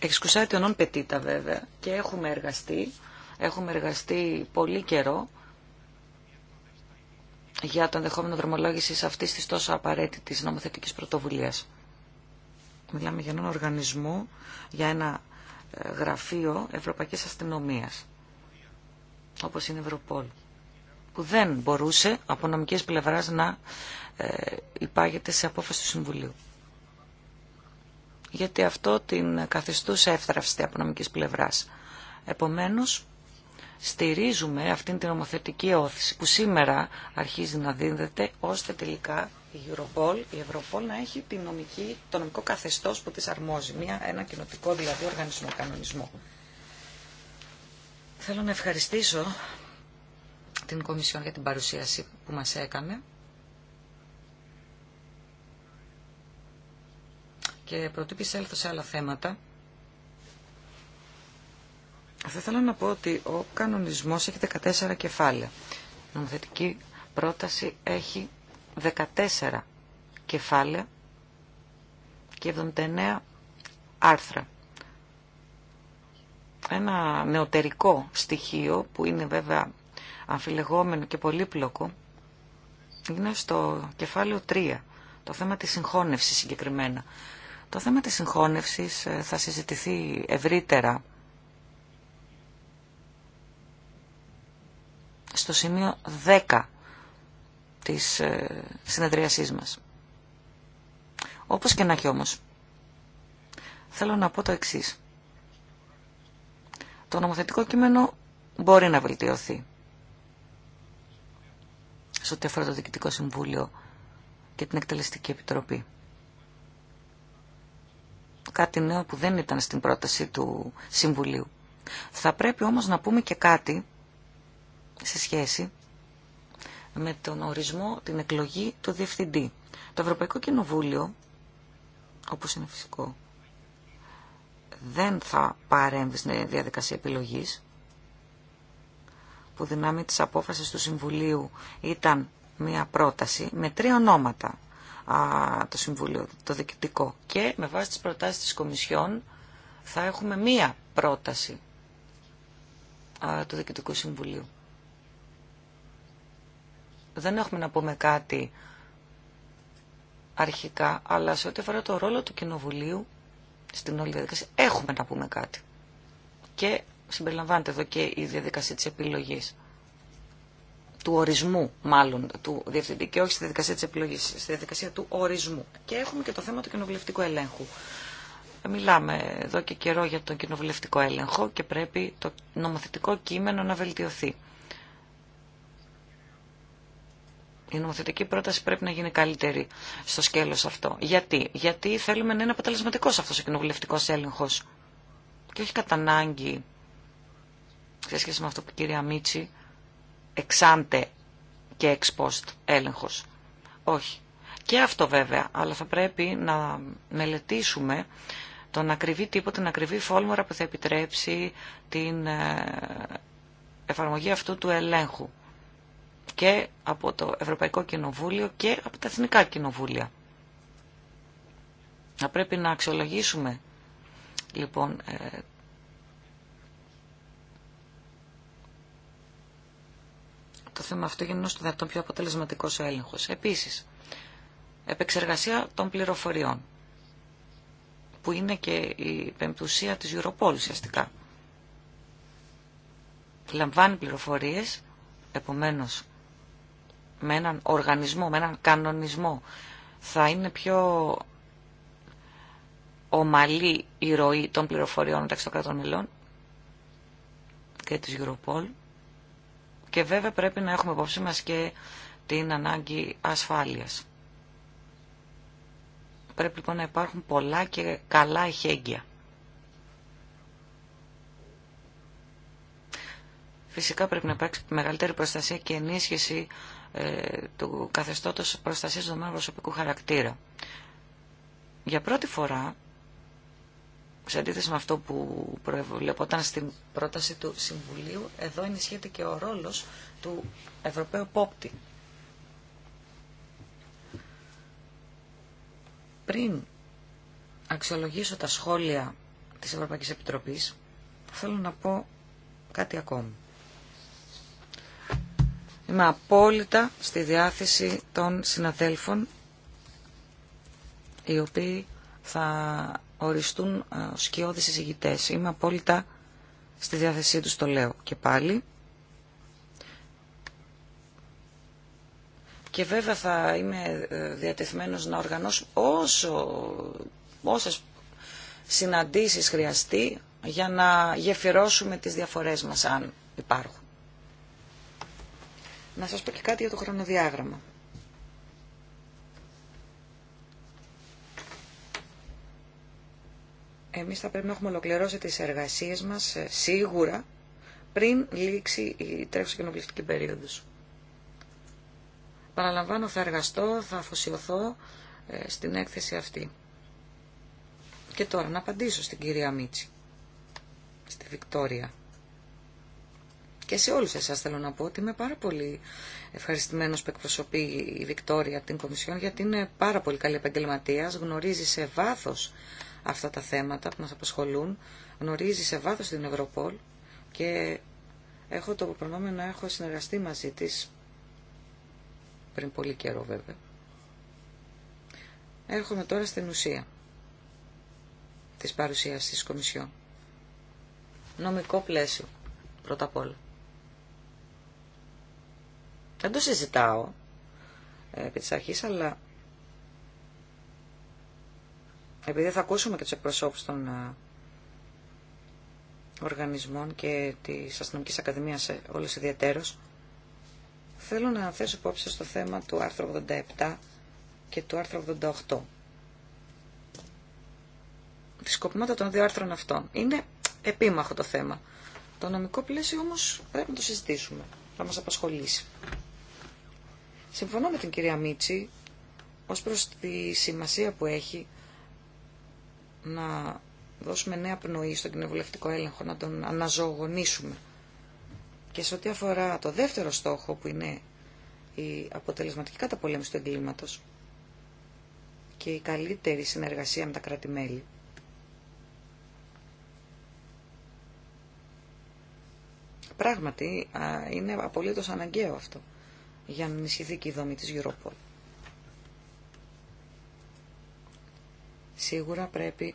Εξκουσάει τον πετίτα βέβαια και έχουμε εργαστεί, έχουμε εργαστεί πολύ καιρό για το ενδεχόμενο δρομολόγηση αυτή τη τόσο απαραίτητη νομοθετική πρωτοβουλία. Μιλάμε για έναν οργανισμό, για ένα ε, γραφείο Ευρωπαϊκής Αστυνομίας, όπως είναι Ευρωπόλ που δεν μπορούσε από νομικής πλευράς να ε, υπάγεται σε απόφαση του Συμβουλίου. Γιατί αυτό την καθιστούσε εύθραυστη από νομικής πλευράς. Επομένως, στηρίζουμε αυτήν την νομοθετική όθηση που σήμερα αρχίζει να δίνεται ώστε τελικά η Europol, η Ευρωπόλ να έχει την νομική, το νομικό καθεστώς που της αρμόζει. ένα κοινοτικό δηλαδή οργανισμό, κανονισμού. Θέλω να ευχαριστήσω την Κομισιόν για την παρουσίαση που μας έκανε. Και πρωτού επισέλθω σε άλλα θέματα, θα ήθελα να πω ότι ο κανονισμός έχει 14 κεφάλαια. Η νομοθετική πρόταση έχει 14 κεφάλαια και 79 άρθρα. Ένα νεωτερικό στοιχείο που είναι βέβαια αμφιλεγόμενο και πολύπλοκο είναι στο κεφάλαιο 3, το θέμα της συγχώνευσης συγκεκριμένα. Το θέμα της συγχώνευσης ε, θα συζητηθεί ευρύτερα στο σημείο 10 της ε, συνεδρίασής μας. Όπως και να έχει όμως, θέλω να πω το εξής. Το νομοθετικό κείμενο μπορεί να βελτιωθεί σε ό,τι αφορά το Διοικητικό Συμβούλιο και την Εκτελεστική Επιτροπή. Κάτι νέο που δεν ήταν στην πρόταση του Συμβουλίου. Θα πρέπει όμως να πούμε και κάτι σε σχέση με τον ορισμό, την εκλογή του Διευθυντή. Το Ευρωπαϊκό Κοινοβούλιο, όπως είναι φυσικό, δεν θα παρέμβει στην διαδικασία επιλογής που δυνάμει της απόφασης του Συμβουλίου ήταν μία πρόταση με τρία ονόματα το Συμβουλίο, το Διοικητικό. Και με βάση τις προτάσεις της Κομισιόν θα έχουμε μία πρόταση του Διοικητικού Συμβουλίου. Δεν έχουμε να πούμε κάτι αρχικά, αλλά σε ό,τι αφορά το ρόλο του Κοινοβουλίου στην όλη διαδικασία, έχουμε να πούμε κάτι. Και συμπεριλαμβάνεται εδώ και η διαδικασία της επιλογής του ορισμού μάλλον του διευθυντή και όχι στη διαδικασία της επιλογής, στη διαδικασία του ορισμού. Και έχουμε και το θέμα του κοινοβουλευτικού ελέγχου. Μιλάμε εδώ και καιρό για τον κοινοβουλευτικό έλεγχο και πρέπει το νομοθετικό κείμενο να βελτιωθεί. Η νομοθετική πρόταση πρέπει να γίνει καλύτερη στο σκέλος αυτό. Γιατί, Γιατί θέλουμε να είναι αποτελεσματικός αυτός ο κοινοβουλευτικός έλεγχος και όχι κατά ανάγκη σε σχέση με αυτό που η κυρία Μίτσι, εξάντε και εξ έλεγχος. Όχι. Και αυτό βέβαια, αλλά θα πρέπει να μελετήσουμε τον ακριβή τύπο, την ακριβή φόλμορα που θα επιτρέψει την ε, εφαρμογή αυτού του ελέγχου και από το Ευρωπαϊκό Κοινοβούλιο και από τα Εθνικά Κοινοβούλια. Θα πρέπει να αξιολογήσουμε λοιπόν ε, το θέμα αυτό γίνει στο δυνατόν πιο αποτελεσματικό ο έλεγχο. Επίση, επεξεργασία των πληροφοριών, που είναι και η πεμπτουσία τη Europol ουσιαστικά. Λαμβάνει πληροφορίε, επομένω, με έναν οργανισμό, με έναν κανονισμό, θα είναι πιο ομαλή η ροή των πληροφοριών μεταξύ των κρατών μελών και της Europol και βέβαια πρέπει να έχουμε υπόψη μας και την ανάγκη ασφάλειας. Πρέπει λοιπόν να υπάρχουν πολλά και καλά χέγια. Φυσικά πρέπει να υπάρξει μεγαλύτερη προστασία και ενίσχυση ε, του καθεστώτος προστασίας δεδομένου προσωπικού χαρακτήρα. Για πρώτη φορά σε με αυτό που προβλεπόταν στην πρόταση του Συμβουλίου, εδώ ενισχύεται και ο ρόλος του Ευρωπαίου Πόπτη. Πριν αξιολογήσω τα σχόλια της Ευρωπαϊκής Επιτροπής, θέλω να πω κάτι ακόμη. Είμαι απόλυτα στη διάθεση των συναδέλφων οι οποίοι θα οριστούν σκιώδη ε, σκιώδεις εισηγητές. Είμαι απόλυτα στη διάθεσή του το λέω και πάλι. Και βέβαια θα είμαι ε, διατεθμένος να οργανώσω όσο, όσες συναντήσεις χρειαστεί για να γεφυρώσουμε τις διαφορές μας, αν υπάρχουν. Να σας πω και κάτι για το χρονοδιάγραμμα. Εμείς θα πρέπει να έχουμε ολοκληρώσει τις εργασίες μας ε, σίγουρα πριν λήξει η τρέχουσα κοινοβουλευτική περίοδος. Παραλαμβάνω, θα εργαστώ, θα αφοσιωθώ ε, στην έκθεση αυτή. Και τώρα να απαντήσω στην κυρία Μίτσι, στη Βικτόρια. Και σε όλους εσάς θέλω να πω ότι είμαι πάρα πολύ ευχαριστημένος που εκπροσωπεί η Βικτόρια την Κομισιόν γιατί είναι πάρα πολύ καλή επαγγελματία, γνωρίζει σε βάθος αυτά τα θέματα που μας απασχολούν, γνωρίζει σε βάθος την Ευρωπόλ και έχω το προνόμιο να έχω συνεργαστεί μαζί της πριν πολύ καιρό βέβαια. Έρχομαι τώρα στην ουσία της παρουσίας της Κομισιόν. Νομικό πλαίσιο, πρώτα απ' όλα. Δεν το συζητάω ε, επί της αρχής, αλλά επειδή θα ακούσουμε και τους εκπροσώπους των ε, οργανισμών και της Αστυνομικής Ακαδημίας ε, όλες ιδιαίτερος, θέλω να θέσω υπόψη στο θέμα του άρθρου 87 και του άρθρου 88. Τη σκοπιμότητα των δύο άρθρων αυτών. Είναι επίμαχο το θέμα. Το νομικό πλαίσιο όμως πρέπει να το συζητήσουμε. Θα μας απασχολήσει. Συμφωνώ με την κυρία Μίτση ως προς τη σημασία που έχει να δώσουμε νέα πνοή στον κοινοβουλευτικό έλεγχο, να τον αναζωογονήσουμε. Και σε ό,τι αφορά το δεύτερο στόχο που είναι η αποτελεσματική καταπολέμηση του εγκλήματος και η καλύτερη συνεργασία με τα κράτη-μέλη. Πράγματι, είναι απολύτως αναγκαίο αυτό για να ενισχυθεί και η δομή της Europol. Σίγουρα πρέπει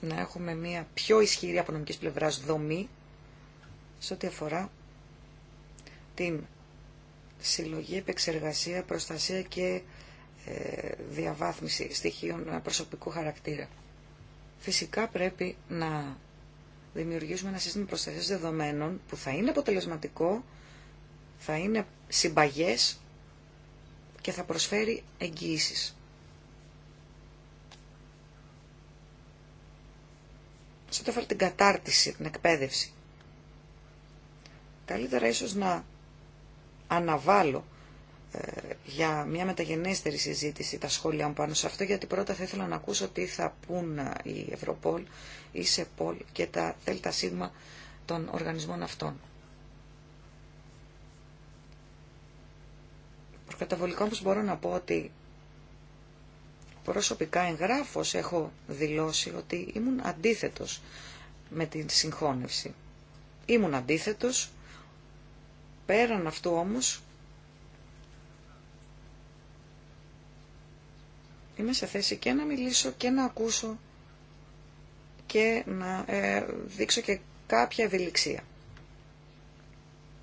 να έχουμε μια πιο ισχυρή από νομικής πλευράς δομή σε ό,τι αφορά την συλλογή, επεξεργασία, προστασία και ε, διαβάθμιση στοιχείων προσωπικού χαρακτήρα. Φυσικά πρέπει να δημιουργήσουμε ένα σύστημα προστασίας δεδομένων που θα είναι αποτελεσματικό, θα είναι συμπαγές και θα προσφέρει εγγύησεις. σε ό,τι την κατάρτιση, την εκπαίδευση. Καλύτερα ίσως να αναβάλω ε, για μια μεταγενέστερη συζήτηση τα σχόλια μου πάνω σε αυτό, γιατί πρώτα θα ήθελα να ακούσω τι θα πούν η ε, Ευρωπόλ, η ΣΕΠΟΛ και τα ΔΕΛΤΑ ΣΥΓΜΑ των οργανισμών αυτών. Προκαταβολικά όμως μπορώ να πω ότι προσωπικά εγγράφως έχω δηλώσει ότι ήμουν αντίθετος με την συγχώνευση. Ήμουν αντίθετος, πέραν αυτού όμως είμαι σε θέση και να μιλήσω και να ακούσω και να ε, δείξω και κάποια ευελιξία.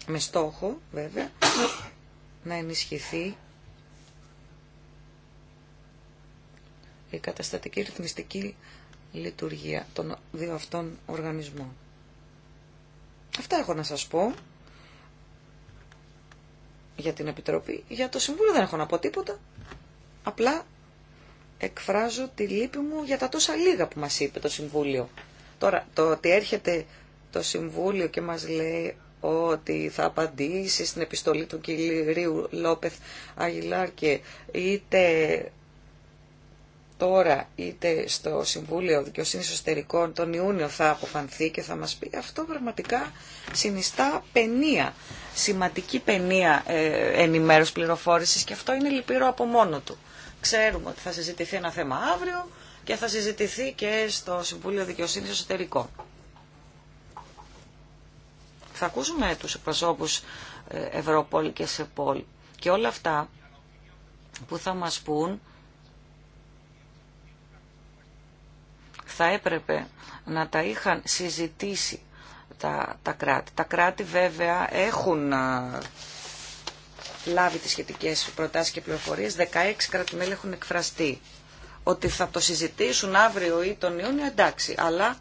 Με στόχο βέβαια να ενισχυθεί η καταστατική ρυθμιστική λειτουργία των δύο αυτών οργανισμών. Αυτά έχω να σας πω για την Επιτροπή. Για το Συμβούλιο δεν έχω να πω τίποτα. Απλά εκφράζω τη λύπη μου για τα τόσα λίγα που μας είπε το Συμβούλιο. Τώρα, το ότι έρχεται το Συμβούλιο και μας λέει ότι θα απαντήσει στην επιστολή του κυρίου Λόπεθ Αγιλάρ και είτε τώρα είτε στο Συμβούλιο Δικαιοσύνης Εσωτερικών τον Ιούνιο θα αποφανθεί και θα μας πει αυτό πραγματικά συνιστά παινία, σημαντική παινία ε, ενημέρωση πληροφόρησης και αυτό είναι λυπηρό από μόνο του. Ξέρουμε ότι θα συζητηθεί ένα θέμα αύριο και θα συζητηθεί και στο Συμβούλιο Δικαιοσύνης Εσωτερικών. Θα ακούσουμε τους εκπροσώπους ε, Ευρώπολη και ΣΕΠΟΛ και όλα αυτά που θα μας πούν θα έπρεπε να τα είχαν συζητήσει τα, τα κράτη. Τα κράτη βέβαια έχουν λάβει τις σχετικές προτάσεις και πληροφορίες. 16 κράτη-μέλη έχουν εκφραστεί ότι θα το συζητήσουν αύριο ή τον Ιούνιο, εντάξει. Αλλά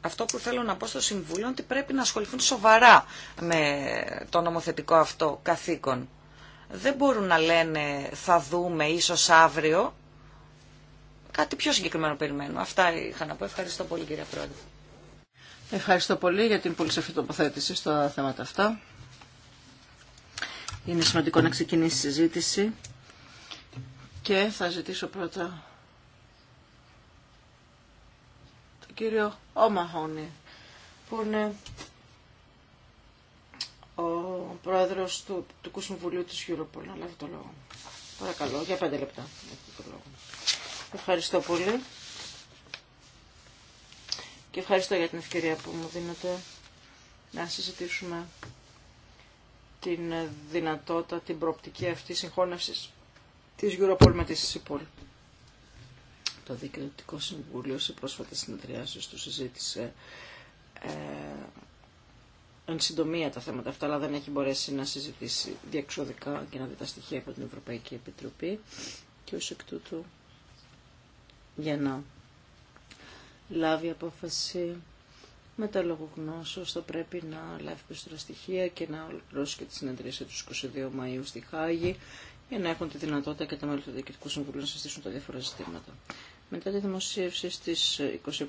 αυτό που θέλω να πω στο Συμβούλιο είναι ότι πρέπει να ασχοληθούν σοβαρά με το νομοθετικό αυτό καθήκον. Δεν μπορούν να λένε θα δούμε ίσως αύριο κάτι πιο συγκεκριμένο περιμένω. Αυτά είχα να πω. Ευχαριστώ πολύ κύριε Πρόεδρε. Ευχαριστώ πολύ για την πολύ σαφή τοποθέτηση στα θέματα αυτά. Είναι σημαντικό να ξεκινήσει η συζήτηση και θα ζητήσω πρώτα τον κύριο Ομαχώνη, που είναι ο πρόεδρος του, του Συμβουλίου της Europol να λάβει το λόγο. Παρακαλώ, για πέντε λεπτά. Ευχαριστώ πολύ. Και ευχαριστώ για την ευκαιρία που μου δίνετε να συζητήσουμε την δυνατότητα, την προοπτική αυτή συγχώνευσης της Europol με τη ΣΥΠΟΛ. Το Δικαιωτικό Συμβούλιο σε πρόσφατες συνεδριάσεις του συζήτησε ε, εν συντομία τα θέματα αυτά, αλλά δεν έχει μπορέσει να συζητήσει διεξοδικά και να δει τα στοιχεία από την Ευρωπαϊκή Επιτροπή και ως εκ τούτου για να λάβει απόφαση με τα λογογνώσεως θα πρέπει να λάβει περισσότερα στοιχεία και να ολοκληρώσει και τη συνεδρίαση του 22 Μαΐου στη Χάγη για να έχουν τη δυνατότητα και τα μέλη του Διοικητικού Συμβουλίου να συστήσουν τα διάφορα ζητήματα. Μετά τη δημοσίευση στις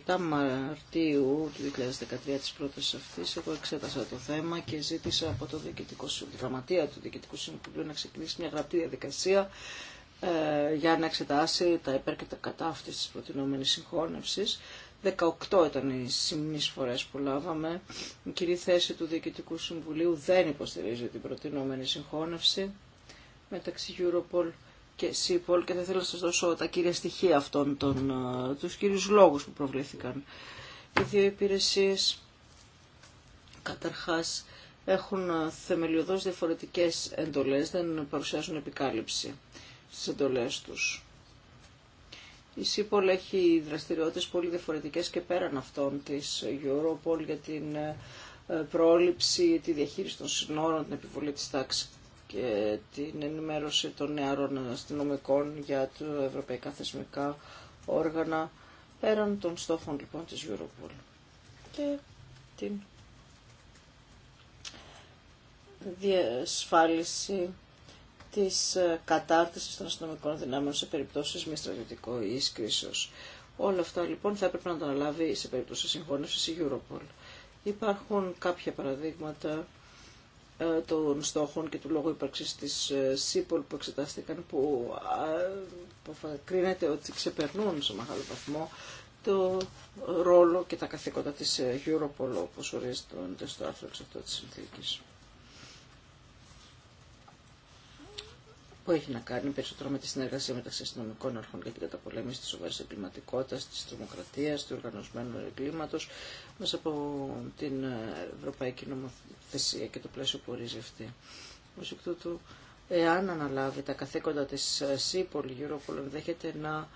27 Μαρτίου του 2013 της πρότασης αυτής, εγώ εξέτασα το θέμα και ζήτησα από το Διοικητικό Γραμματεία του Διοικητικού Συμβουλίου να ξεκινήσει μια γραπτή διαδικασία ε, για να εξετάσει τα υπέρ και τα κατά αυτή τη προτινόμενη συγχώνευσης. 18 ήταν οι φορέ που λάβαμε. Η κυρία θέση του Διοικητικού Συμβουλίου δεν υποστηρίζει την προτινόμενη συγχώνευση μεταξύ Europol και ΣΥΠΟΛ και θα ήθελα να σας δώσω τα κύρια στοιχεία αυτών των, ε, τους κύριους λόγους που προβλήθηκαν. Οι δύο υπηρεσίε καταρχάς έχουν ε, θεμελιωδώς διαφορετικές εντολές, δεν παρουσιάζουν επικάλυψη. Στι εντολές τους. Η ΣΥΠΟΛ έχει δραστηριότητες πολύ διαφορετικές και πέραν αυτών της Europol για την ε, πρόληψη, τη διαχείριση των συνόρων, την επιβολή της τάξης και την ενημέρωση των νεαρών αστυνομικών για τα ευρωπαϊκά θεσμικά όργανα πέραν των στόχων λοιπόν της Europol και την διασφάλιση της ε, κατάρτισης των αστυνομικών δυνάμεων σε περιπτώσεις μη στρατιωτικό ή κρίσεως. Όλα αυτά λοιπόν θα έπρεπε να τα αναλάβει σε περίπτωση συγχώνευσης η Europol. Υπάρχουν κάποια παραδείγματα ε, των στόχων και του λόγου ύπαρξης της ε, ΣΥΠΟΛ που εξετάστηκαν που, κρίνεται ότι ξεπερνούν σε μεγάλο βαθμό το ρόλο και τα καθήκοντα της Europol όπως ορίζεται στο άρθρο 68 της συνθήκης. που έχει να κάνει περισσότερο με τη συνεργασία μεταξύ αστυνομικών αρχών για την καταπολέμηση τη σοβαρή εγκληματικότητα, τη τρομοκρατία, του οργανωσμένου εγκλήματο, μέσα από την ε, Ευρωπαϊκή Νομοθεσία και το πλαίσιο που ορίζει αυτή. Ω εκ τούτου, εάν αναλάβει τα καθήκοντα τη ε, ΣΥΠΟΛ, Europol, ενδέχεται να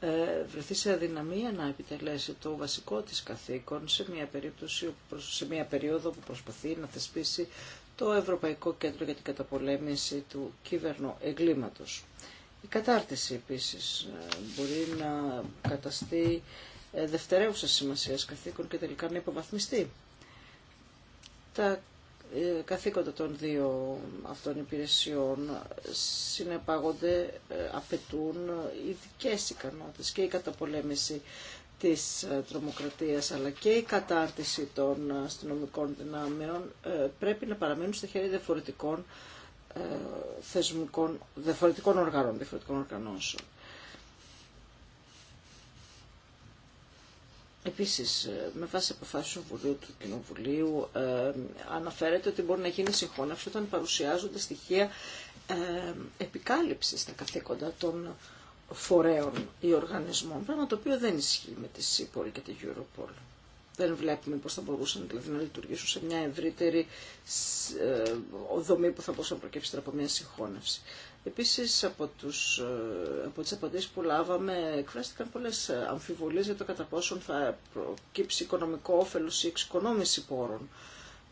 ε, βρεθεί σε αδυναμία να επιτελέσει το βασικό της καθήκον σε μια, περίπτωση, σε μια περίοδο που προσπαθεί να θεσπίσει το Ευρωπαϊκό Κέντρο για την Καταπολέμηση του Κύβερνο Εγκλήματος. Η κατάρτιση επίσης ε, μπορεί να καταστεί ε, δευτερεύουσα σημασία καθήκων και τελικά να υποβαθμιστεί. Τα ε, καθήκοντα των δύο αυτών υπηρεσιών συνεπάγονται, απαιτούν ειδικέ ικανότητες και η καταπολέμηση της ε, τρομοκρατίας αλλά και η κατάρτιση των αστυνομικών δυνάμεων ε, πρέπει να παραμείνουν στα χέρια διαφορετικών ε, θεσμικών, διαφορετικών οργάνων, διαφορετικών οργανώσεων. Επίσης, με βάση αποφάσεις του Βουλίου του Κοινοβουλίου, αναφέρεται ότι μπορεί να γίνει συγχώνευση όταν παρουσιάζονται στοιχεία ε, επικάλυψης στα καθήκοντα των φορέων ή οργανισμών, πράγμα το οποίο δεν ισχύει με τη ΣΥΠΟΛ και τη Europol. Δεν βλέπουμε πώς θα μπορούσαν δηλαδή, να λειτουργήσουν σε μια ευρύτερη ε, δομή που θα μπορούσε να προκύψει από μια συγχώνευση. Επίσης από, τους, ε, από τις απαντήσεις που λάβαμε εκφράστηκαν πολλές ε, αμφιβολίες για το κατά πόσον θα προκύψει οικονομικό όφελος ή εξοικονόμηση πόρων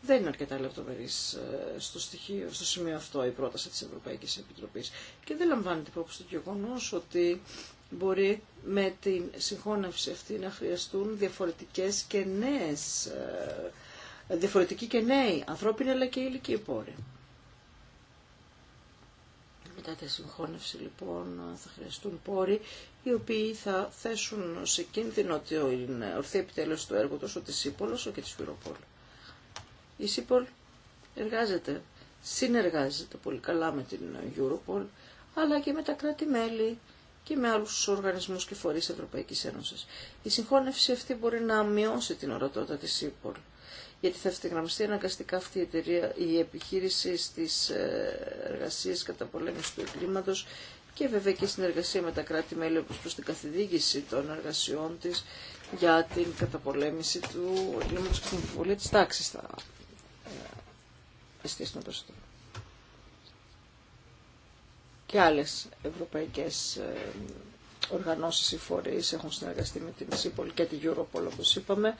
δεν είναι αρκετά λεπτομερή ε, στο στοιχείο, στο σημείο αυτό η πρόταση τη Ευρωπαϊκή Επιτροπή. Και δεν λαμβάνεται υπόψη το γεγονό ότι μπορεί με την συγχώνευση αυτή να χρειαστούν διαφορετικές και νέε, ε, διαφορετικοί και νέοι ανθρώπινοι αλλά και ηλικοί πόροι. Μετά τη συγχώνευση λοιπόν θα χρειαστούν πόροι οι οποίοι θα θέσουν σε κίνδυνο την ορθή επιτέλεση του έργου τόσο της Ήπολος όσο και της Πυροπόλου. Η ΣΥΠΟΛ εργάζεται, συνεργάζεται πολύ καλά με την Europol, αλλά και με τα κράτη-μέλη και με άλλους οργανισμούς και φορείς Ευρωπαϊκής Ένωσης. Η συγχώνευση αυτή μπορεί να μειώσει την ορατότητα της ΣΥΠΟΛ, γιατί θα ευθυγραμμιστεί αναγκαστικά αυτή η, εταιρεία, η επιχείρηση στις ε, εργασίες κατά πολέμηση του εγκλήματος και βέβαια και η συνεργασία με τα κράτη-μέλη όπως προς την καθηδήγηση των εργασιών της για την καταπολέμηση του εγκλήματος και την υποβολία της τάξης και άλλες ευρωπαϊκές ε, οργανώσεις ή φορείς έχουν συνεργαστεί με την ΣΥΠΟΛ και την Europol όπως είπαμε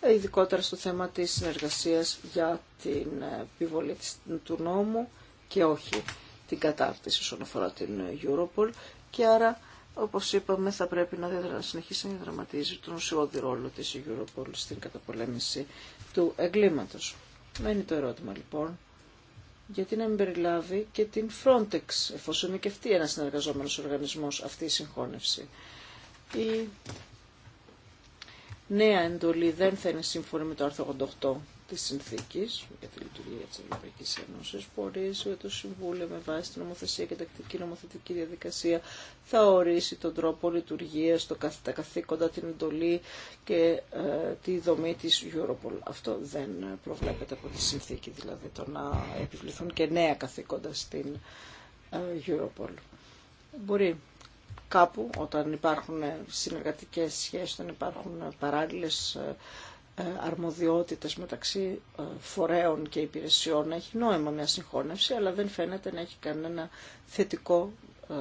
ε, ειδικότερα στο θέμα της συνεργασίας για την ε, επιβολή του νόμου και όχι την κατάρτιση όσον αφορά την Europol και άρα όπως είπαμε θα πρέπει να συνεχίσει να δραματίζει τον ουσιώδη ρόλο της Europol στην καταπολέμηση του εγκλήματος. Μένει το ερώτημα λοιπόν, γιατί να μην περιλάβει και την Frontex, εφόσον είναι και αυτή ένα συνεργαζόμενο οργανισμό, αυτή η συγχώνευση. Η νέα εντολή δεν θα είναι σύμφωνη με το άρθρο 88 της συνθήκης για τη λειτουργία της Ευρωπαϊκής Ένωσης που ορίζει το Συμβούλιο με βάση την νομοθεσία και τακτική νομοθετική διαδικασία θα ορίσει τον τρόπο λειτουργίας, το, τα καθήκοντα, την εντολή και ε, τη δομή της Europol. Αυτό δεν προβλέπεται από τη συνθήκη, δηλαδή το να επιβληθούν και νέα καθήκοντα στην ε, Europol. Μπορεί κάπου όταν υπάρχουν συνεργατικές σχέσεις, όταν υπάρχουν παράλληλες ε, ε, αρμοδιότητες μεταξύ ε, φορέων και υπηρεσιών έχει νόημα μια συγχώνευση, αλλά δεν φαίνεται να έχει κανένα θετικό ε,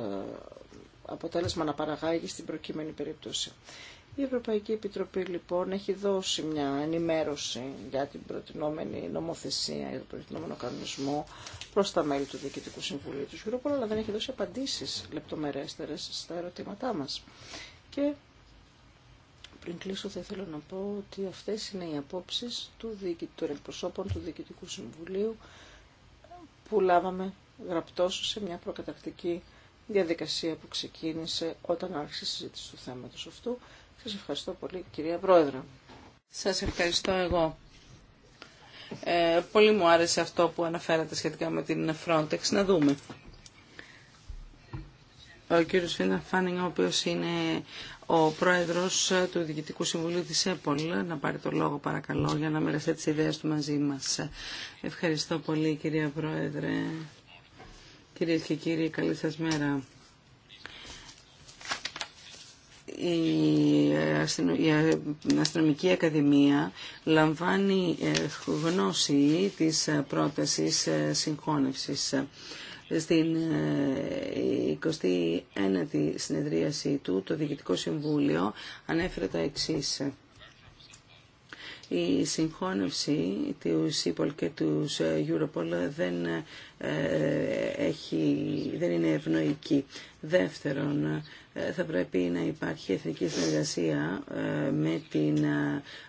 αποτέλεσμα να παραγάγει στην προκείμενη περίπτωση. Η Ευρωπαϊκή Επιτροπή λοιπόν έχει δώσει μια ενημέρωση για την προτινόμενη νομοθεσία, για τον προτινόμενο κανονισμό προς τα μέλη του Διοικητικού Συμβουλίου του Europol, αλλά δεν έχει δώσει απαντήσεις λεπτομερέστερες στα ερωτήματά μας. Και πριν κλείσω θα ήθελα να πω ότι αυτές είναι οι απόψεις του των εκπροσώπων του Διοικητικού Συμβουλίου που λάβαμε γραπτός σε μια προκατακτική διαδικασία που ξεκίνησε όταν άρχισε η συζήτηση του θέματος αυτού. Σας ευχαριστώ πολύ κυρία Πρόεδρε. Σας ευχαριστώ εγώ. Ε, πολύ μου άρεσε αυτό που αναφέρατε σχετικά με την Frontex. Να δούμε ο κύριος Φίντα Φάνινγκ, ο οποίος είναι ο πρόεδρος του Διοικητικού Συμβουλίου της ΕΠΟΛ. Να πάρει το λόγο παρακαλώ για να μοιραστεί τις ιδέες του μαζί μας. Ευχαριστώ πολύ κυρία Πρόεδρε. Κυρίε και κύριοι, καλή σας μέρα. Η Αστυνομική Ακαδημία λαμβάνει ε, γνώση της ε, πρότασης ε, συγχώνευσης. Στην 29η ε, συνεδρίαση του το Διοικητικό Συμβούλιο ανέφερε τα εξής. Η συγχώνευση του ΣΥΠΟΛ και του ε, Europol δεν, ε, έχει, δεν είναι ευνοϊκή. Δεύτερον, θα πρέπει να υπάρχει εθνική συνεργασία με την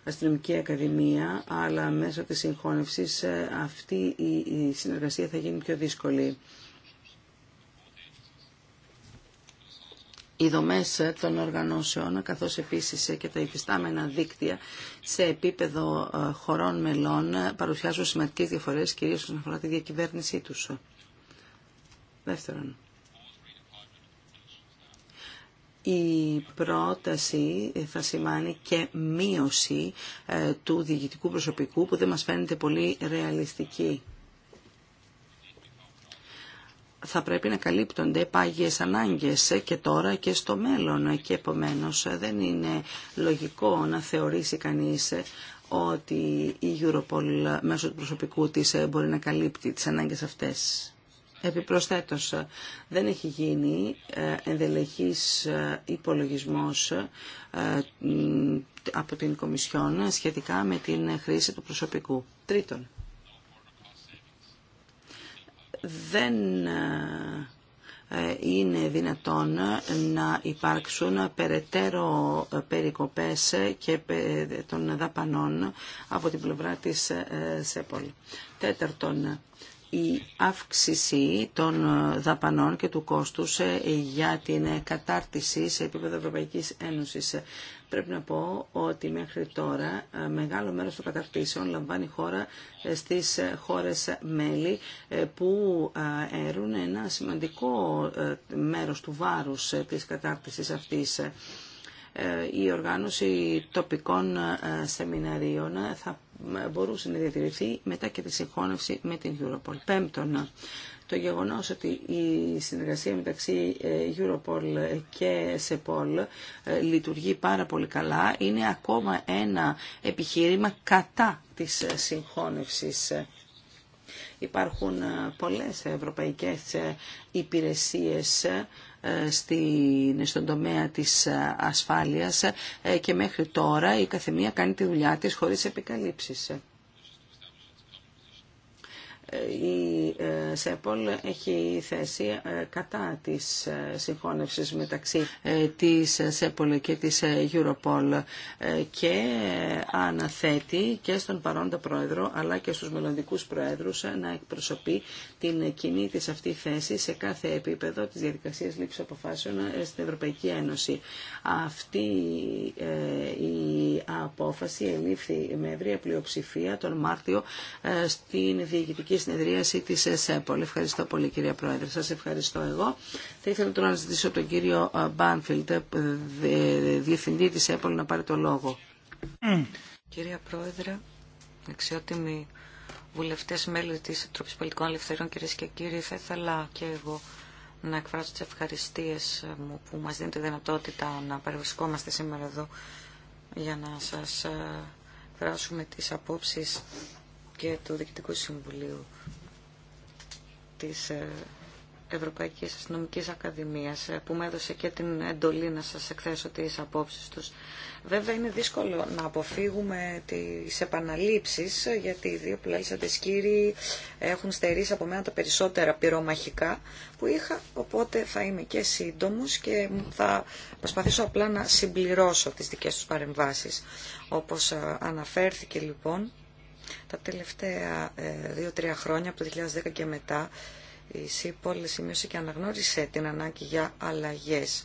Αστυνομική Ακαδημία, αλλά μέσω της συγχώνευσης αυτή η συνεργασία θα γίνει πιο δύσκολη. οι δομές των οργανώσεων, καθώς επίσης και τα υφιστάμενα δίκτυα σε επίπεδο ε, χωρών μελών παρουσιάζουν σημαντικές διαφορές, κυρίως όσον αφορά τη διακυβέρνησή τους. Δεύτερον, η πρόταση θα σημάνει και μείωση ε, του διοικητικού προσωπικού που δεν μας φαίνεται πολύ ρεαλιστική θα πρέπει να καλύπτονται πάγιες ανάγκες και τώρα και στο μέλλον και επομένως δεν είναι λογικό να θεωρήσει κανείς ότι η Europol μέσω του προσωπικού της μπορεί να καλύπτει τις ανάγκες αυτές. Επιπροσθέτως, δεν έχει γίνει ε, ενδελεχής ε, υπολογισμός ε, από την Κομισιόν σχετικά με την χρήση του προσωπικού. Τρίτον, δεν ε, ε, είναι δυνατόν να υπάρξουν περαιτέρω ε, περικοπές και των δαπανών από την πλευρά της ΣΕΠΟΛ. Τέταρτον, η αύξηση των δαπανών και του κόστους για την κατάρτιση σε επίπεδο Ευρωπαϊκής Ένωσης πρέπει να πω ότι μέχρι τώρα ε, μεγάλο μέρος των καταρτήσεων λαμβάνει χώρα ε, στις ε, χώρες μέλη που έρουν ένα σημαντικό μέρος του βάρους της κατάρτισης αυτής η οργάνωση τοπικών σεμιναρίων θα μπορούσε να διατηρηθεί μετά και τη συγχώνευση με την Europol. Πέμπτον, το γεγονός ότι η συνεργασία μεταξύ ε, Europol και Σεπολ λειτουργεί πάρα πολύ καλά είναι ακόμα ένα επιχείρημα κατά της συγχώνευσης. Υπάρχουν ε, πολλές ευρωπαϊκές ε, υπηρεσίες στην, στον τομέα της ασφάλειας ε, και μέχρι τώρα η καθεμία κάνει τη δουλειά της χωρίς επικαλύψεις η ε, ΣΕΠΟΛ έχει θέση ε, κατά της ε, συγχώνευσης μεταξύ της ΣΕΠΟΛ και της Europol και αναθέτει και στον παρόντα πρόεδρο αλλά και στους μελλοντικούς πρόεδρους να εκπροσωπεί την κοινή της αυτή θέση σε κάθε επίπεδο της διαδικασίας λήψης αποφάσεων στην Ευρωπαϊκή Ένωση. Αυτή η απόφαση ελήφθη με ευρία πλειοψηφία τον Μάρτιο στην Διοικητική συνεδρίαση της ΕΣΕΠΟΛ. Ευχαριστώ πολύ κυρία Πρόεδρε. Σα ευχαριστώ εγώ. Θα ήθελα τώρα να ζητήσω τον κύριο ε, Μπάνφιλτ, ε, διευθυντή τη ΕΠΟΛ, να πάρει το λόγο. Κυρία Πρόεδρε, αξιότιμοι βουλευτέ μέλη τη Επιτροπή Πολιτικών Ελευθεριών, κυρίε και κύριοι, θα ήθελα και εγώ να εκφράσω τι ευχαριστίες ε, μου που μα δίνει τη δυνατότητα να παρευρισκόμαστε σήμερα εδώ για να σα εκφράσουμε τις απόψει και του Διοικητικού Συμβουλίου της ε, Ευρωπαϊκής Αστυνομικής Ακαδημίας ε, που μου έδωσε και την εντολή να σας εκθέσω τις απόψεις τους. Βέβαια είναι δύσκολο να αποφύγουμε τις επαναλήψεις ε, γιατί οι δύο πλαίσαντες κύριοι έχουν στερήσει από μένα τα περισσότερα πυρομαχικά που είχα οπότε θα είμαι και σύντομος και θα προσπαθήσω απλά να συμπληρώσω τις δικές τους παρεμβάσεις. Όπως αναφέρθηκε λοιπόν τα τελευταία ε, δύο-τρία χρόνια, από το 2010 και μετά, η ΣΥΠΟΛ σημείωσε και αναγνώρισε την ανάγκη για αλλαγές.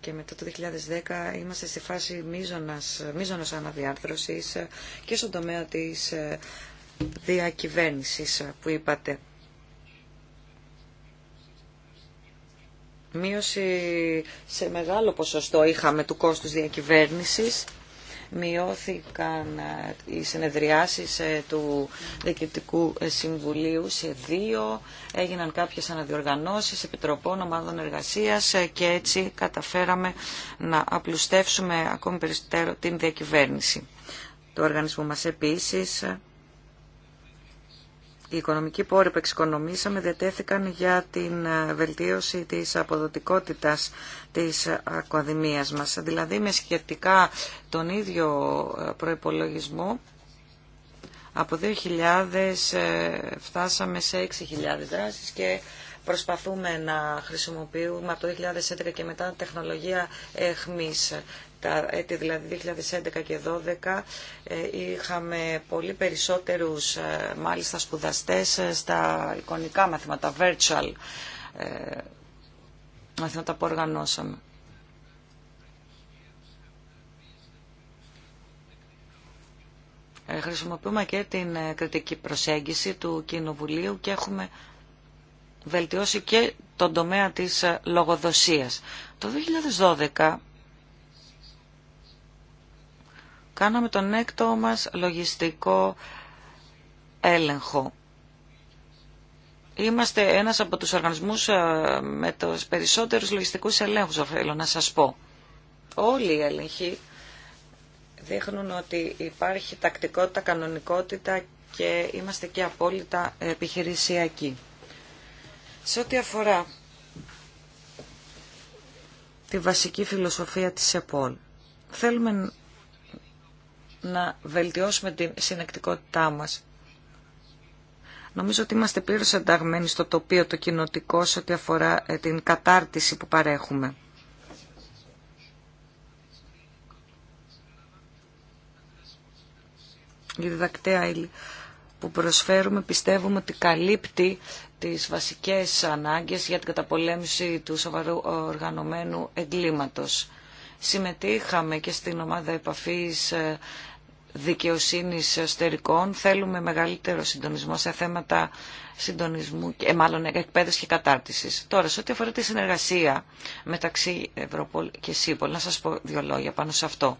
Και μετά το 2010 είμαστε στη φάση μίζωνας, μίζωνος αναδιάρθρωσης και στον τομέα της ε, διακυβέρνησης που είπατε. Μείωση σε μεγάλο ποσοστό είχαμε του κόστους διακυβέρνησης μειώθηκαν ε, οι συνεδριάσεις ε, του Διοικητικού ε, Συμβουλίου σε δύο, έγιναν κάποιες αναδιοργανώσεις επιτροπών ομάδων εργασίας και έτσι καταφέραμε να απλουστεύσουμε ακόμη περισσότερο την διακυβέρνηση. Το οργανισμό μας επίσης οι οικονομικοί πόροι που εξοικονομήσαμε διατέθηκαν για την ε, βελτίωση της αποδοτικότητας της ακαδημίας μας. Δηλαδή με σχετικά τον ίδιο ε, προϋπολογισμό από 2.000 ε, φτάσαμε σε 6.000 δράσεις και προσπαθούμε να χρησιμοποιούμε από το 2011 και μετά τεχνολογία εχμής τα έτη δηλαδή 2011 και 2012 ε, είχαμε πολύ περισσότερους ε, μάλιστα σπουδαστές ε, στα εικονικά μαθήματα, virtual μαθήματα που οργανώσαμε. Χρησιμοποιούμε και την κριτική προσέγγιση του Κοινοβουλίου και έχουμε βελτιώσει και τον τομέα της λογοδοσίας. Το 2012 κάναμε τον έκτο μας λογιστικό έλεγχο. Είμαστε ένας από τους οργανισμούς ε, με τους περισσότερους λογιστικούς ελέγχους, Θέλω να σας πω. Όλοι οι έλεγχοι δείχνουν ότι υπάρχει τακτικότητα, κανονικότητα και είμαστε και απόλυτα επιχειρησιακοί. Σε ό,τι αφορά τη βασική φιλοσοφία της ΕΠΟΛ, θέλουμε να βελτιώσουμε την συνεκτικότητά μας. Νομίζω ότι είμαστε πλήρως ενταγμένοι στο τοπίο το κοινοτικό σε ό,τι αφορά ε, την κατάρτιση που παρέχουμε. Η διδακτέα που προσφέρουμε πιστεύουμε ότι καλύπτει τις βασικές ανάγκες για την καταπολέμηση του σοβαρού οργανωμένου εγκλήματος. Συμμετείχαμε και στην ομάδα επαφής ε, δικαιοσύνης εσωτερικών. Θέλουμε μεγαλύτερο συντονισμό σε θέματα συντονισμού, και ε, μάλλον εκπαίδευση και κατάρτιση. Τώρα, σε ό,τι αφορά τη συνεργασία μεταξύ Ευρωπόλ και ΣΥΠΟΛ, να σα πω δύο λόγια πάνω σε αυτό.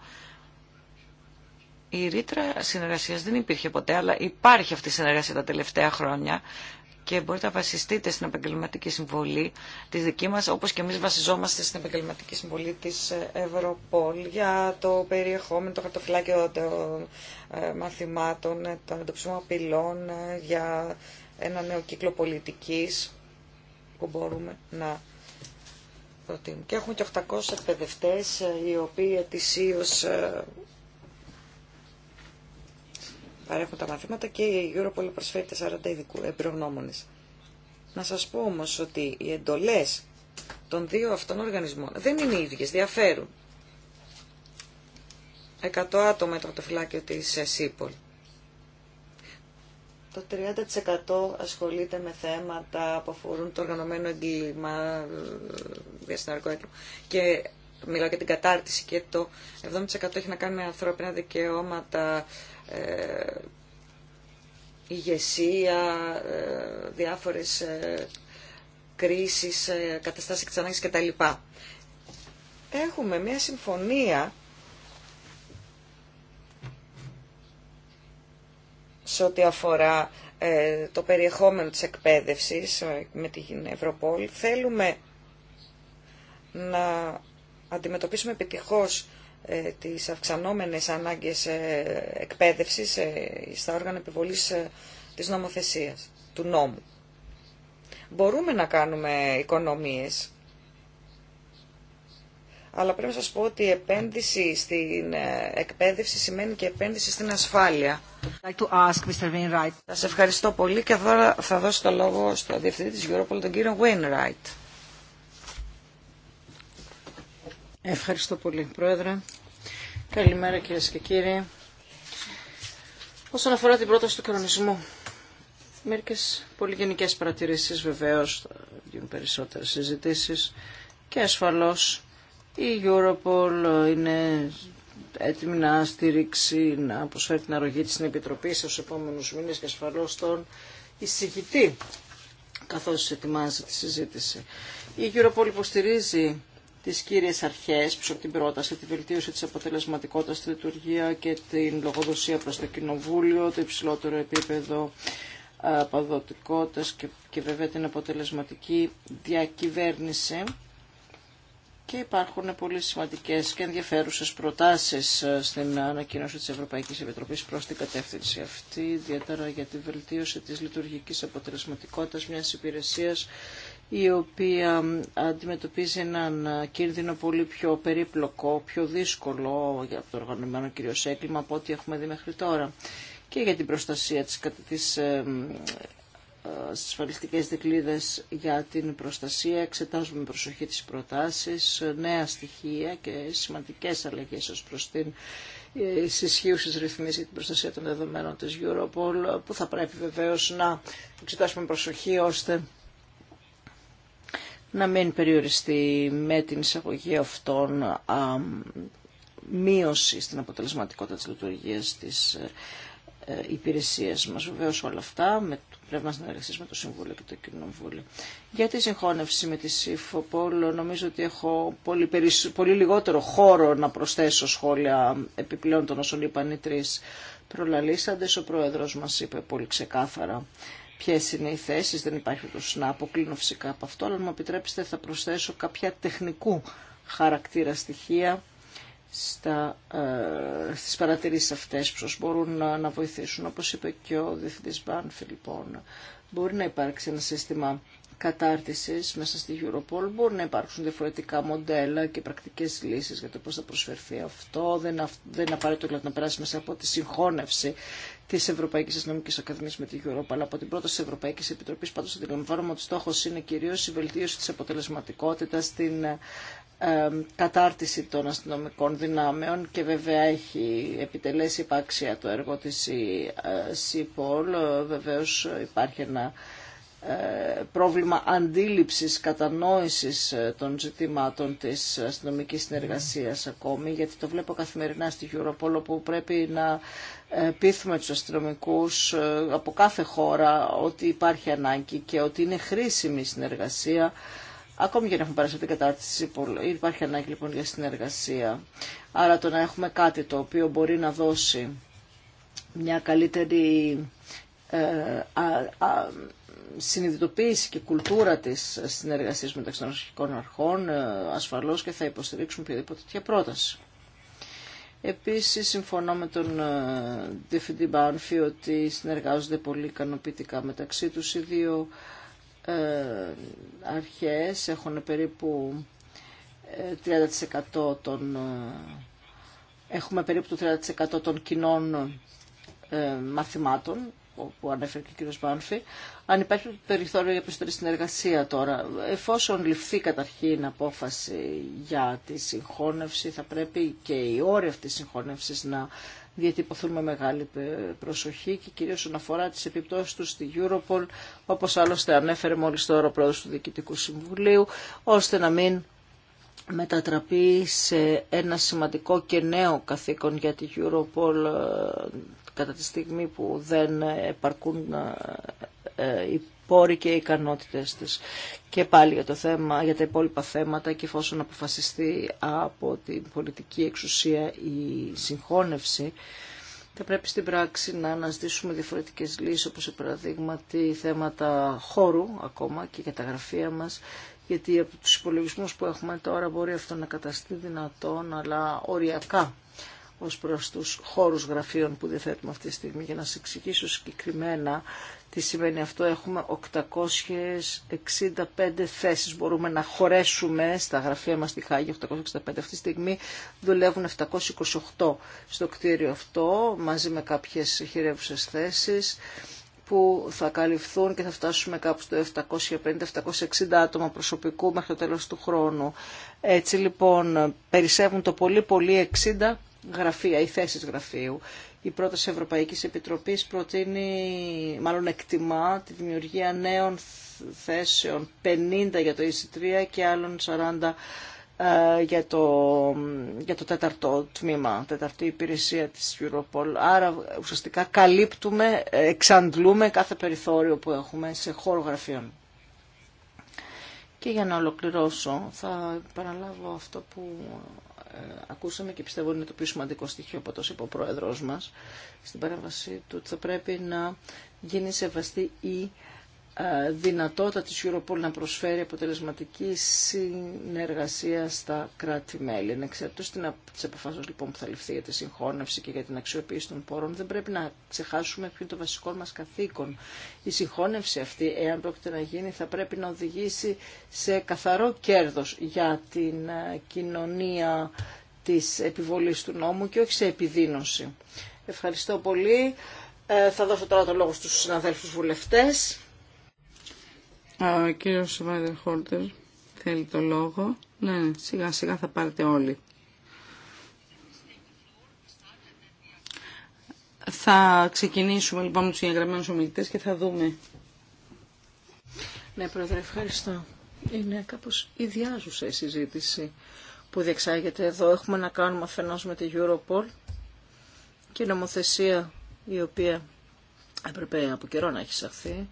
Η ρήτρα συνεργασία δεν υπήρχε ποτέ, αλλά υπάρχει αυτή η συνεργασία τα τελευταία χρόνια και μπορείτε να βασιστείτε στην επαγγελματική συμβολή τη δική μας, όπως και εμείς βασιζόμαστε στην επαγγελματική συμβολή της ε, Ευρωπόλ για το περιεχόμενο, το χαρτοφυλάκιο των ε, μαθημάτων, ε, των εντοπισμών απειλών, για ένα νέο κύκλο πολιτικής που μπορούμε να προτείνουμε. Και έχουμε και 800 εκπαιδευτέ οι οποίοι ετησίως παρέχουν τα μαθήματα και η Europol προσφέρει 40 ειδικού εμπειρογνώμονες. Να σας πω όμως ότι οι εντολές των δύο αυτών οργανισμών δεν είναι οι ίδιες, διαφέρουν. 100 άτομα το φυλάκιο της ε, ΣΥΠΟΛ. Το 30% ασχολείται με θέματα που αφορούν το οργανωμένο εγκλήμα, ε, διασυναρικό έγκλημα. Και μιλάω για την κατάρτιση και το 70% έχει να κάνει με ανθρώπινα δικαιώματα, ε, ηγεσία, ε, διάφορες ε, κρίσεις, καταστάσεις εξανάγκης κτλ. Έχουμε μια συμφωνία σε ό,τι αφορά το περιεχόμενο της εκπαίδευσης με την Ευρωπόλη. Θέλουμε να αντιμετωπίσουμε επιτυχώς ε, τις αυξανόμενες ανάγκες ε, εκπαίδευσης ε, στα όργανα επιβολής της νομοθεσίας, του νόμου. Μπορούμε να κάνουμε οικονομίες, αλλά πρέπει να σας πω ότι η επένδυση στην εκπαίδευση σημαίνει και επένδυση στην ασφάλεια. Σας ευχαριστώ πολύ και τώρα θα δώσω το λόγο στο Διευθυντή της Europol, τον κύριο Wainwright. Ευχαριστώ πολύ, Πρόεδρε. Καλημέρα, κυρίε και κύριοι. Όσον αφορά την πρόταση του κανονισμού, μερικέ πολύ γενικέ παρατηρήσει βεβαίω, θα γίνουν περισσότερε συζητήσει και ασφαλώ η Europol είναι έτοιμη να στηρίξει, να προσφέρει την αρρωγή της στην Επιτροπή στου επόμενους μήνες και ασφαλώς τον εισηγητή καθώς ετοιμάζει τη συζήτηση. Η Europol υποστηρίζει τις κύριες αρχές πίσω από την πρόταση, τη βελτίωση της αποτελεσματικότητας στη λειτουργία και την λογοδοσία προς το Κοινοβούλιο, το υψηλότερο επίπεδο ε, παδοτικότητας και, και βέβαια την αποτελεσματική διακυβέρνηση. Και υπάρχουν πολύ σημαντικές και ενδιαφέρουσες προτάσεις ε, στην ανακοίνωση της Ευρωπαϊκής Επιτροπής προς την κατεύθυνση αυτή, ιδιαίτερα για τη βελτίωση της λειτουργικής αποτελεσματικότητας μιας υπηρεσίας η οποία αντιμετωπίζει έναν κίνδυνο πολύ πιο περίπλοκο, πιο δύσκολο για το οργανωμένο κυρίως έγκλημα από ό,τι έχουμε δει μέχρι τώρα και για την προστασία της, τις ε, ε, ασφαλιστικές δικλίδες για την προστασία. Εξετάζουμε με προσοχή τις προτάσεις, νέα στοιχεία και σημαντικές αλλαγές ως προς την συσχύουσες ε, ρυθμίσεις για την προστασία των δεδομένων της Europol που θα πρέπει βεβαίως να εξετάσουμε με προσοχή ώστε να μην περιοριστεί με την εισαγωγή αυτών α, μείωση στην αποτελεσματικότητα της λειτουργίας της ε, ε υπηρεσίας μας. Βεβαίως όλα αυτά με το πνεύμα συνεργαστείς με το Συμβούλιο και το Κοινοβούλιο. Για τη συγχώνευση με τη ΣΥΦΟΠΟΛ νομίζω ότι έχω πολύ, πολύ λιγότερο χώρο να προσθέσω σχόλια επιπλέον των όσων είπαν οι τρεις προλαλήσαντες. Ο Πρόεδρος μας είπε πολύ ξεκάθαρα ποιε είναι οι θέσει, δεν υπάρχει τόσο να αποκλίνω φυσικά από αυτό, αλλά αν μου επιτρέψετε θα προσθέσω κάποια τεχνικού χαρακτήρα στοιχεία στα, ε, στις παρατηρήσεις αυτές που σας μπορούν να, βοηθήσουν. Όπως είπε και ο Διευθυντής Μπάνφη, λοιπόν, μπορεί να υπάρξει ένα σύστημα κατάρτισης μέσα στη Europol. Μπορεί να υπάρξουν διαφορετικά μοντέλα και πρακτικές λύσεις για το πώς θα προσφερθεί αυτό. Δεν, αυ, δεν απαραίτητο δηλαδή, να περάσει μέσα από τη συγχώνευση τη Ευρωπαϊκή Αστυνομική Ακαδημία με την Europa, αλλά από την πρόταση τη Ευρωπαϊκή Επιτροπή. Πάντω, αντιλαμβάνομαι ότι στόχο είναι κυρίω η βελτίωση τη αποτελεσματικότητα, την ε, κατάρτιση των αστυνομικών δυνάμεων και βέβαια έχει επιτελέσει υπάξια το έργο της ε, ΣΥΠΟΛ. Ε, Βεβαίω υπάρχει ένα πρόβλημα αντίληψης, κατανόησης των ζητημάτων της αστυνομικής συνεργασίας ακόμη, γιατί το βλέπω καθημερινά στη Europol, όπου πρέπει να ε, πείθουμε τους αστυνομικούς ε, από κάθε χώρα ότι υπάρχει ανάγκη και ότι είναι χρήσιμη η συνεργασία. Ακόμη και να έχουμε περάσει την κατάρτιση, υπάρχει ανάγκη λοιπόν για συνεργασία. Άρα το να έχουμε κάτι το οποίο μπορεί να δώσει μια καλύτερη ε, συνειδητοποίηση και κουλτούρα της συνεργασίας μεταξύ των αρχικών αρχών ασφαλώς και θα υποστηρίξουμε οποιαδήποτε τέτοια πρόταση. Επίσης συμφωνώ με τον ε, Διευθυντή Μπάνφη ότι συνεργάζονται πολύ ικανοποιητικά μεταξύ τους οι δύο ε, αρχές έχουν περίπου 30% ε, έχουμε περίπου το 30% των κοινών μαθημάτων που ανέφερε και ο κ. Μπάνφη. αν υπάρχει περιθώριο για περισσότερη συνεργασία τώρα. Εφόσον ληφθεί καταρχήν απόφαση για τη συγχώνευση, θα πρέπει και οι όροι αυτή τη συγχώνευσης να διατυπωθούν με μεγάλη προσοχή και κυρίως όσον αφορά τις επιπτώσεις του στη Europol, όπως άλλωστε ανέφερε μόλις τώρα ο πρόεδρος του Διοικητικού Συμβουλίου, ώστε να μην μετατραπεί σε ένα σημαντικό και νέο καθήκον για τη Europol ε, κατά τη στιγμή που δεν επαρκούν ε, ε, οι πόροι και οι ικανότητες της. Και πάλι για, το θέμα, για τα υπόλοιπα θέματα και εφόσον αποφασιστεί από την πολιτική εξουσία η συγχώνευση, θα πρέπει στην πράξη να αναζητήσουμε διαφορετικές λύσεις, όπως παραδείγματι θέματα χώρου ακόμα και για τα γραφεία μας, γιατί από τους υπολογισμούς που έχουμε τώρα μπορεί αυτό να καταστεί δυνατόν, αλλά οριακά ως προς τους χώρους γραφείων που διαθέτουμε αυτή τη στιγμή. Για να σας εξηγήσω συγκεκριμένα τι σημαίνει αυτό, έχουμε 865 θέσεις. Μπορούμε να χωρέσουμε στα γραφεία μας στη Χάγη 865. Αυτή τη στιγμή δουλεύουν 728 στο κτίριο αυτό, μαζί με κάποιες χειρεύουσες θέσεις που θα καλυφθούν και θα φτάσουμε κάπου στο 750-760 άτομα προσωπικού μέχρι το τέλος του χρόνου. Έτσι λοιπόν περισσεύουν το πολύ πολύ 60 γραφεία ή θέσεις γραφείου. Η πρόταση Ευρωπαϊκής προταση Ευρωπαϊκή προτείνει, μάλλον εκτιμά, τη δημιουργία νέων θέσεων 50 για το EC3 και άλλων 40 ε, για, το, για το τέταρτο τμήμα, τέταρτη υπηρεσία της Europol. Άρα ουσιαστικά καλύπτουμε, εξαντλούμε κάθε περιθώριο που έχουμε σε χώρο γραφείων. Και για να ολοκληρώσω θα παραλάβω αυτό που ακούσαμε και πιστεύω είναι το πιο σημαντικό στοιχείο από τόσο είπε ο Πρόεδρος μας στην παρέμβασή του ότι θα πρέπει να γίνει σεβαστή η ε, δυνατότητα της Europol να προσφέρει αποτελεσματική συνεργασία στα κράτη-μέλη. Εξαιρετώς τις αποφάσεις λοιπόν, που θα ληφθεί για τη συγχώνευση και για την αξιοποίηση των πόρων, δεν πρέπει να ξεχάσουμε ποιο είναι το βασικό μας καθήκον. Η συγχώνευση αυτή, εάν πρόκειται να γίνει, θα πρέπει να οδηγήσει σε καθαρό κέρδος για την ε, κοινωνία της επιβολής του νόμου και όχι σε επιδείνωση. Ευχαριστώ πολύ. Ε, θα δώσω τώρα το λόγο στους συναδέλφους βουλευτές. Ο κύριος Βάιντερ Χόρτερ θέλει το λόγο. Ναι, σιγά σιγά θα πάρετε όλοι. Θα ξεκινήσουμε λοιπόν με τους εγγραμμένους ομιλητές και θα δούμε. Ναι, Πρόεδρε, ευχαριστώ. Είναι κάπως ιδιάζουσα η συζήτηση που διεξάγεται εδώ. Έχουμε να κάνουμε αφενός με τη Europol και νομοθεσία η οποία έπρεπε από καιρό να έχει σαφθεί.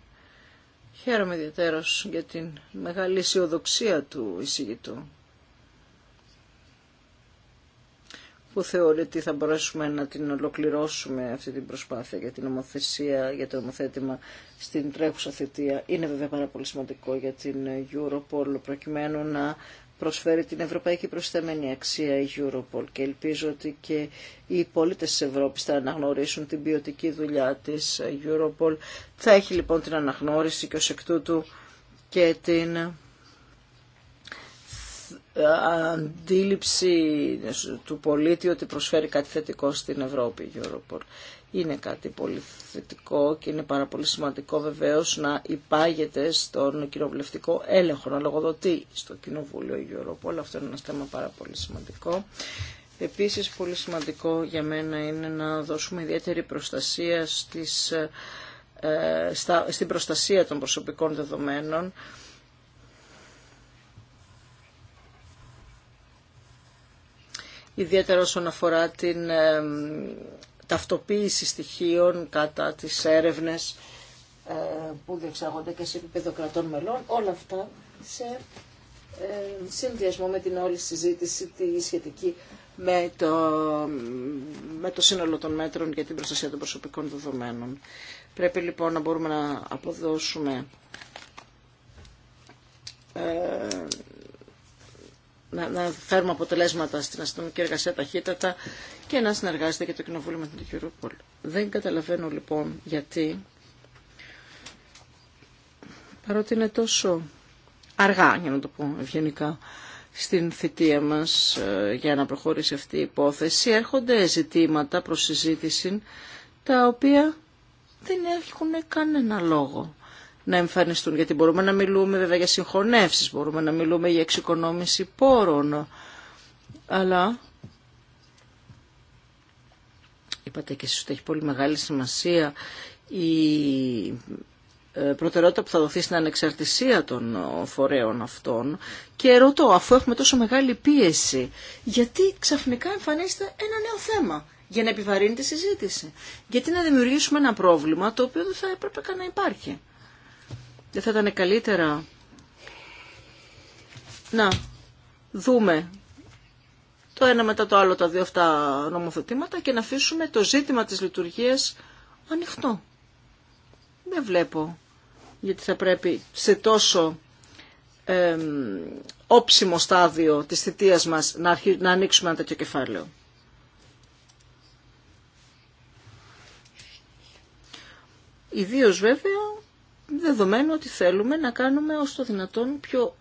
Χαίρομαι ιδιαίτερος για την μεγάλη αισιοδοξία του εισηγητού που θεωρεί ότι θα μπορέσουμε να την ολοκληρώσουμε αυτή την προσπάθεια για την ομοθεσία, για το ομοθέτημα στην τρέχουσα θητεία. Είναι βέβαια πάρα πολύ σημαντικό για την Europol προκειμένου να προσφέρει την ευρωπαϊκή προσθέμενη αξία η Europol και ελπίζω ότι και οι πολίτες της Ευρώπης θα αναγνωρίσουν την ποιοτική δουλειά της Europol. Θα έχει λοιπόν την αναγνώριση και ως εκ τούτου και την ε, αντίληψη του πολίτη ότι προσφέρει κάτι θετικό στην Ευρώπη η Europol είναι κάτι πολύ θετικό και είναι πάρα πολύ σημαντικό βεβαίως να υπάγεται στον κοινοβουλευτικό έλεγχο, να λογοδοτεί στο Κοινοβούλιο η Europol. Αυτό είναι ένα θέμα πάρα πολύ σημαντικό. Επίσης πολύ σημαντικό για μένα είναι να δώσουμε ιδιαίτερη προστασία στις, ε, στην προστασία των προσωπικών δεδομένων. Ιδιαίτερα όσον αφορά την ε, ταυτοποίηση στοιχείων κατά τις έρευνες ε, που διεξάγονται και σε επίπεδο κρατών μελών, όλα αυτά σε ε, συνδυασμό με την όλη συζήτηση τη σχετική με το, με το σύνολο των μέτρων για την προστασία των προσωπικών δεδομένων. Πρέπει λοιπόν να μπορούμε να αποδώσουμε ε, να, να φέρουμε αποτελέσματα στην αστυνομική εργασία ταχύτατα και να συνεργάζεται και το Κοινοβούλιο με την Europol. Δεν καταλαβαίνω λοιπόν γιατί, παρότι είναι τόσο αργά για να το πω ευγενικά, στην θητεία μας ε, για να προχωρήσει αυτή η υπόθεση έρχονται ζητήματα προς συζήτηση τα οποία δεν έχουν κανένα λόγο να εμφανιστούν. Γιατί μπορούμε να μιλούμε βέβαια για συγχωνεύσεις, μπορούμε να μιλούμε για εξοικονόμηση πόρων. Αλλά είπατε και εσείς ότι έχει πολύ μεγάλη σημασία η ε, προτεραιότητα που θα δοθεί στην ανεξαρτησία των ε, φορέων αυτών και ρωτώ, αφού έχουμε τόσο μεγάλη πίεση, γιατί ξαφνικά εμφανίζεται ένα νέο θέμα για να επιβαρύνει τη συζήτηση. Γιατί να δημιουργήσουμε ένα πρόβλημα το οποίο δεν θα έπρεπε καν να υπάρχει. Δεν θα ήταν καλύτερα να δούμε το ένα μετά το άλλο τα δύο αυτά νομοθετήματα και να αφήσουμε το ζήτημα της λειτουργίας ανοιχτό. Δεν βλέπω γιατί θα πρέπει σε τόσο ε, όψιμο στάδιο της θητείας μας να, να ανοίξουμε ένα τέτοιο κεφάλαιο. Ιδίω βέβαια δεδομένου ότι θέλουμε να κάνουμε ως το δυνατόν πιο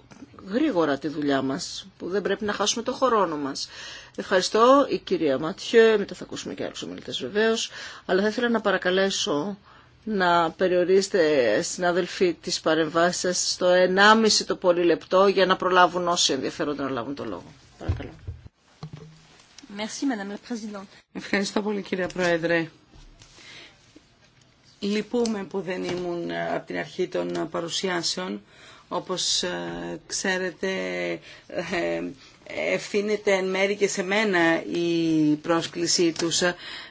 γρήγορα τη δουλειά μας, που δεν πρέπει να χάσουμε το χρόνο μας. Ευχαριστώ η κυρία Ματιέ, μετά θα ακούσουμε και άλλους ομιλητές βεβαίως, αλλά θα ήθελα να παρακαλέσω να περιορίστε συνάδελφοι τις παρεμβάσεις σας στο 1,5 το πολύ λεπτό για να προλάβουν όσοι ενδιαφέρονται να λάβουν το λόγο. Παρακαλώ. Ευχαριστώ πολύ κύριε Πρόεδρε. Λυπούμε που δεν ήμουν ε, από την αρχή των παρουσιάσεων. Όπως ε, ξέρετε, ε, ευθύνεται εν μέρη και σε μένα η πρόσκλησή τους.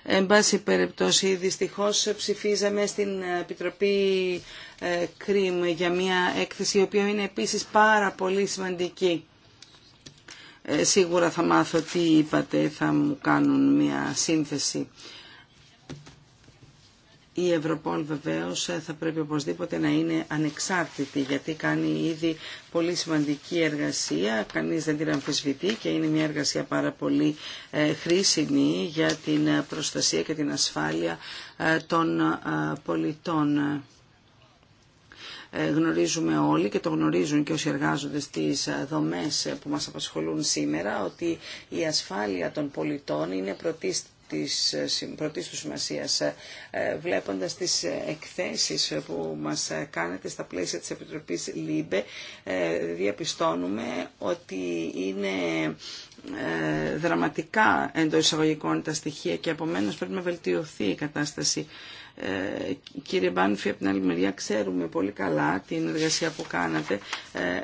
Εν πάση περιπτώσει, δυστυχώς ψηφίζαμε στην Επιτροπή Κρίμ για μια έκθεση η οποία είναι επίσης πάρα πολύ σημαντική. Σίγουρα θα μάθω τι είπατε, θα μου κάνουν μια σύνθεση. Η Ευρωπόλ βεβαίως ε, θα πρέπει οπωσδήποτε να είναι ανεξάρτητη γιατί κάνει ήδη πολύ σημαντική εργασία, κανείς δεν την αμφισβητεί και είναι μια εργασία πάρα πολύ ε, χρήσιμη για την ε, προστασία και την ασφάλεια των πολιτών γνωρίζουμε όλοι και το γνωρίζουν και όσοι εργάζονται στις δομές που μας απασχολούν σήμερα ότι η ασφάλεια των πολιτών είναι της ε, πρωτής του σημασίας ε, ε, βλέποντας τις εκθέσεις που μας κάνετε στα πλαίσια της Επιτροπής ΛΥΜΠΕ διαπιστώνουμε ότι είναι δραματικά εντό εισαγωγικών τα στοιχεία και επομένως πρέπει να βελτιωθεί η κατάσταση. Κύριε Μπάνφη, από την άλλη μεριά ξέρουμε πολύ καλά την εργασία που κάνατε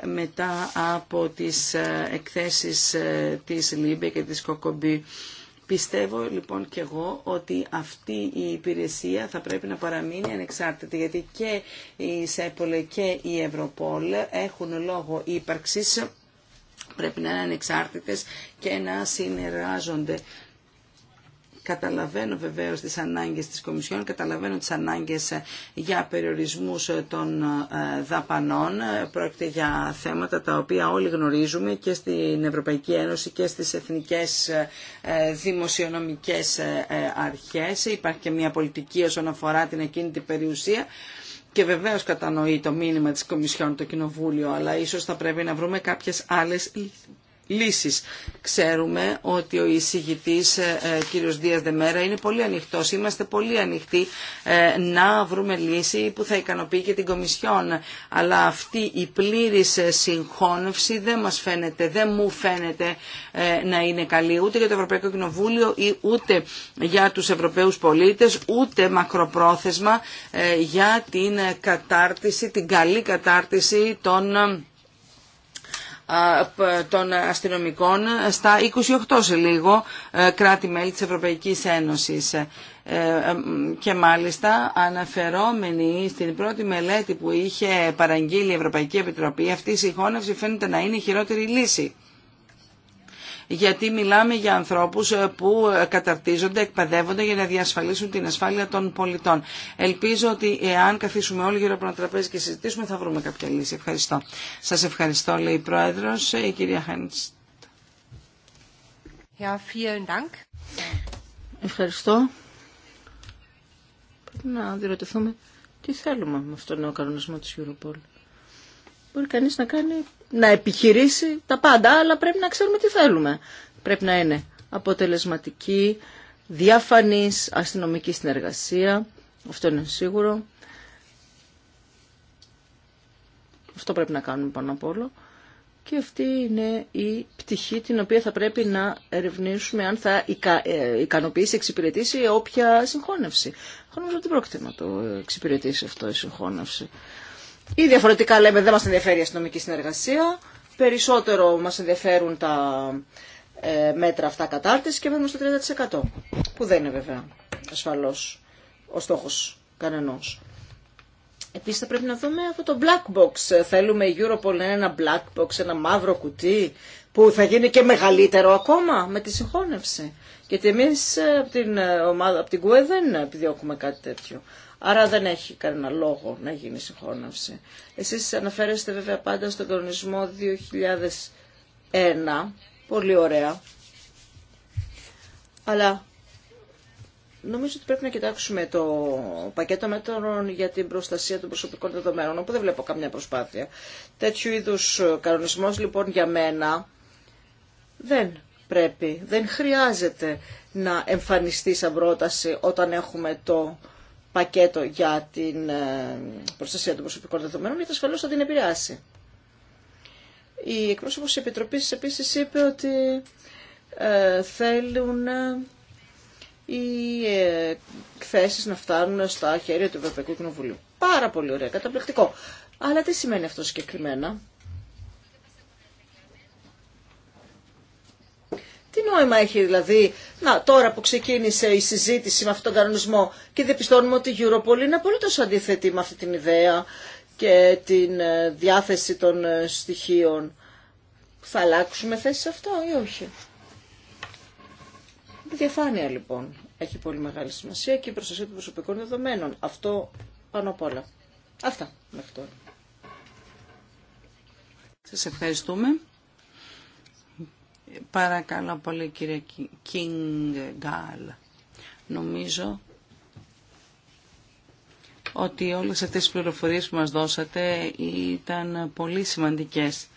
μετά από τις εκθέσεις της ΛΥΜΠΕ και της ΚΟΚΟΜΠΗ Πιστεύω λοιπόν και εγώ ότι αυτή η υπηρεσία θα πρέπει να παραμείνει ανεξάρτητη γιατί και η ΣΕΠΟΛΕ και η Ευρωπόλ έχουν λόγο ύπαρξης πρέπει να είναι ανεξάρτητες και να συνεργάζονται Καταλαβαίνω βεβαίω τι ανάγκες της Κομισιόν, καταλαβαίνω τις ανάγκες ε, για περιορισμούς ε, των ε, δαπανών. Πρόκειται για θέματα τα οποία όλοι γνωρίζουμε και στην Ευρωπαϊκή Ένωση και στις εθνικές δημοσιονομικές αρχές. Υπάρχει και μια πολιτική όσον αφορά την εκείνη την περιουσία. Και βεβαίως κατανοεί το μήνυμα της Κομισιόν το Κοινοβούλιο, αλλά ίσως θα πρέπει να βρούμε κάποιες άλλες λύσεις. Ξέρουμε ότι ο εισηγητής ε, ε, κύριος Δίας Δεμέρα είναι πολύ ανοιχτός. Είμαστε πολύ ανοιχτοί ε, να βρούμε λύση που θα ικανοποιεί και την Κομισιόν. Αλλά αυτή η πλήρης συγχώνευση δεν μας φαίνεται, δεν μου φαίνεται να είναι καλή ούτε για το Ευρωπαϊκό Κοινοβούλιο ή ούτε για τους Ευρωπαίους πολίτες, ούτε μακροπρόθεσμα για την κατάρτιση, την καλή κατάρτιση των των αστυνομικών στα 28 σε λίγο ε, κράτη-μέλη της Ευρωπαϊκής Ένωσης. Ε, και μάλιστα αναφερόμενοι στην πρώτη μελέτη που είχε παραγγείλει η Ευρωπαϊκή Επιτροπή αυτή η συγχώνευση φαίνεται να είναι η χειρότερη λύση γιατί μιλάμε για ανθρώπους ε, που ε, καταρτίζονται, εκπαιδεύονται για να διασφαλίσουν την ασφάλεια των πολιτών. Ελπίζω ότι εάν καθίσουμε όλοι γύρω από ένα τραπέζι και συζητήσουμε θα βρούμε κάποια λύση. Ευχαριστώ. Σας ευχαριστώ, λέει η Πρόεδρος, ε, η κυρία Χάνιστ. Ευχαριστώ. Πρέπει να διερωτηθούμε τι θέλουμε με αυτόν τον νέο κανονισμό της Europol. Μπορεί κανείς να κάνει, να επιχειρήσει τα πάντα, αλλά πρέπει να ξέρουμε τι θέλουμε. Πρέπει να είναι αποτελεσματική, διαφανής αστυνομική συνεργασία, αυτό είναι σίγουρο. Αυτό πρέπει να κάνουμε πάνω απ' όλο. Και αυτή είναι η πτυχή την οποία θα πρέπει να ερευνήσουμε αν θα ε, ικανοποιήσει, εξυπηρετήσει όποια συγχώνευση. Νομίζω ότι πρόκειται να το εξυπηρετήσει αυτό η συγχώνευση. Ή διαφορετικά λέμε δεν μας ενδιαφέρει η αστυνομική συνεργασία, περισσότερο μας ενδιαφέρουν τα ε, μέτρα αυτά κατάρτιση και μένουμε στο 30% που δεν είναι βέβαια ασφαλώς ο στόχος κανενός. Επίσης θα πρέπει να δούμε αυτό το black box. Θέλουμε η Europol να είναι ένα black box, ένα μαύρο κουτί που θα γίνει και μεγαλύτερο ακόμα με τη συγχώνευση. Γιατί εμείς ε, από την, ε, ομάδα, από την ΚΟΕ δεν επιδιώκουμε κάτι τέτοιο. Άρα δεν έχει κανένα λόγο να γίνει συγχώνευση. Εσείς αναφέρεστε βέβαια πάντα στον κανονισμό 2001, πολύ ωραία. Αλλά νομίζω ότι πρέπει να κοιτάξουμε το πακέτο μέτρων για την προστασία των προσωπικών δεδομένων, όπου δεν βλέπω καμιά προσπάθεια. Τέτοιου είδους κανονισμός λοιπόν για μένα δεν πρέπει, δεν χρειάζεται να εμφανιστεί σαν πρόταση όταν έχουμε το πακέτο για την ε, προστασία των προσωπικών δεδομένων, γιατί ασφαλώ θα την επηρεάσει. Η εκπρόσωπο τη Επιτροπή επίσης είπε ότι ε, θέλουν ε, οι εκθέσει να φτάνουν στα χέρια του Ευρωπαϊκού Κοινοβουλίου. Πάρα πολύ ωραία, καταπληκτικό. Αλλά τι σημαίνει αυτό συγκεκριμένα. Τι νόημα έχει δηλαδή, να τώρα που ξεκίνησε η συζήτηση με αυτόν τον κανονισμό και διαπιστώνουμε ότι η Europol είναι απολύτως αντίθετη με αυτή την ιδέα και την ε, διάθεση των ε, στοιχείων. Θα αλλάξουμε θέση σε αυτό ή όχι. Η διαφάνεια λοιπόν έχει πολύ μεγάλη σημασία και η προστασία των προσωπικών δεδομένων. Αυτό πάνω απ' όλα. Αυτά μέχρι τώρα. Σας ευχαριστούμε. Παρακαλώ πολύ κύριε Κίνγκ Νομίζω ότι όλες αυτές τις πληροφορίες που μας δώσατε ήταν πολύ σημαντικές.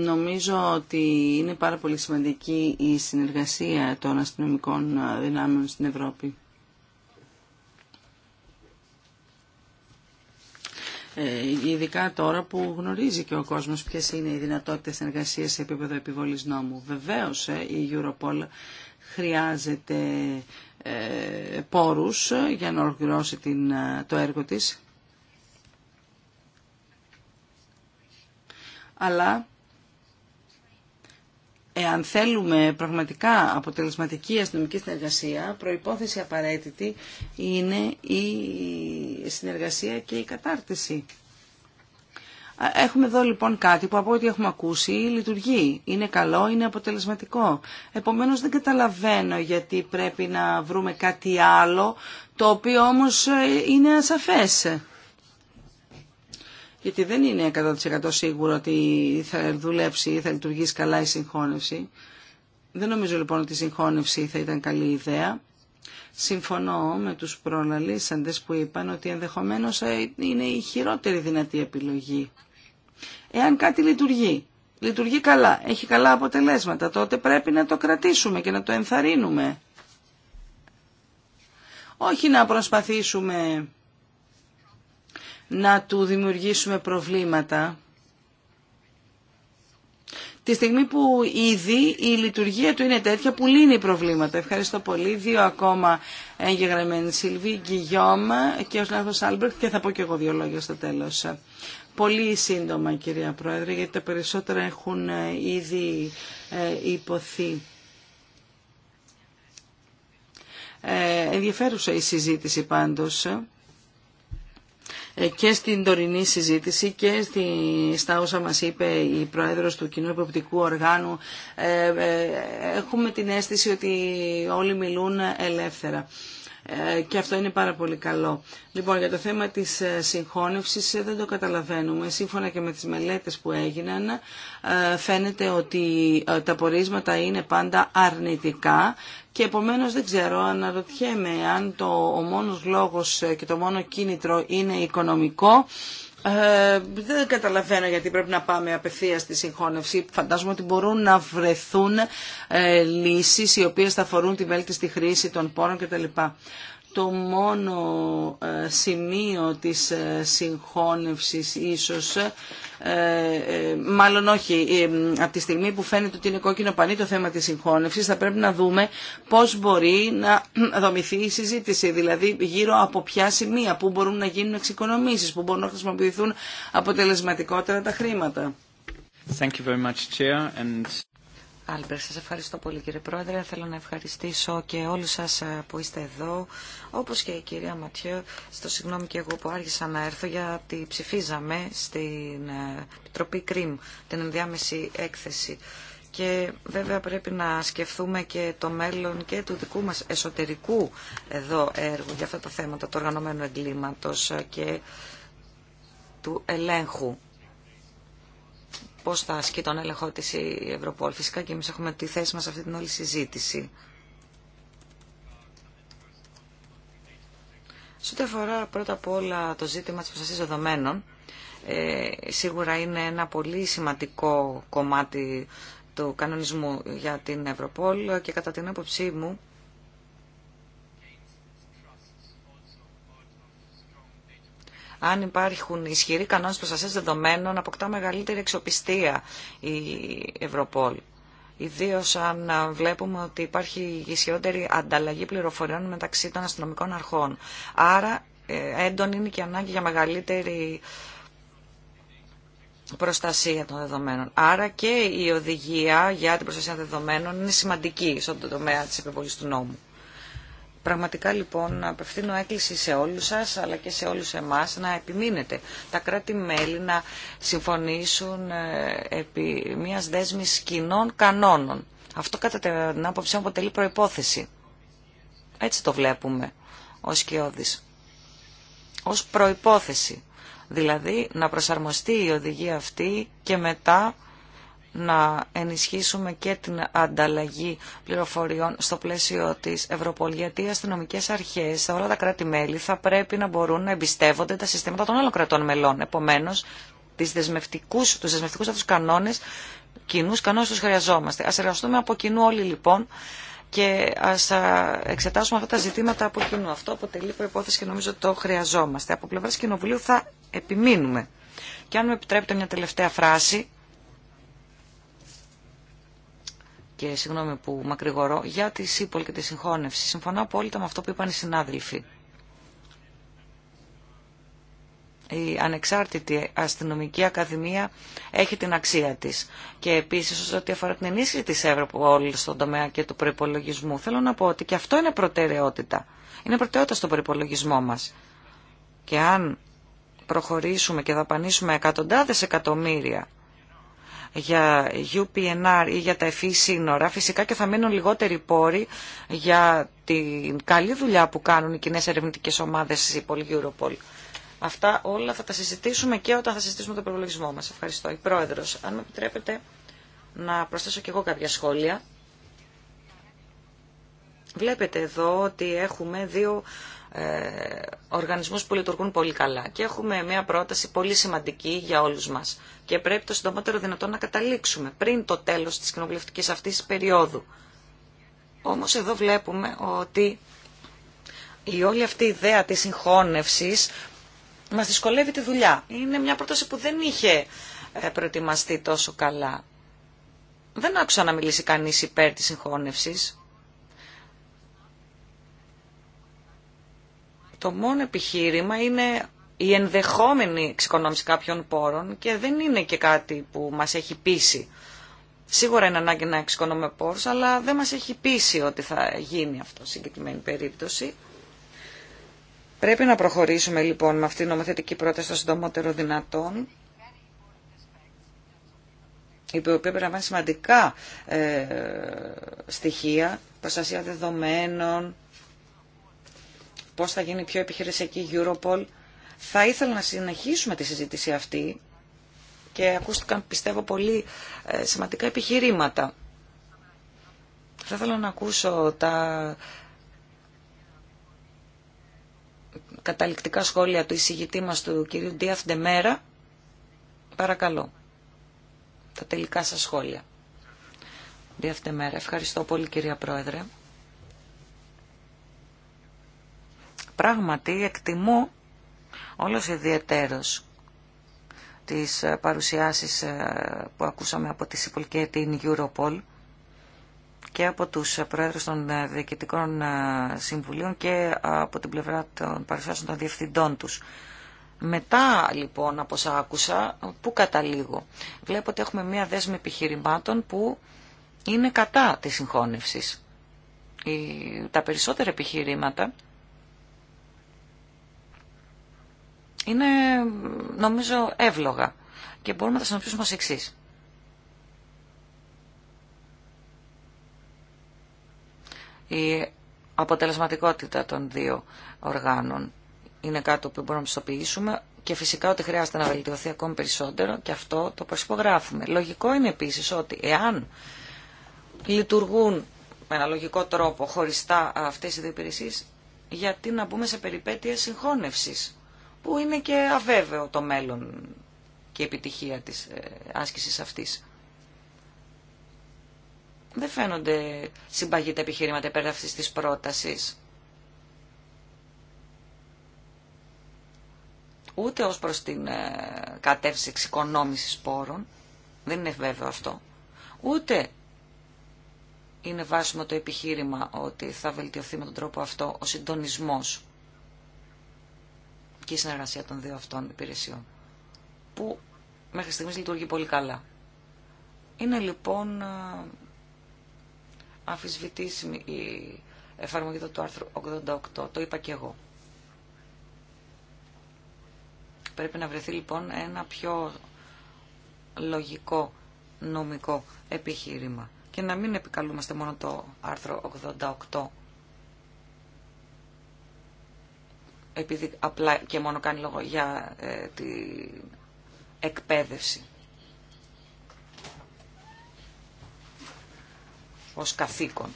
Νομίζω ότι είναι πάρα πολύ σημαντική η συνεργασία των αστυνομικών δυνάμεων στην Ευρώπη. Ε, ειδικά τώρα που γνωρίζει και ο κόσμος ποιες είναι οι δυνατότητες εργασίας σε επίπεδο επιβολής νόμου. Βεβαίως ε, η Europol χρειάζεται ε, πόρους για να ολοκληρώσει το έργο της. Αλλά εάν θέλουμε πραγματικά αποτελεσματική αστυνομική συνεργασία, προϋπόθεση απαραίτητη είναι η συνεργασία και η κατάρτιση. Έχουμε εδώ λοιπόν κάτι που από ό,τι έχουμε ακούσει λειτουργεί. Είναι καλό, είναι αποτελεσματικό. Επομένως δεν καταλαβαίνω γιατί πρέπει να βρούμε κάτι άλλο, το οποίο όμως ε, είναι ασαφές γιατί δεν είναι 100% σίγουρο ότι θα δουλέψει ή θα λειτουργήσει καλά η συγχώνευση. Δεν νομίζω λοιπόν ότι η συγχώνευση θα ήταν καλή ιδέα. Συμφωνώ με τους προλαλήσαντες που είπαν ότι ενδεχομένως ε, είναι η χειρότερη δυνατή επιλογή. Εάν κάτι λειτουργεί, λειτουργεί καλά, έχει καλά αποτελέσματα, τότε πρέπει να το κρατήσουμε και να το ενθαρρύνουμε. Όχι να προσπαθήσουμε να του δημιουργήσουμε προβλήματα. Τη στιγμή που ήδη η λειτουργία του είναι τέτοια που λύνει προβλήματα. Ευχαριστώ πολύ. Δύο ακόμα εγγεγραμμένοι Σιλβί, Γκυγιόμ και ο Σλάβος Άλμπερτ και θα πω και εγώ δύο λόγια στο τέλος. Πολύ σύντομα κυρία Πρόεδρε γιατί τα περισσότερα έχουν ε, ήδη ε, υποθεί. Ε, ενδιαφέρουσα η συζήτηση πάντως ε, και στην τωρινή συζήτηση και στη, στα όσα μας είπε η Πρόεδρος του Κοινού Επιπτικού Οργάνου ε, ε, έχουμε την αίσθηση ότι όλοι μιλούν ελεύθερα και αυτό είναι πάρα πολύ καλό. Λοιπόν, για το θέμα της συγχώνευσης δεν το καταλαβαίνουμε. Σύμφωνα και με τις μελέτες που έγιναν, φαίνεται ότι τα πορίσματα είναι πάντα αρνητικά και επομένως δεν ξέρω, αναρωτιέμαι αν το, ο μόνος λόγος ε, και το μόνο κίνητρο είναι οικονομικό. Ε, δεν καταλαβαίνω γιατί πρέπει να πάμε απευθεία στη συγχώνευση. Φαντάζομαι ότι μπορούν να βρεθούν ε, λύσεις οι οποίες θα αφορούν τη βέλτιστη χρήση των πόρων κτλ το μόνο ε, σημείο της ε, συγχώνευσης ίσως, ε, μάλλον όχι, από τη στιγμή που φαίνεται ότι είναι κόκκινο πανί το θέμα της συγχώνευσης θα πρέπει να δούμε πώς μπορεί να δομηθεί η συζήτηση, δηλαδή γύρω από ποια σημεία, που μπορούν να γίνουν εξοικονομήσεις, που μπορούν να χρησιμοποιηθούν αποτελεσματικότερα τα χρήματα. Thank you very much, Chair, and... Άλμπερ, σας ευχαριστώ πολύ κύριε Πρόεδρε. Θέλω να ευχαριστήσω και όλους σας ε, που είστε εδώ, όπως και η κυρία Ματιέ, στο συγγνώμη και εγώ που άργησα να έρθω, γιατί ψηφίζαμε στην ε, Επιτροπή ΚΡΙΜ την ενδιάμεση έκθεση. Και βέβαια πρέπει να σκεφτούμε και το μέλλον και του δικού μας εσωτερικού εδώ έργου για αυτά τα θέματα του οργανωμένου εγκλήματος ε, και του ελέγχου Πώ θα ασκεί τον έλεγχό της η Ευρωπόλ. Φυσικά και εμεί έχουμε τη θέση μας σε αυτή την όλη συζήτηση. Σε ό,τι αφορά πρώτα απ' όλα το ζήτημα της προστασίας δεδομένων, ε, σίγουρα είναι ένα πολύ σημαντικό κομμάτι του κανονισμού για την Ευρωπόλ και κατά την άποψή μου αν υπάρχουν ισχυροί κανόνες προστασίας δεδομένων, αποκτά μεγαλύτερη εξοπιστία η Ευρωπόλ. Ιδίω αν βλέπουμε ότι υπάρχει ισχυρότερη ανταλλαγή πληροφοριών μεταξύ των αστυνομικών αρχών. Άρα ε, έντονη είναι και ανάγκη για μεγαλύτερη προστασία των δεδομένων. Άρα και η οδηγία για την προστασία των δεδομένων είναι σημαντική στον τομέα της επιβολής του νόμου. Πραγματικά λοιπόν απευθύνω έκκληση σε όλους σας αλλά και σε όλους εμάς να επιμείνετε τα κράτη-μέλη να συμφωνήσουν ε, επί μιας δέσμης κοινών κανόνων. Αυτό κατά την άποψή μου αποτελεί προϋπόθεση. Έτσι το βλέπουμε ως κοιόδης. Ως προϋπόθεση. Δηλαδή να προσαρμοστεί η οδηγία αυτή και μετά να ενισχύσουμε και την ανταλλαγή πληροφοριών στο πλαίσιο της Ευρωπολ, γιατί οι αστυνομικέ αρχές σε όλα τα κράτη-μέλη θα πρέπει να μπορούν να εμπιστεύονται τα συστήματα των άλλων κρατών μελών. Επομένως, τις δεσμευτικούς, τους δεσμευτικούς αυτούς κανόνες, κοινούς κανόνες τους χρειαζόμαστε. Ας εργαστούμε από κοινού όλοι λοιπόν και α εξετάσουμε αυτά τα ζητήματα από κοινού. Αυτό αποτελεί προπόθεση και νομίζω το χρειαζόμαστε. Από πλευρά Κοινοβουλίου θα επιμείνουμε. Και αν μου επιτρέπετε μια τελευταία φράση, και συγγνώμη που μακρηγορώ, για τη ΣΥΠΟΛ και τη συγχώνευση. Συμφωνώ απόλυτα με αυτό που είπαν οι συνάδελφοι. Η ανεξάρτητη αστυνομική ακαδημία έχει την αξία της. Και επίσης, ό,τι αφορά την ενίσχυση της Ευρωπόλ στον τομέα και του προϋπολογισμού, θέλω να πω ότι και αυτό είναι προτεραιότητα. Είναι προτεραιότητα στον προπολογισμό μας. Και αν προχωρήσουμε και δαπανίσουμε εκατοντάδες εκατομμύρια για UPNR ή για τα εφή e σύνορα. Φυσικά και θα μείνουν λιγότεροι πόροι για την καλή δουλειά που κάνουν οι κοινέ ερευνητικέ ομάδε τη Europol. Αυτά όλα θα τα συζητήσουμε και όταν θα συζητήσουμε τον προλογισμό μα. Ευχαριστώ. Η Πρόεδρο, αν με επιτρέπετε να προσθέσω και εγώ κάποια σχόλια. Βλέπετε εδώ ότι έχουμε δύο ε, οργανισμούς που λειτουργούν πολύ καλά. Και έχουμε μια πρόταση πολύ σημαντική για όλους μας. Και πρέπει το συντομότερο δυνατόν να καταλήξουμε πριν το τέλος της κοινοβουλευτικής αυτής περίοδου. Όμως εδώ βλέπουμε ότι η όλη αυτή η ιδέα της συγχώνευσης μας δυσκολεύει τη δουλειά. Είναι μια πρόταση που δεν είχε ε, προετοιμαστεί τόσο καλά. Δεν άκουσα να μιλήσει κανείς υπέρ της συγχώνευσης. το μόνο επιχείρημα είναι η ενδεχόμενη εξοικονόμηση κάποιων πόρων και δεν είναι και κάτι που μας έχει πείσει. Σίγουρα είναι ανάγκη να εξοικονομούμε πόρους, αλλά δεν μας έχει πείσει ότι θα γίνει αυτό σε συγκεκριμένη περίπτωση. Πρέπει να προχωρήσουμε λοιπόν με αυτή την νομοθετική πρόταση στο συντομότερο δυνατόν, η οποία περιλαμβάνει σημαντικά ε, στοιχεία, προστασία δεδομένων, πώς θα γίνει πιο επιχειρησιακή η Europol. Θα ήθελα να συνεχίσουμε τη συζήτηση αυτή και ακούστηκαν πιστεύω πολύ ε, σημαντικά επιχειρήματα. Θα ήθελα να ακούσω τα καταληκτικά σχόλια του εισηγητή μας του κυρίου Ντίαφ Ντεμέρα. Παρακαλώ. Τα τελικά σας σχόλια. Ντίαφ Ντεμέρα. Ευχαριστώ πολύ κυρία Πρόεδρε. Πράγματι εκτιμώ όλος ιδιαιτέρως τις ε, παρουσιάσεις ε, που ακούσαμε από τη ΣΥΠΟΛ και την Europol και από τους ε, πρόεδρους των διοικητικών συμβουλίων και από την πλευρά των παρουσιάσεων των διευθυντών τους. Μετά λοιπόν από όσα άκουσα, πού καταλήγω. Βλέπω ότι έχουμε μία δέσμη επιχειρημάτων που είναι κατά της συγχώνευσης. Τα περισσότερα επιχειρήματα είναι νομίζω εύλογα και μπορούμε να τα συνοψίσουμε ως εξή. Η αποτελεσματικότητα των δύο οργάνων είναι κάτι που μπορούμε να πιστοποιήσουμε και φυσικά ότι χρειάζεται να βελτιωθεί ακόμη περισσότερο και αυτό το προσυπογράφουμε. Λογικό είναι επίσης ότι εάν λειτουργούν με ένα λογικό τρόπο χωριστά αυτές οι δύο υπηρεσίες, γιατί να μπούμε σε περιπέτειες συγχώνευσης που είναι και αβέβαιο το μέλλον και η επιτυχία της ε, άσκησης αυτής. Δεν φαίνονται συμπαγή τα επιχειρήματα υπέρ αυτής της πρότασης. Ούτε ως προς την ε, κατεύθυνση εξοικονόμησης πόρων, δεν είναι βέβαιο αυτό, ούτε είναι βάσιμο το επιχείρημα ότι θα βελτιωθεί με τον τρόπο αυτό ο συντονισμός η συνεργασία των δύο αυτών υπηρεσιών, που μέχρι στιγμή λειτουργεί πολύ καλά. Είναι λοιπόν ε, αμφισβητήσιμη η εφαρμογή του άρθρου 88, το είπα και εγώ. Πρέπει να βρεθεί λοιπόν ένα πιο λογικό νομικό επιχείρημα και να μην επικαλούμαστε μόνο το άρθρο 88 επειδή απλά και μόνο κάνει λόγο για ε, την εκπαίδευση. Ως καθήκον.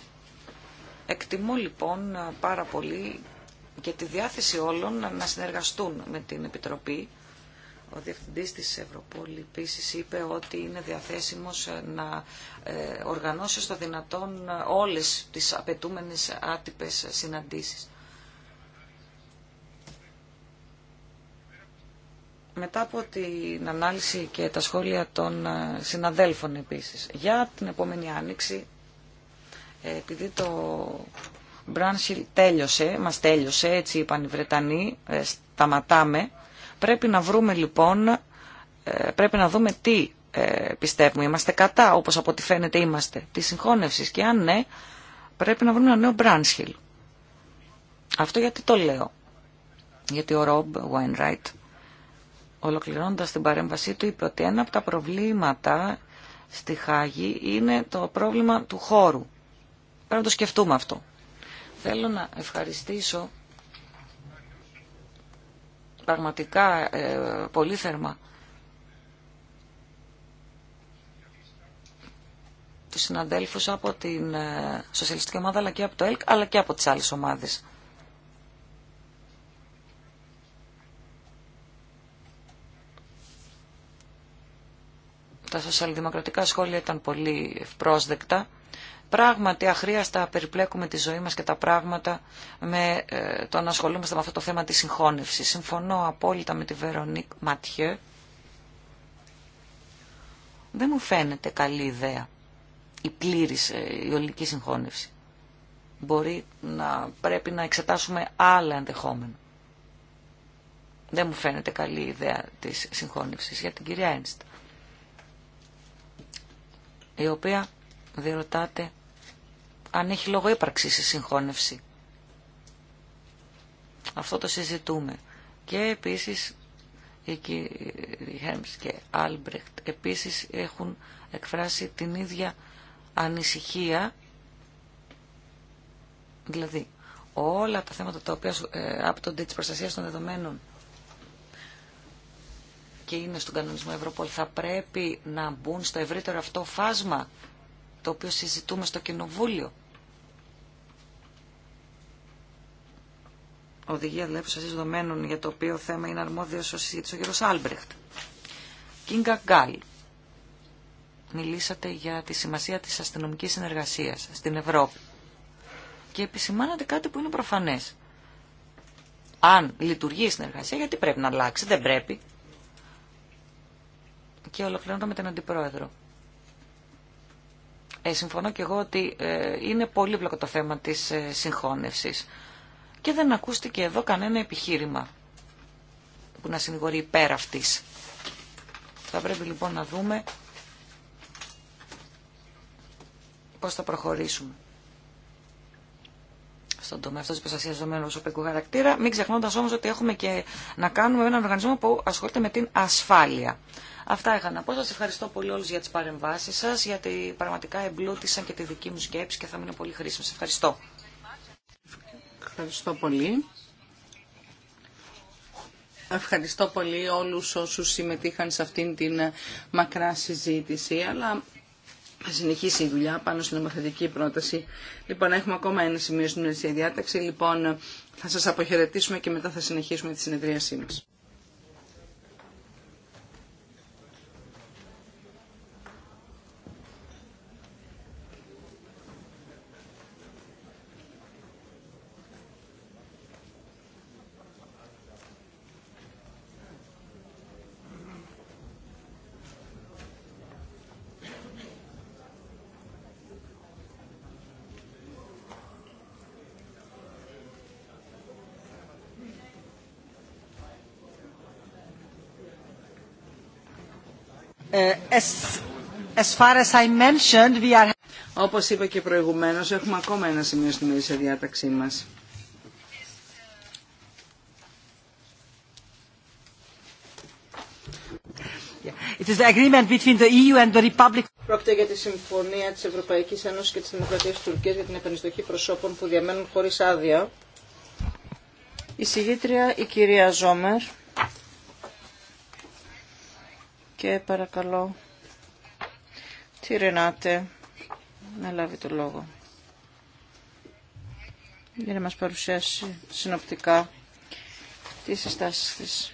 Εκτιμώ λοιπόν πάρα πολύ και τη διάθεση όλων να συνεργαστούν με την Επιτροπή. Ο Διευθυντής της Ευρωπόλη επίση είπε ότι είναι διαθέσιμος να ε, οργανώσει στο δυνατόν όλες τις απαιτούμενες άτυπες συναντήσεις. μετά από την ανάλυση και τα σχόλια των ε, συναδέλφων επίσης, για την επόμενη άνοιξη, ε, επειδή το Μπράνσιλ τέλειωσε, μας τέλειωσε, έτσι είπαν οι Βρετανοί, ε, σταματάμε, πρέπει να βρούμε λοιπόν, πρέπει να δούμε τι πιστεύουμε, είμαστε κατά, όπως από ό,τι φαίνεται είμαστε, τη συγχώνευση και αν ναι, πρέπει να βρούμε ένα νέο Μπράνσιλ. Αυτό γιατί το λέω. Γιατί ο Ρομπ Βάινράιτ ολοκληρώνοντας την παρέμβασή του, είπε ότι ένα από τα προβλήματα στη Χάγη είναι το πρόβλημα του χώρου. Πρέπει να το σκεφτούμε αυτό. Θέλω να ευχαριστήσω πραγματικά ε, πολύ θερμά τους συναδέλφους από την ε, Σοσιαλιστική Ομάδα αλλά και από το ΕΛΚ αλλά και από τις άλλες ομάδες. Τα σοσιαλδημοκρατικά σχόλια ήταν πολύ ευπρόσδεκτα. Πράγματι, αχρίαστα περιπλέκουμε τη ζωή μας και τα πράγματα με ε, το να ασχολούμαστε με αυτό το θέμα της συγχώνευσης. Συμφωνώ απόλυτα με τη Βερονίκ Ματιέ. Δεν μου φαίνεται καλή ιδέα η πλήρης ε, η ολική συγχώνευση. Μπορεί να πρέπει να εξετάσουμε άλλα ενδεχόμενα. Δεν μου φαίνεται καλή ιδέα της συγχώνευσης για την κυρία Ένστα η οποία διερωτάται αν έχει λόγο ύπαρξη σε συγχώνευση. Αυτό το συζητούμε. Και επίσης οι Χέρμς και Άλμπρεχτ επίσης έχουν εκφράσει την ίδια ανησυχία δηλαδή όλα τα θέματα τα οποία ε, τον της προστασία των δεδομένων και είναι στον κανονισμό Ευρωπόλ θα πρέπει να μπουν στο ευρύτερο αυτό φάσμα το οποίο συζητούμε στο Κοινοβούλιο. Οδηγία σας δεδομένων για το οποίο θέμα είναι αρμόδιος ο συζήτης ο κ. Άλμπρεχτ. Κίνγκα Γκάλ. Μιλήσατε για τη σημασία της αστυνομικής συνεργασίας στην Ευρώπη. Και επισημάνατε κάτι που είναι προφανές. Αν λειτουργεί η συνεργασία, γιατί πρέπει να αλλάξει, δεν πρέπει. Και ολοκληρώνω με τον Αντιπρόεδρο. Ε, συμφωνώ και εγώ ότι ε, είναι πολύπλοκο το θέμα της ε, συγχώνευσης. Και δεν ακούστηκε εδώ κανένα επιχείρημα που να συνηγορεί πέρα αυτής. Θα πρέπει λοιπόν να δούμε πώς θα προχωρήσουμε στον τομέα αυτό τη προστασία δεδομένων προσωπικού χαρακτήρα, μην ξεχνώντα όμω ότι έχουμε και να κάνουμε έναν οργανισμό που ασχολείται με την ασφάλεια. Αυτά είχα να πω. Σα ευχαριστώ πολύ όλου για τι παρεμβάσει σα, γιατί πραγματικά εμπλούτησαν και τη δική μου σκέψη και θα μείνω πολύ χρήσιμη. ευχαριστώ. Ευχαριστώ πολύ. Ευχαριστώ πολύ όλους όσους συμμετείχαν σε αυτήν την μακρά συζήτηση, αλλά θα συνεχίσει η δουλειά πάνω στην νομοθετική πρόταση. Λοιπόν, έχουμε ακόμα ένα σημείο στην διάταξη. Λοιπόν, θα σας αποχαιρετήσουμε και μετά θα συνεχίσουμε τη συνεδρίασή μας. Ε, Όπως είπα και προηγουμένως, έχουμε ακόμα ένα σημείο στη μέση διάταξή μας. Πρόκειται για τη συμφωνία της Ευρωπαϊκής Ένωσης και της Δημοκρατίας της Τουρκίας για την επενιστοχή προσώπων που διαμένουν χωρίς άδεια. Η συγγήτρια η κυρία Ζόμερ και παρακαλώ τη Ρενάτε να λάβει το λόγο για να μας παρουσιάσει συνοπτικά Τι συστάσεις της.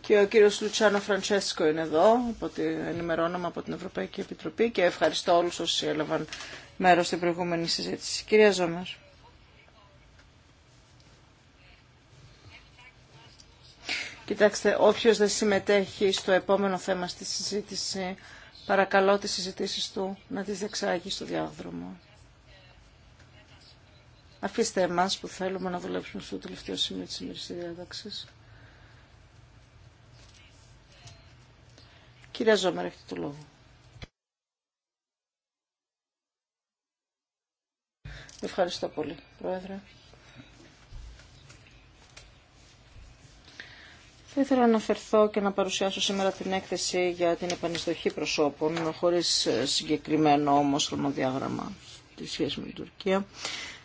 Και ο κύριος Λουτσάνο Φραντσέσκο είναι εδώ, από τη, ενημερώνομαι από την Ευρωπαϊκή Επιτροπή και ευχαριστώ όλους όσοι έλαβαν μέρος στην προηγούμενη συζήτηση. Κυρία Ζώμερ. Κοιτάξτε, όποιο δεν συμμετέχει στο επόμενο θέμα στη συζήτηση, παρακαλώ τις συζητήσεις του να τις δεξάγει στο διάδρομο. Αφήστε εμάς που θέλουμε να δουλέψουμε στο τελευταίο σημείο της ημερής διάταξη. Κυρία Ζώμερα, έχετε το λόγο. Ευχαριστώ πολύ, Πρόεδρε. Θα ήθελα να αναφερθώ και να παρουσιάσω σήμερα την έκθεση για την επανεισδοχή προσώπων, χωρίς ε, συγκεκριμένο όμως χρονοδιάγραμμα της σχέση με την Τουρκία.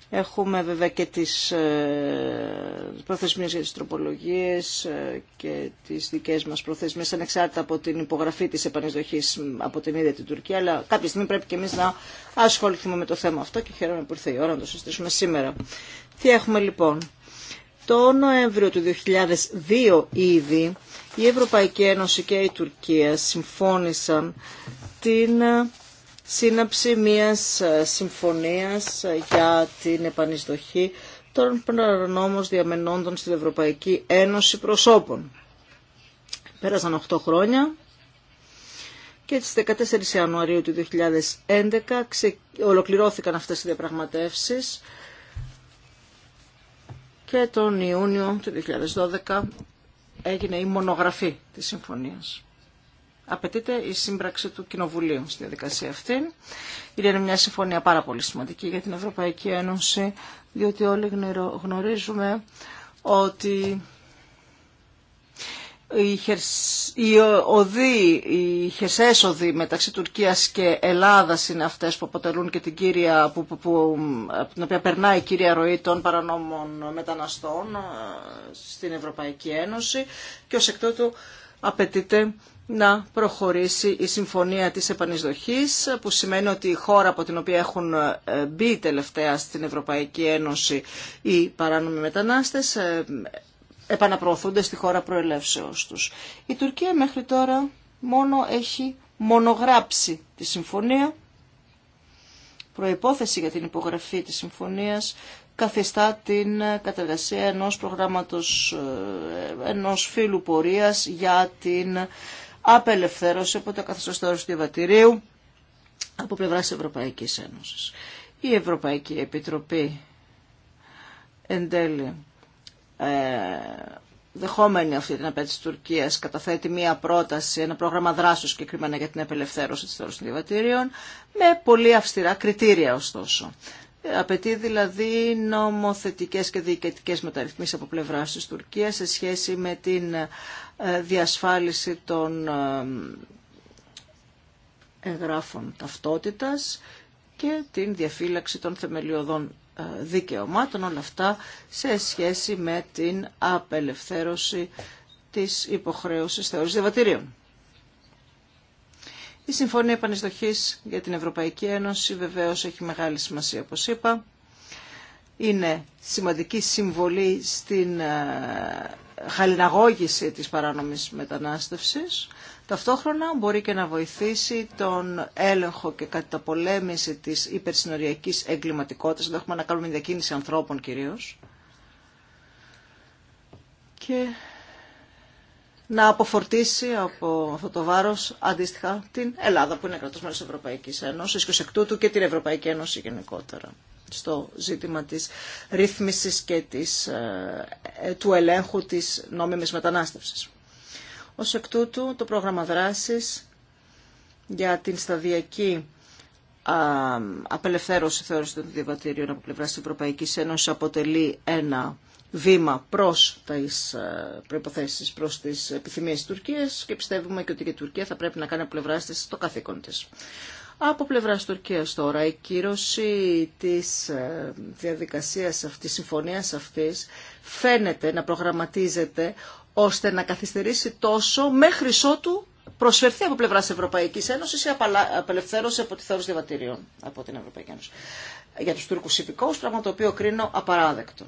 Έχουμε βέβαια και τις ε, προθεσμίες για τις τροπολογίες ε, και τις δικές μας προθεσμίες ανεξάρτητα από την υπογραφή της επανεισδοχής από την ίδια την Τουρκία αλλά κάποια στιγμή πρέπει και εμείς να ασχοληθούμε με το θέμα αυτό και χαίρομαι που ήρθε η ώρα να το συστήσουμε σήμερα. Τι έχουμε λοιπόν. Το Νοέμβριο του 2002 ήδη η Ευρωπαϊκή Ένωση και η Τουρκία συμφώνησαν την ε, σύναψη μιας ε, συμφωνίας για την επανεισδοχή των παρανόμως διαμενόντων στην Ευρωπαϊκή Ένωση προσώπων. Πέρασαν 8 χρόνια και στις 14 Ιανουαρίου του 2011 ολοκληρώθηκαν αυτές οι διαπραγματεύσεις και τον Ιούνιο του 2012 έγινε η μονογραφή της συμφωνίας. Απαιτείται η σύμπραξη του Κοινοβουλίου στη διαδικασία αυτή. Είναι μια συμφωνία πάρα πολύ σημαντική για την Ευρωπαϊκή Ένωση, διότι όλοι γνωρίζουμε ότι οι οδοί, οι μεταξύ Τουρκίας και Ελλάδας είναι αυτές που αποτελούν και την κύρια, που, που, από την οποία περνάει η κύρια ροή των παρανόμων μεταναστών ε, στην Ευρωπαϊκή Ένωση και ως εκ τούτου απαιτείται να προχωρήσει η συμφωνία της επανεισδοχής που σημαίνει ότι η χώρα από την οποία έχουν ε, μπει τελευταία στην Ευρωπαϊκή Ένωση οι παράνομοι μετανάστες ε, επαναπροωθούνται στη χώρα προελεύσεως τους. Η Τουρκία μέχρι τώρα μόνο έχει μονογράψει τη συμφωνία. Προϋπόθεση για την υπογραφή της συμφωνίας καθιστά την κατεργασία ενός προγράμματος, ε, ενός φίλου πορείας για την απελευθέρωση από τα καθεστώς του διαβατηρίου από πλευράς Ευρωπαϊκής Ένωσης. Η Ευρωπαϊκή Επιτροπή εν τέλει ε, δεχόμενη αυτή την απέτηση της Τουρκίας καταθέτει μία πρόταση, ένα πρόγραμμα δράσεως συγκεκριμένα για την απελευθέρωση της θεωρούς των διαβατήριων με πολύ αυστηρά κριτήρια ωστόσο. Ε, απαιτεί δηλαδή νομοθετικές και διοικητικές μεταρρυθμίσεις από πλευράς της Τουρκίας σε σχέση με την ε, διασφάλιση των εγγράφων ταυτότητας και την διαφύλαξη των θεμελιωδών ε, δικαιωμάτων, όλα αυτά σε σχέση με την απελευθέρωση της υποχρέωσης θεώρησης διαβατηρίων. Η Συμφωνία Επανεισδοχής για την Ευρωπαϊκή Ένωση βεβαίως έχει μεγάλη σημασία, όπως είπα. Είναι σημαντική συμβολή στην ε, χαλιναγώγηση της παράνομης μετανάστευσης. Ταυτόχρονα μπορεί και να βοηθήσει τον έλεγχο και καταπολέμηση της υπερσυνοριακής εγκληματικότητας, δεν έχουμε να κάνουμε διακίνηση ανθρώπων κυρίως, και να αποφορτήσει από αυτό το βάρος αντίστοιχα την Ελλάδα που είναι κρατός μέλος της Ευρωπαϊκής Ένωσης και ως εκ τούτου και την Ευρωπαϊκή Ένωση γενικότερα στο ζήτημα της ρύθμισης και ε, του ελέγχου της νόμιμης μετανάστευσης. Ως εκ τούτου το πρόγραμμα δράσης για την σταδιακή απελευθέρωση θεώρηση των διαβατήριων από πλευράς της Ευρωπαϊκής Ένωσης αποτελεί ένα βήμα προς τις προϋποθέσεις, προς τις επιθυμίες της Τουρκίας και πιστεύουμε και ότι και η Τουρκία θα πρέπει να κάνει από πλευρά της το καθήκον της. Από πλευρά Τουρκία τώρα, η κύρωση τη διαδικασία αυτή, συμφωνία αυτή, φαίνεται να προγραμματίζεται ώστε να καθυστερήσει τόσο μέχρι ότου προσφερθεί από πλευρά Ευρωπαϊκή Ένωση η απελευθέρωση από τη θεώρηση διαβατηρίων από την Ευρωπαϊκή Ένωση. Για του Τούρκου υπηκόου, πράγμα το οποίο κρίνω απαράδεκτο.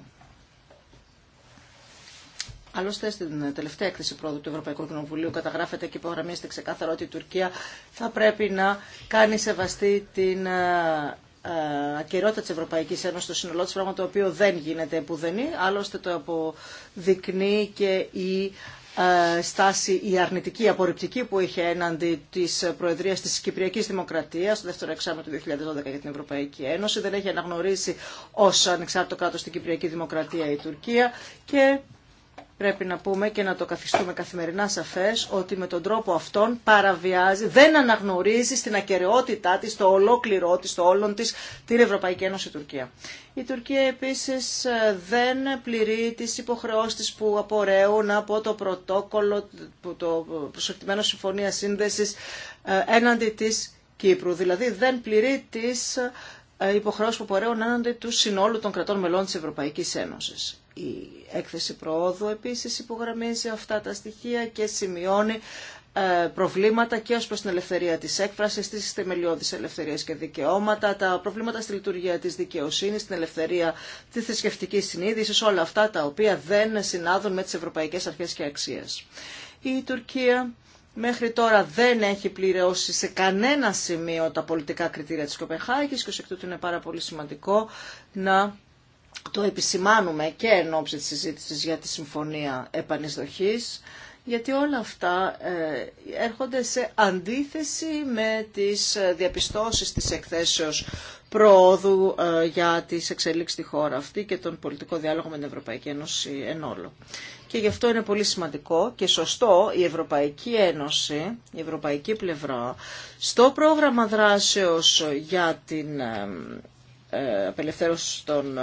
Άλλωστε, στην τελευταία έκθεση πρόοδου του Ευρωπαϊκού Κοινοβουλίου καταγράφεται και υπογραμμίζεται ξεκάθαρα ότι η Τουρκία θα πρέπει να κάνει σεβαστή την ε, ε, ακαιρεότητα τη Ευρωπαϊκής Ένωση, στο σύνολό τη πράγμα το οποίο δεν γίνεται επουδενή, άλλωστε το αποδεικνύει και η ε, στάση η αρνητική, η απορριπτική που είχε έναντι της Προεδρίας της Κυπριακής Δημοκρατίας στο δεύτερο εξάμεινο του 2012 για την Ευρωπαϊκή Ένωση. Δεν έχει αναγνωρίσει ω ανεξάρτητο κάτω την Κυπριακή Δημοκρατία η Τουρκία και πρέπει να πούμε και να το καθιστούμε καθημερινά σαφές ότι με τον τρόπο αυτόν παραβιάζει, δεν αναγνωρίζει στην ακαιρεότητά της, το ολόκληρό της, το όλον της, την Ευρωπαϊκή Ένωση Τουρκία. Η Τουρκία επίσης ε, δεν πληρεί τις υποχρεώσεις που απορρέουν από το πρωτόκολλο, το προσεκτημένο συμφωνία σύνδεσης ε, έναντι της Κύπρου. Δηλαδή δεν πληρεί τις ε, υποχρεώσεις που απορρέουν έναντι του συνόλου των κρατών μελών της Ευρωπαϊκής Ένωσης η έκθεση προόδου επίσης υπογραμμίζει αυτά τα στοιχεία και σημειώνει ε, προβλήματα και ως προς την ελευθερία της έκφρασης, τις θεμελιώδεις ελευθερίες και δικαιώματα, τα προβλήματα στη λειτουργία της δικαιοσύνης, την ελευθερία της θρησκευτική συνείδησης, όλα αυτά τα οποία δεν συνάδουν με τις ευρωπαϊκές αρχές και αξίες. Η Τουρκία μέχρι τώρα δεν έχει πληρεώσει σε κανένα σημείο τα πολιτικά κριτήρια της Κοπεχάγης και ως εκ τούτου είναι πάρα πολύ σημαντικό να το επισημάνουμε και εν ώψη της συζήτησης για τη Συμφωνία Επανεισδοχής, γιατί όλα αυτά ε, έρχονται σε αντίθεση με τις ε, διαπιστώσεις της εκθέσεως προόδου ε, για τις εξελίξεις στη χώρα αυτή και τον πολιτικό διάλογο με την Ευρωπαϊκή Ένωση εν όλο. Και γι' αυτό είναι πολύ σημαντικό και σωστό η Ευρωπαϊκή Ένωση, η Ευρωπαϊκή πλευρά, στο πρόγραμμα δράσεως για την απελευθέρωση των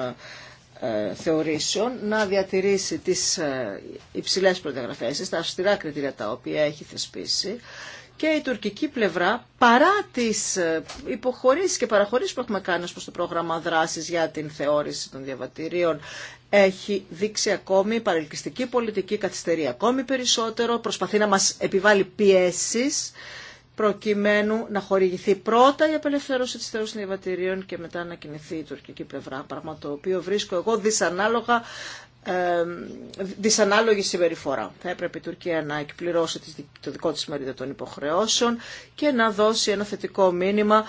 ε, θεωρήσεων να διατηρήσει τις ε, υψηλές προδιαγραφές, τα αυστηρά κριτήρια τα οποία έχει θεσπίσει και η τουρκική πλευρά παρά τις ε, υποχωρήσεις και παραχωρήσεις που έχουμε κάνει προς το πρόγραμμα δράσης για την θεώρηση των διαβατηρίων έχει δείξει ακόμη παρελκυστική πολιτική, καθυστερεί ακόμη περισσότερο, προσπαθεί να μας επιβάλλει πιέσεις προκειμένου να χορηγηθεί πρώτα η απελευθέρωση της θεωρής νηβατηρίων και μετά να κινηθεί η τουρκική πλευρά, πράγμα το οποίο βρίσκω εγώ δυσανάλογα ε, δυσανάλογη συμπεριφορά. Θα έπρεπε η Τουρκία να εκπληρώσει το δικό της μερίδιο των υποχρεώσεων και να δώσει ένα θετικό μήνυμα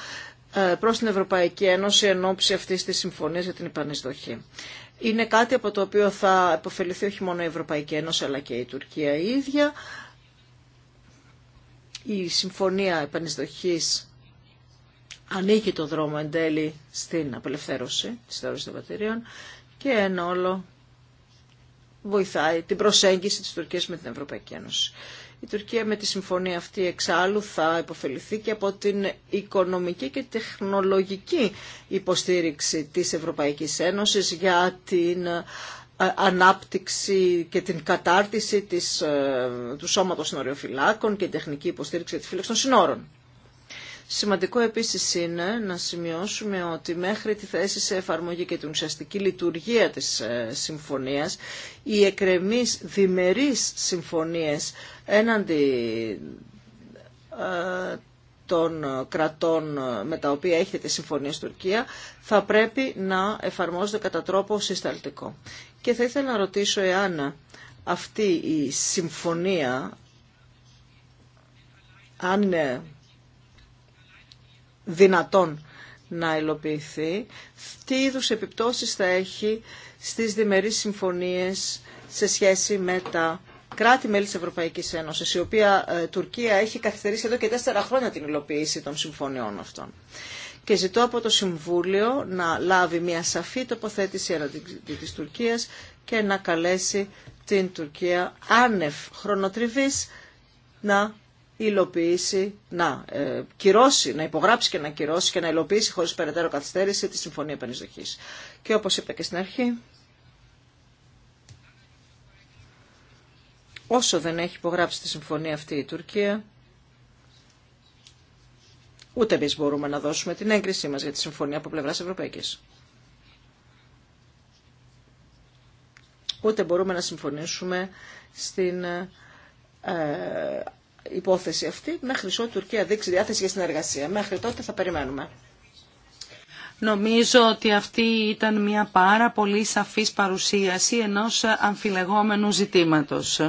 ε, προς την Ευρωπαϊκή Ένωση εν ώψη αυτής της συμφωνίας για την επανεισδοχή. Είναι κάτι από το οποίο θα επωφεληθεί όχι μόνο η Ευρωπαϊκή Ένωση αλλά και η Τουρκία ίδια η συμφωνία επανεισδοχής ανοίγει το δρόμο εν τέλει στην απελευθέρωση της θεωρίας των πατηρίων και εν όλο βοηθάει την προσέγγιση της Τουρκίας με την Ευρωπαϊκή Ένωση. Η Τουρκία με τη συμφωνία αυτή εξάλλου θα υποφεληθεί και από την οικονομική και τεχνολογική υποστήριξη της Ευρωπαϊκής Ένωσης για την ε, ανάπτυξη και την κατάρτιση της, ε, του σώματος συνοριοφυλάκων και τεχνική υποστήριξη της τη των συνόρων. Σημαντικό επίσης είναι να σημειώσουμε ότι μέχρι τη θέση σε εφαρμογή και την ουσιαστική λειτουργία της ε, συμφωνίας, οι εκρεμείς διμερείς συμφωνίες έναντι των κρατών με τα οποία έχετε τη συμφωνία στην Τουρκία θα πρέπει να εφαρμόζεται κατά τρόπο συσταλτικό. Και θα ήθελα να ρωτήσω εάν αυτή η συμφωνία αν είναι δυνατόν να υλοποιηθεί, τι είδους επιπτώσεις θα έχει στις διμερείς συμφωνίες σε σχέση με τα κράτη-μέλη της Ευρωπαϊκής Ένωσης, η οποία ε, Τουρκία έχει καθυστερήσει εδώ και τέσσερα χρόνια την υλοποίηση των συμφωνιών αυτών. Και ζητώ από το Συμβούλιο να λάβει μια σαφή τοποθέτηση της Τουρκίας και να καλέσει την Τουρκία άνευ χρονοτριβής να υλοποιήσει, να ε, κυρώσει, να υπογράψει και να κυρώσει και να υλοποιήσει χωρίς περαιτέρω καθυστέρηση τη Συμφωνία Επενδυτικής. Και όπως είπα και στην αρχή, όσο δεν έχει υπογράψει τη συμφωνία αυτή η Τουρκία, ούτε εμεί μπορούμε να δώσουμε την έγκρισή μας για τη συμφωνία από πλευράς Ευρωπαϊκής. Ούτε μπορούμε να συμφωνήσουμε στην ε, υπόθεση αυτή μέχρι ότου η Τουρκία δείξει διάθεση για συνεργασία. Μέχρι τότε θα περιμένουμε. Νομίζω ότι αυτή ήταν μια πάρα πολύ σαφής παρουσίαση ενός αμφιλεγόμενου ζητήματος.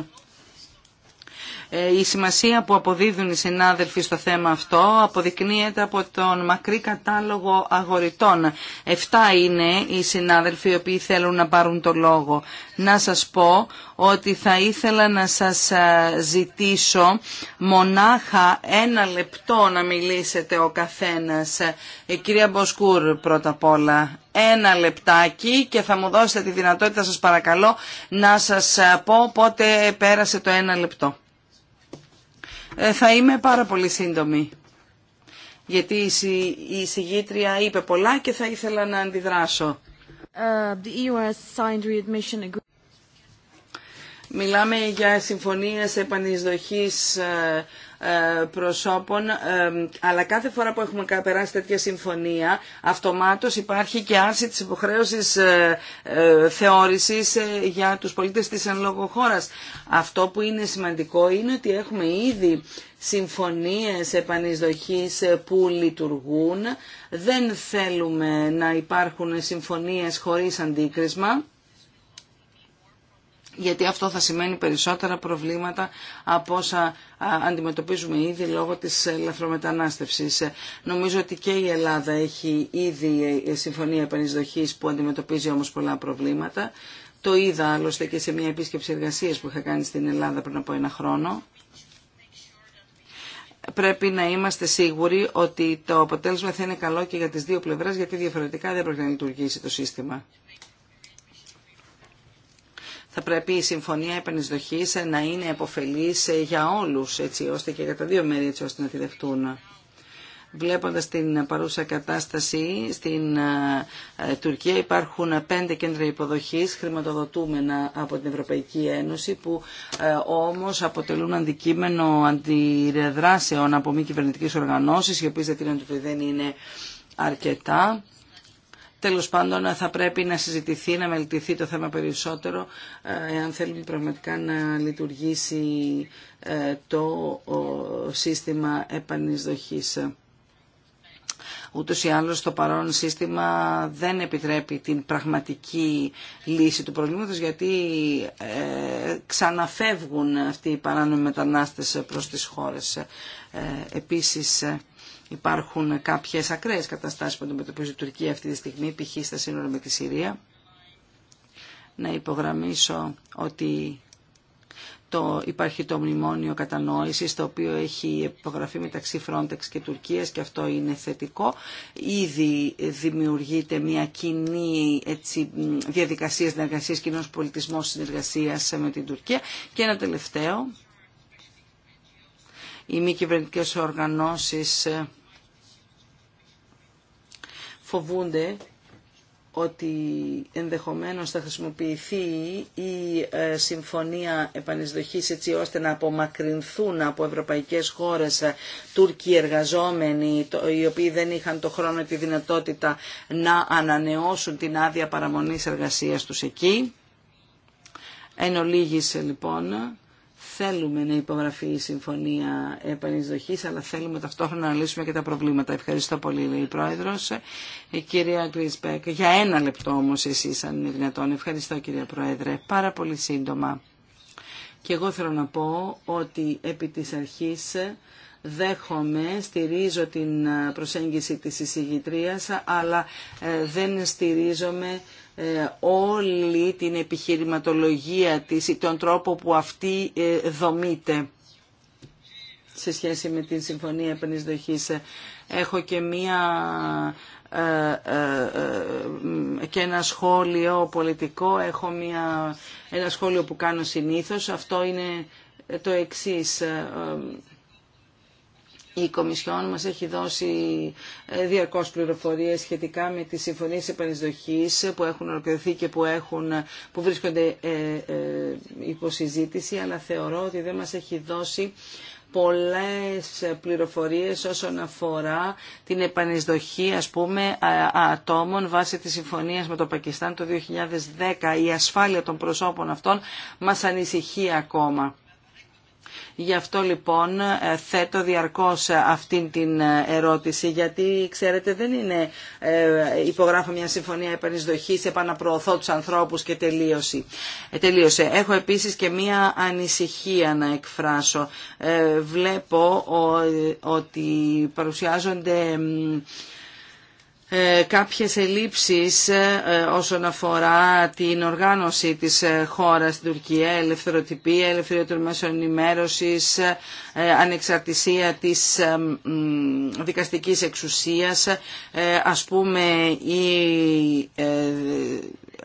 Ε, η σημασία που αποδίδουν οι συνάδελφοι στο θέμα αυτό αποδεικνύεται από τον μακρύ κατάλογο αγοριτών. Εφτά είναι οι συνάδελφοι οι οποίοι θέλουν να πάρουν το λόγο. Να σας πω ότι θα ήθελα να σας ε, ζητήσω μονάχα ένα λεπτό να μιλήσετε ο καθένας. Ε, κυρία Μποσκούρ πρώτα απ' όλα. Ένα λεπτάκι και θα μου δώσετε τη δυνατότητα σας παρακαλώ να σας πω πότε πέρασε το ένα λεπτό. Ε, θα είμαι πάρα πολύ σύντομη. Γιατί η συγγήτρια είπε πολλά και θα ήθελα να αντιδράσω. Ε, e Μιλάμε για συμφωνίες επανεισδοχής ε, ε, προσώπων, ε, αλλά κάθε φορά που έχουμε περάσει τέτοια συμφωνία, αυτομάτως υπάρχει και άρση της υποχρέωσης ε, θεώρησης για τους πολίτες της εν λόγω χώρας. Αυτό που είναι σημαντικό είναι ότι έχουμε ήδη συμφωνίες επανεισδοχής που λειτουργούν. Δεν θέλουμε να υπάρχουν συμφωνίες χωρίς αντίκρισμα γιατί αυτό θα σημαίνει περισσότερα προβλήματα από όσα αντιμετωπίζουμε ήδη λόγω της ε, λαθρομετανάστευσης. Νομίζω ότι και η Ελλάδα έχει ήδη ε, συμφωνία επανεισδοχής που αντιμετωπίζει όμως πολλά προβλήματα. Το είδα άλλωστε και σε μια επίσκεψη εργασίας που είχα κάνει στην Ελλάδα πριν από ένα χρόνο πρέπει να είμαστε σίγουροι ότι το αποτέλεσμα θα είναι καλό και για τις δύο πλευρές, γιατί διαφορετικά δεν πρέπει να λειτουργήσει το σύστημα θα πρέπει η συμφωνία επανεισδοχή να είναι επωφελής ε, για όλους, έτσι ώστε και για τα δύο μέρη, έτσι ώστε να τη δεχτούν βλέποντας την παρούσα κατάσταση στην ε, ε, Τουρκία υπάρχουν πέντε κέντρα υποδοχής χρηματοδοτούμενα από την Ευρωπαϊκή Ένωση που όμως αποτελούν αντικείμενο αντιδράσεων από μη κυβερνητικέ οργανώσεις οι οποίες δεν είναι αρκετά. Τέλος πάντων θα πρέπει να συζητηθεί, να μελετηθεί το θέμα περισσότερο ε, εάν θέλουμε πραγματικά να λειτουργήσει ε, το σύστημα επανεισδοχής. Ούτως ή άλλως το παρόν σύστημα δεν επιτρέπει την πραγματική λύση του προβλήματος γιατί ε, ξαναφεύγουν αυτοί οι παράνομοι μετανάστες προς τις χώρες. επίσης Υπάρχουν κάποιες ακραίες καταστάσεις που αντιμετωπίζει η Τουρκία αυτή τη στιγμή, π.χ. στα σύνορα με τη Συρία. Να υπογραμμίσω ότι το, υπάρχει το μνημόνιο κατανόησης το οποίο έχει υπογραφεί μεταξύ Frontex και Τουρκίας και αυτό είναι θετικό. Ήδη δημιουργείται μια κοινή έτσι, διαδικασία συνεργασία κοινός πολιτισμός συνεργασία με την Τουρκία. Και ένα τελευταίο, οι μη κυβερνητικέ οργανώσεις φοβούνται ότι ενδεχομένως θα χρησιμοποιηθεί η ε, συμφωνία επανεισδοχής έτσι ώστε να απομακρυνθούν από ευρωπαϊκές χώρες ε, Τούρκοι εργαζόμενοι οι οποίοι δεν είχαν το χρόνο τη δυνατότητα να ανανεώσουν την άδεια παραμονής εργασίας τους εκεί. Εν ολίγης λοιπόν θέλουμε να υπογραφεί η Συμφωνία Επανεισδοχής, αλλά θέλουμε ταυτόχρονα να λύσουμε και τα προβλήματα. Ευχαριστώ πολύ, λέει η Πρόεδρος. Η ε, κυρία Γκρισπέκ. για ένα λεπτό όμως εσείς, αν είναι δυνατόν. Ευχαριστώ, κυρία Πρόεδρε. Πάρα πολύ σύντομα. Και εγώ θέλω να πω ότι επί της αρχής δέχομαι, στηρίζω την προσέγγιση της εισηγητρίας, αλλά ε, δεν στηρίζομαι ε, όλη την επιχειρηματολογία της ή τον τρόπο που αυτή ε, δομείται σε σχέση με την Συμφωνία Δοχής. Έχω και μία ε, και ένα σχόλιο πολιτικό, έχω μια, ένα σχόλιο που κάνω συνήθως, αυτό είναι το εξής. Η Κομισιόν μας έχει δώσει ε, διαρκώς πληροφορίες σχετικά με τις συμφωνίες επανεισδοχής που έχουν ολοκληρωθεί και που, έχουν, που βρίσκονται ε, ε, υποσυζήτηση, αλλά θεωρώ ότι δεν μας έχει δώσει πολλές πληροφορίες όσον αφορά την επανεισδοχή ας πούμε ατόμων βάσει της συμφωνίας με το Πακιστάν το 2010. Η ασφάλεια των προσώπων αυτών μας ανησυχεί ακόμα. Γι' αυτό λοιπόν ε, θέτω διαρκώς αυτήν την ε, ερώτηση, γιατί ξέρετε δεν είναι ε, υπογράφω μια συμφωνία επανεισδοχής, επαναπροωθώ τους ανθρώπους και τελείωση. τελείωσε. Έχω επίσης και μια ανησυχία να εκφράσω. βλέπω ότι παρουσιάζονται ε, κάποιες ελλείψεις ε, όσον αφορά την οργάνωση της ε, χώρας στην Τουρκία, ελευθεροτυπία, ελευθερία των μέσων ενημέρωσης, ανεξαρτησία της δικαστικής εξουσίας, ας πούμε η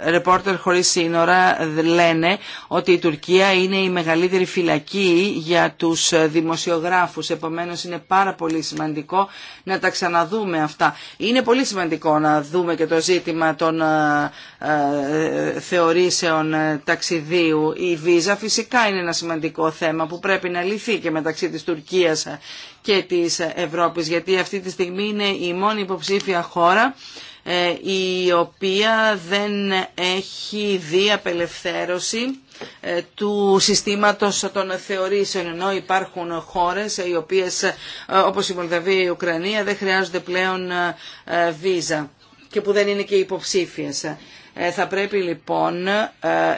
Ρεπόρτερ χωρίς σύνορα λένε ότι η Τουρκία είναι η μεγαλύτερη φυλακή για τους δημοσιογράφους. Επομένως είναι πάρα πολύ σημαντικό να τα ξαναδούμε αυτά. Είναι πολύ σημαντικό να δούμε και το ζήτημα των ε, ε, θεωρήσεων ε, ταξιδίου. Η βίζα φυσικά είναι ένα σημαντικό θέμα που πρέπει να λυθεί και μεταξύ της Τουρκίας και της Ευρώπης γιατί αυτή τη στιγμή είναι η μόνη υποψήφια χώρα ε, η οποία δεν έχει δει απελευθέρωση ε, του συστήματος των θεωρήσεων ενώ υπάρχουν χώρες οι οποίες ε, όπως η Μολδαβία η Ουκρανία δεν χρειάζονται πλέον βίζα και που δεν είναι και υποψήφιες. Ε, θα πρέπει λοιπόν ε,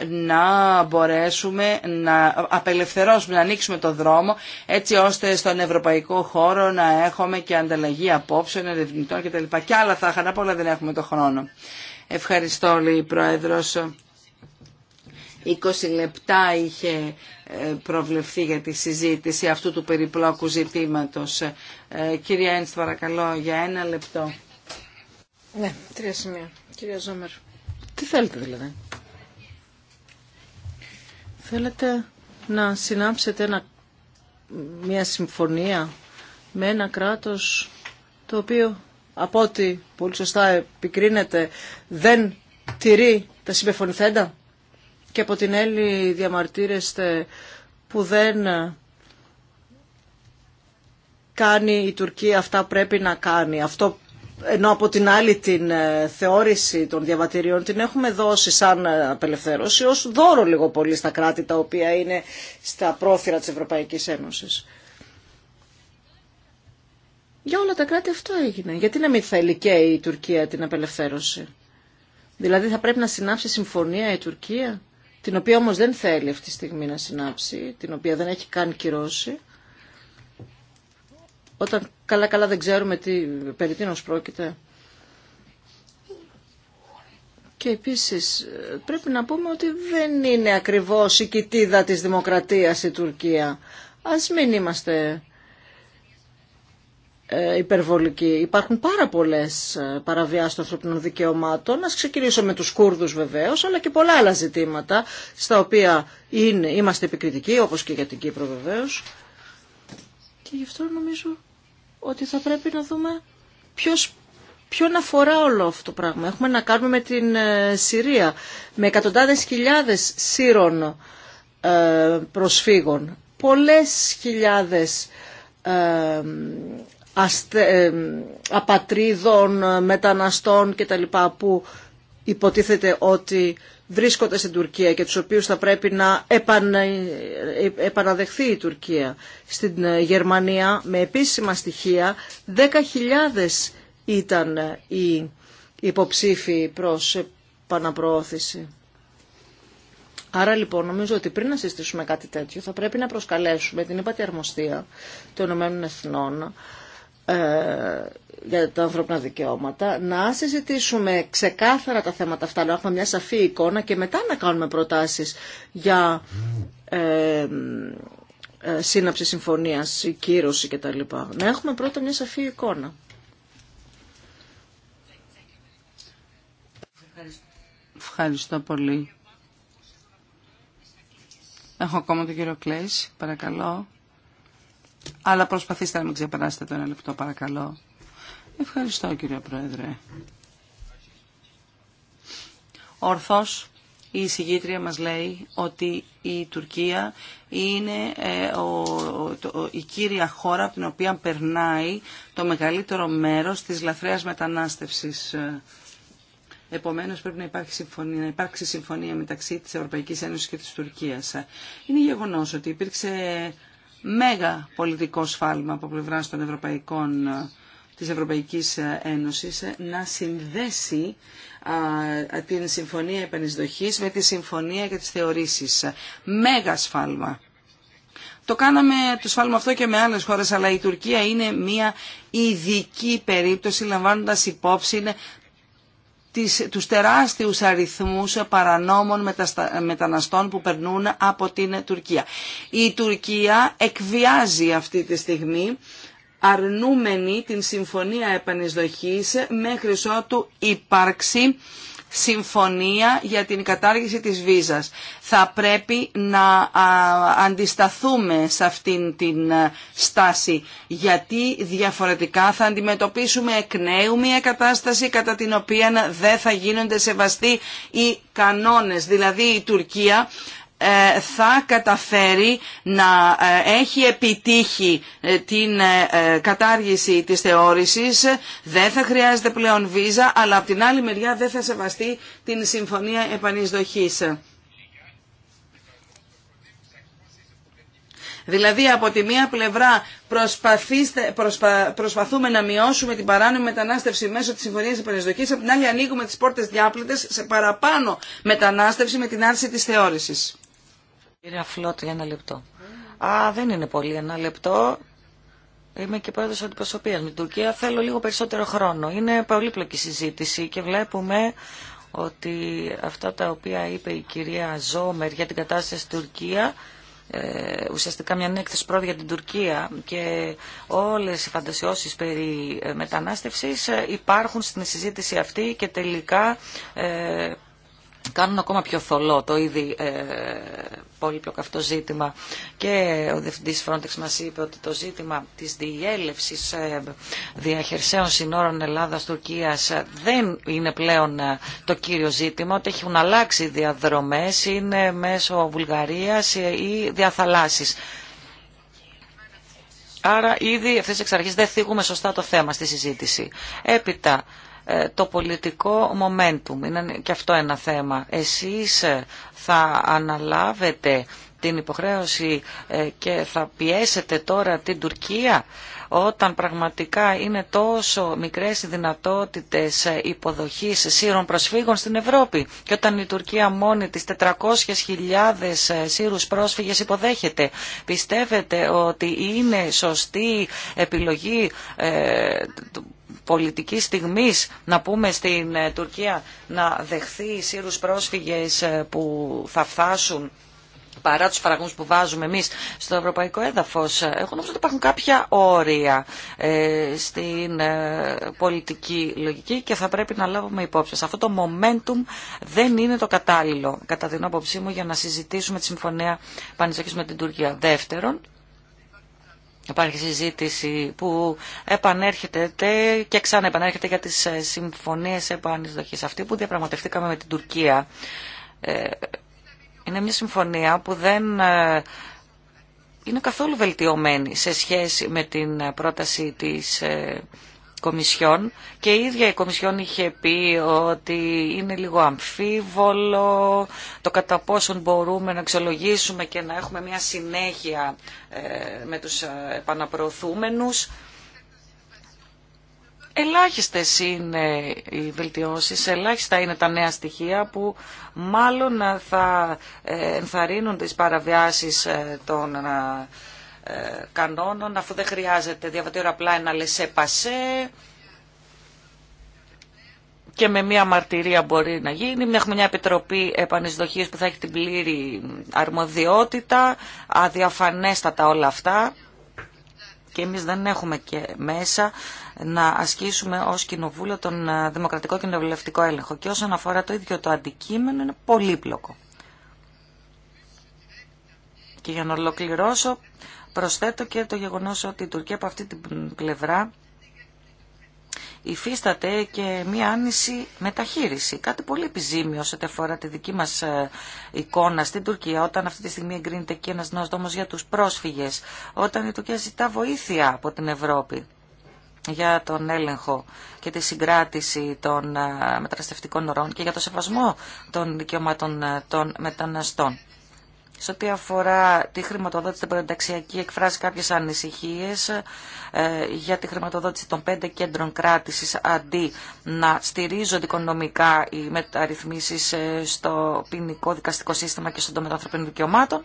να μπορέσουμε να απελευθερώσουμε, να ανοίξουμε το δρόμο έτσι ώστε στον ευρωπαϊκό χώρο να έχουμε και ανταλλαγή απόψεων, ερευνητών κτλ. Και άλλα θα είχα να δεν έχουμε το χρόνο. Ευχαριστώ, λέει η Πρόεδρος. 20 λεπτά είχε ε, προβλεφθεί για τη συζήτηση αυτού του περιπλόκου ζητήματος. Κυρία Ένστ, παρακαλώ, για ένα λεπτό. Ναι, τρία σημεία. Κυρία Ζόμερ. Τι θέλετε δηλαδή. Θέλετε να συνάψετε μια συμφωνία με ένα κράτος το οποίο από ό,τι πολύ σωστά επικρίνεται δεν τηρεί τα συμπεφωνηθέντα και από την άλλη διαμαρτύρεστε που δεν κάνει η Τουρκία αυτά πρέπει να κάνει. Αυτό ενώ από την άλλη την ε, θεώρηση των διαβατηρίων την έχουμε δώσει σαν απελευθέρωση ως δώρο λίγο πολύ στα κράτη τα οποία είναι στα πρόθυρα της Ευρωπαϊκής Ένωσης. Για όλα τα κράτη αυτό έγινε. Γιατί να μην θέλει και η Τουρκία την απελευθέρωση. Δηλαδή θα πρέπει να συνάψει συμφωνία η Τουρκία, την οποία όμως δεν θέλει αυτή τη στιγμή να συνάψει, την οποία δεν έχει καν κυρώσει όταν καλά-καλά δεν ξέρουμε τι περί τίνος πρόκειται. Και επίσης πρέπει να πούμε ότι δεν είναι ακριβώς η κοιτίδα της δημοκρατίας η Τουρκία. Ας μην είμαστε ε, υπερβολικοί. Υπάρχουν πάρα πολλές ε, παραβιάσεις των ανθρωπινών δικαιωμάτων. Ας ξεκινήσω με τους Κούρδους βεβαίως, αλλά και πολλά άλλα ζητήματα, στα οποία είναι, είμαστε επικριτικοί, όπως και για την Κύπρο βεβαίως. Και γι' αυτό νομίζω ότι θα πρέπει να δούμε ποιος, ποιον αφορά όλο αυτό το πράγμα. Έχουμε να κάνουμε με την ε, Συρία, με εκατοντάδες χιλιάδες Σύρων ε, προσφύγων, πολλές χιλιάδες ε, απατρίδων, μεταναστών κτλ. που υποτίθεται ότι βρίσκονται στην Τουρκία και τους οποίους θα πρέπει να επαναδεχθεί η Τουρκία. Στην ε, Γερμανία με επίσημα στοιχεία 10.000 ήταν ε, οι υποψήφοι προς επαναπροώθηση. Άρα λοιπόν νομίζω ότι πριν να συστήσουμε κάτι τέτοιο θα πρέπει να προσκαλέσουμε την υπατιαρμοστία των Ηνωμένων Εθνών ε, για τα ανθρώπινα δικαιώματα, να συζητήσουμε ξεκάθαρα τα θέματα αυτά, να έχουμε μια σαφή εικόνα και μετά να κάνουμε προτάσεις για ε, ε, σύναψη συμφωνίας, κύρωση κτλ. Να έχουμε πρώτα μια σαφή εικόνα. Ευχαριστώ πολύ. Έχω ακόμα τον κύριο Κλέης, παρακαλώ αλλά προσπαθήστε να μην ξεπεράσετε το ένα λεπτό παρακαλώ. Ευχαριστώ κύριε Πρόεδρε. Ορθώς η εισηγήτρια μας λέει ότι η Τουρκία είναι ε, η κύρια χώρα από την οποία περνάει το μεγαλύτερο μέρος της λαθρέας μετανάστευσης. Ε, επομένως πρέπει να υπάρξει, συμφωνία, να υπάρξει συμφωνία μεταξύ της Ευρωπαϊκής Ένωσης και της Τουρκίας. Είναι γεγονός ότι υπήρξε μέγα πολιτικό σφάλμα από πλευρά των Ευρωπαϊκών ε, της Ευρωπαϊκής ε, Ένωσης ε, να συνδέσει την Συμφωνία Επενεισδοχής με τη Συμφωνία για τις Θεωρήσεις. Μέγα σφάλμα. Το κάναμε, το σφάλμα αυτό και με άλλες χώρες, αλλά η Τουρκία είναι μια ειδική περίπτωση, λαμβάνοντας υπόψη τις, τους τεράστιους αριθμούς παρανόμων μεταναστών που περνούν από την Τουρκία. Η Τουρκία εκβιάζει αυτή τη στιγμή αρνούμενη την συμφωνία επανεισδοχής μέχρι ότου υπάρξει συμφωνία για την κατάργηση της βίζας. Θα πρέπει να αντισταθούμε σε αυτήν την στάση, γιατί διαφορετικά θα αντιμετωπίσουμε εκ νέου μια κατάσταση κατά την οποία δεν θα γίνονται σεβαστοί οι κανόνες. Δηλαδή η Τουρκία ε, θα καταφέρει να ε, έχει επιτύχει ε, την κατάργηση της θεώρησης, δεν θα χρειάζεται πλέον βίζα, αλλά από την άλλη μεριά δεν θα σεβαστεί την Συμφωνία Επανεισδοχής. Δηλαδή από τη μία πλευρά προσπαθούμε να μειώσουμε την παράνομη μετανάστευση μέσω της Συμφωνίας Επανεισδοχής, από την άλλη ανοίγουμε τις πόρτες διάπλητες σε παραπάνω μετανάστευση με την άρση της θεώρησης. Κύριε Φλότ, για ένα λεπτό. Α, δεν είναι πολύ ένα λεπτό. Είμαι και πρόεδρος αντιπροσωπείας με την Τουρκία. Θέλω λίγο περισσότερο χρόνο. Είναι πολύπλοκη συζήτηση και βλέπουμε ότι αυτά τα οποία είπε η κυρία Ζόμερ για την κατάσταση στην Τουρκία ε, ουσιαστικά μια έκθεση πρόοδο για την Τουρκία και όλες οι φαντασιώσεις περί ε, μετανάστευσης ε, υπάρχουν στην συζήτηση αυτή και τελικά κάνουν ακόμα πιο θολό το ήδη ε, πολύπλοκο αυτό ζήτημα. Και ο Διευθυντή Frontex μα είπε ότι το ζήτημα της διέλευση ε, διαχερσαίων συνόρων Ελλάδας-Τουρκίας δεν είναι πλέον ε, το κύριο ζήτημα, ότι έχουν αλλάξει οι διαδρομές, είναι μέσω Βουλγαρίας ε, ή διαθαλάσσης. Άρα ήδη αυτές τις δεν θίγουμε σωστά το θέμα στη συζήτηση. Έπειτα, ε, το πολιτικό momentum. Είναι και αυτό ένα θέμα. Εσείς ε, θα αναλάβετε την υποχρέωση ε, και θα πιέσετε τώρα την Τουρκία όταν πραγματικά είναι τόσο μικρές οι δυνατότητες υποδοχής σύρων προσφύγων στην Ευρώπη και όταν η Τουρκία μόνη της 400.000 σύρους πρόσφυγες υποδέχεται. Πιστεύετε ότι είναι σωστή επιλογή πολιτική στιγμής να πούμε στην ε, Τουρκία να δεχθεί Σύρους πρόσφυγες ε, που θα φτάσουν παρά τους φραγμούς που βάζουμε εμείς στο ευρωπαϊκό έδαφος. έχω ε, νομίζω ότι υπάρχουν κάποια όρια στην πολιτική λογική και θα πρέπει να λάβουμε υπόψη. Αυτό το momentum δεν είναι το κατάλληλο, κατά την άποψή μου, για να συζητήσουμε τη συμφωνία πανεζακής με την Τουρκία. Δεύτερον, Υπάρχει συζήτηση που επανέρχεται και ξανά επανέρχεται για τις ε, συμφωνίες επανεισδοχής. Αυτή που διαπραγματευτήκαμε με την Τουρκία ε, είναι μια συμφωνία που δεν ε, είναι καθόλου βελτιωμένη σε σχέση με την πρόταση της Κομισιόν και η ίδια η Κομισιόν είχε πει ότι είναι λίγο αμφίβολο το κατά πόσον μπορούμε να αξιολογήσουμε και να έχουμε μια συνέχεια ε, με τους ε, επαναπροωθούμενους. Ελάχιστες είναι οι βελτιώσεις, ελάχιστα είναι τα νέα στοιχεία που μάλλον θα ε, ενθαρρύνουν τις παραβιάσεις των ε, κανόνων, αφού δεν χρειάζεται διαβατήριο απλά ένα λεσέ πασέ και με μια μαρτυρία μπορεί να γίνει. Έχουμε μια επιτροπή επανεισδοχής που θα έχει την πλήρη αρμοδιότητα, αδιαφανέστατα όλα αυτά και εμείς δεν έχουμε και μέσα να ασκήσουμε ως κοινοβούλιο τον ε, δημοκρατικό κοινοβουλευτικό έλεγχο. Και όσον αφορά το ίδιο το αντικείμενο είναι πολύπλοκο. Και για να ολοκληρώσω, Προσθέτω και το γεγονός ότι η Τουρκία από αυτή την πλευρά υφίσταται και μία άνηση μεταχείριση. Κάτι πολύ επιζήμιο σε αφορά τη δική μας ε, εικόνα στην Τουρκία, όταν αυτή τη στιγμή εγκρίνεται και ένας νέος για τους πρόσφυγες, όταν η Τουρκία ζητά βοήθεια από την Ευρώπη για τον έλεγχο και τη συγκράτηση των ε, μεταναστευτικών ορών και για το σεβασμό των δικαιωμάτων ε, των μεταναστών. Σε ό,τι αφορά τη χρηματοδότηση την προενταξιακή εκφράζει κάποιες ανησυχίες ε, για τη χρηματοδότηση των πέντε κέντρων κράτησης αντί να στηρίζονται οικονομικά οι μεταρρυθμίσεις ε, στο ποινικό δικαστικό σύστημα και στον τομέα των ανθρωπίνων δικαιωμάτων.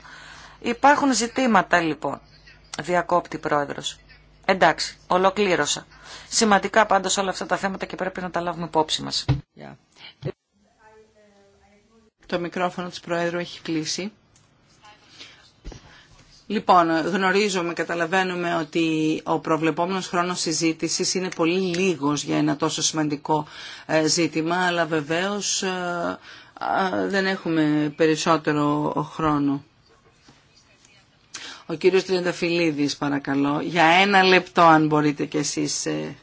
Υπάρχουν ζητήματα λοιπόν, διακόπτη πρόεδρος. Εντάξει, ολοκλήρωσα. Σημαντικά πάντως όλα αυτά τα θέματα και πρέπει να τα λάβουμε υπόψη μας. Yeah. Το μικρόφωνο της Προέδρου έχει κλείσει. Λοιπόν, γνωρίζουμε, καταλαβαίνουμε ότι ο προβλεπόμενος χρόνος συζήτησης είναι πολύ λίγος για ένα τόσο σημαντικό ε, ζήτημα, αλλά βεβαίως ε, ε, δεν έχουμε περισσότερο χρόνο. Ο κύριος Τριανταφυλλίδης, παρακαλώ, για ένα λεπτό αν μπορείτε κι εσείς. Thank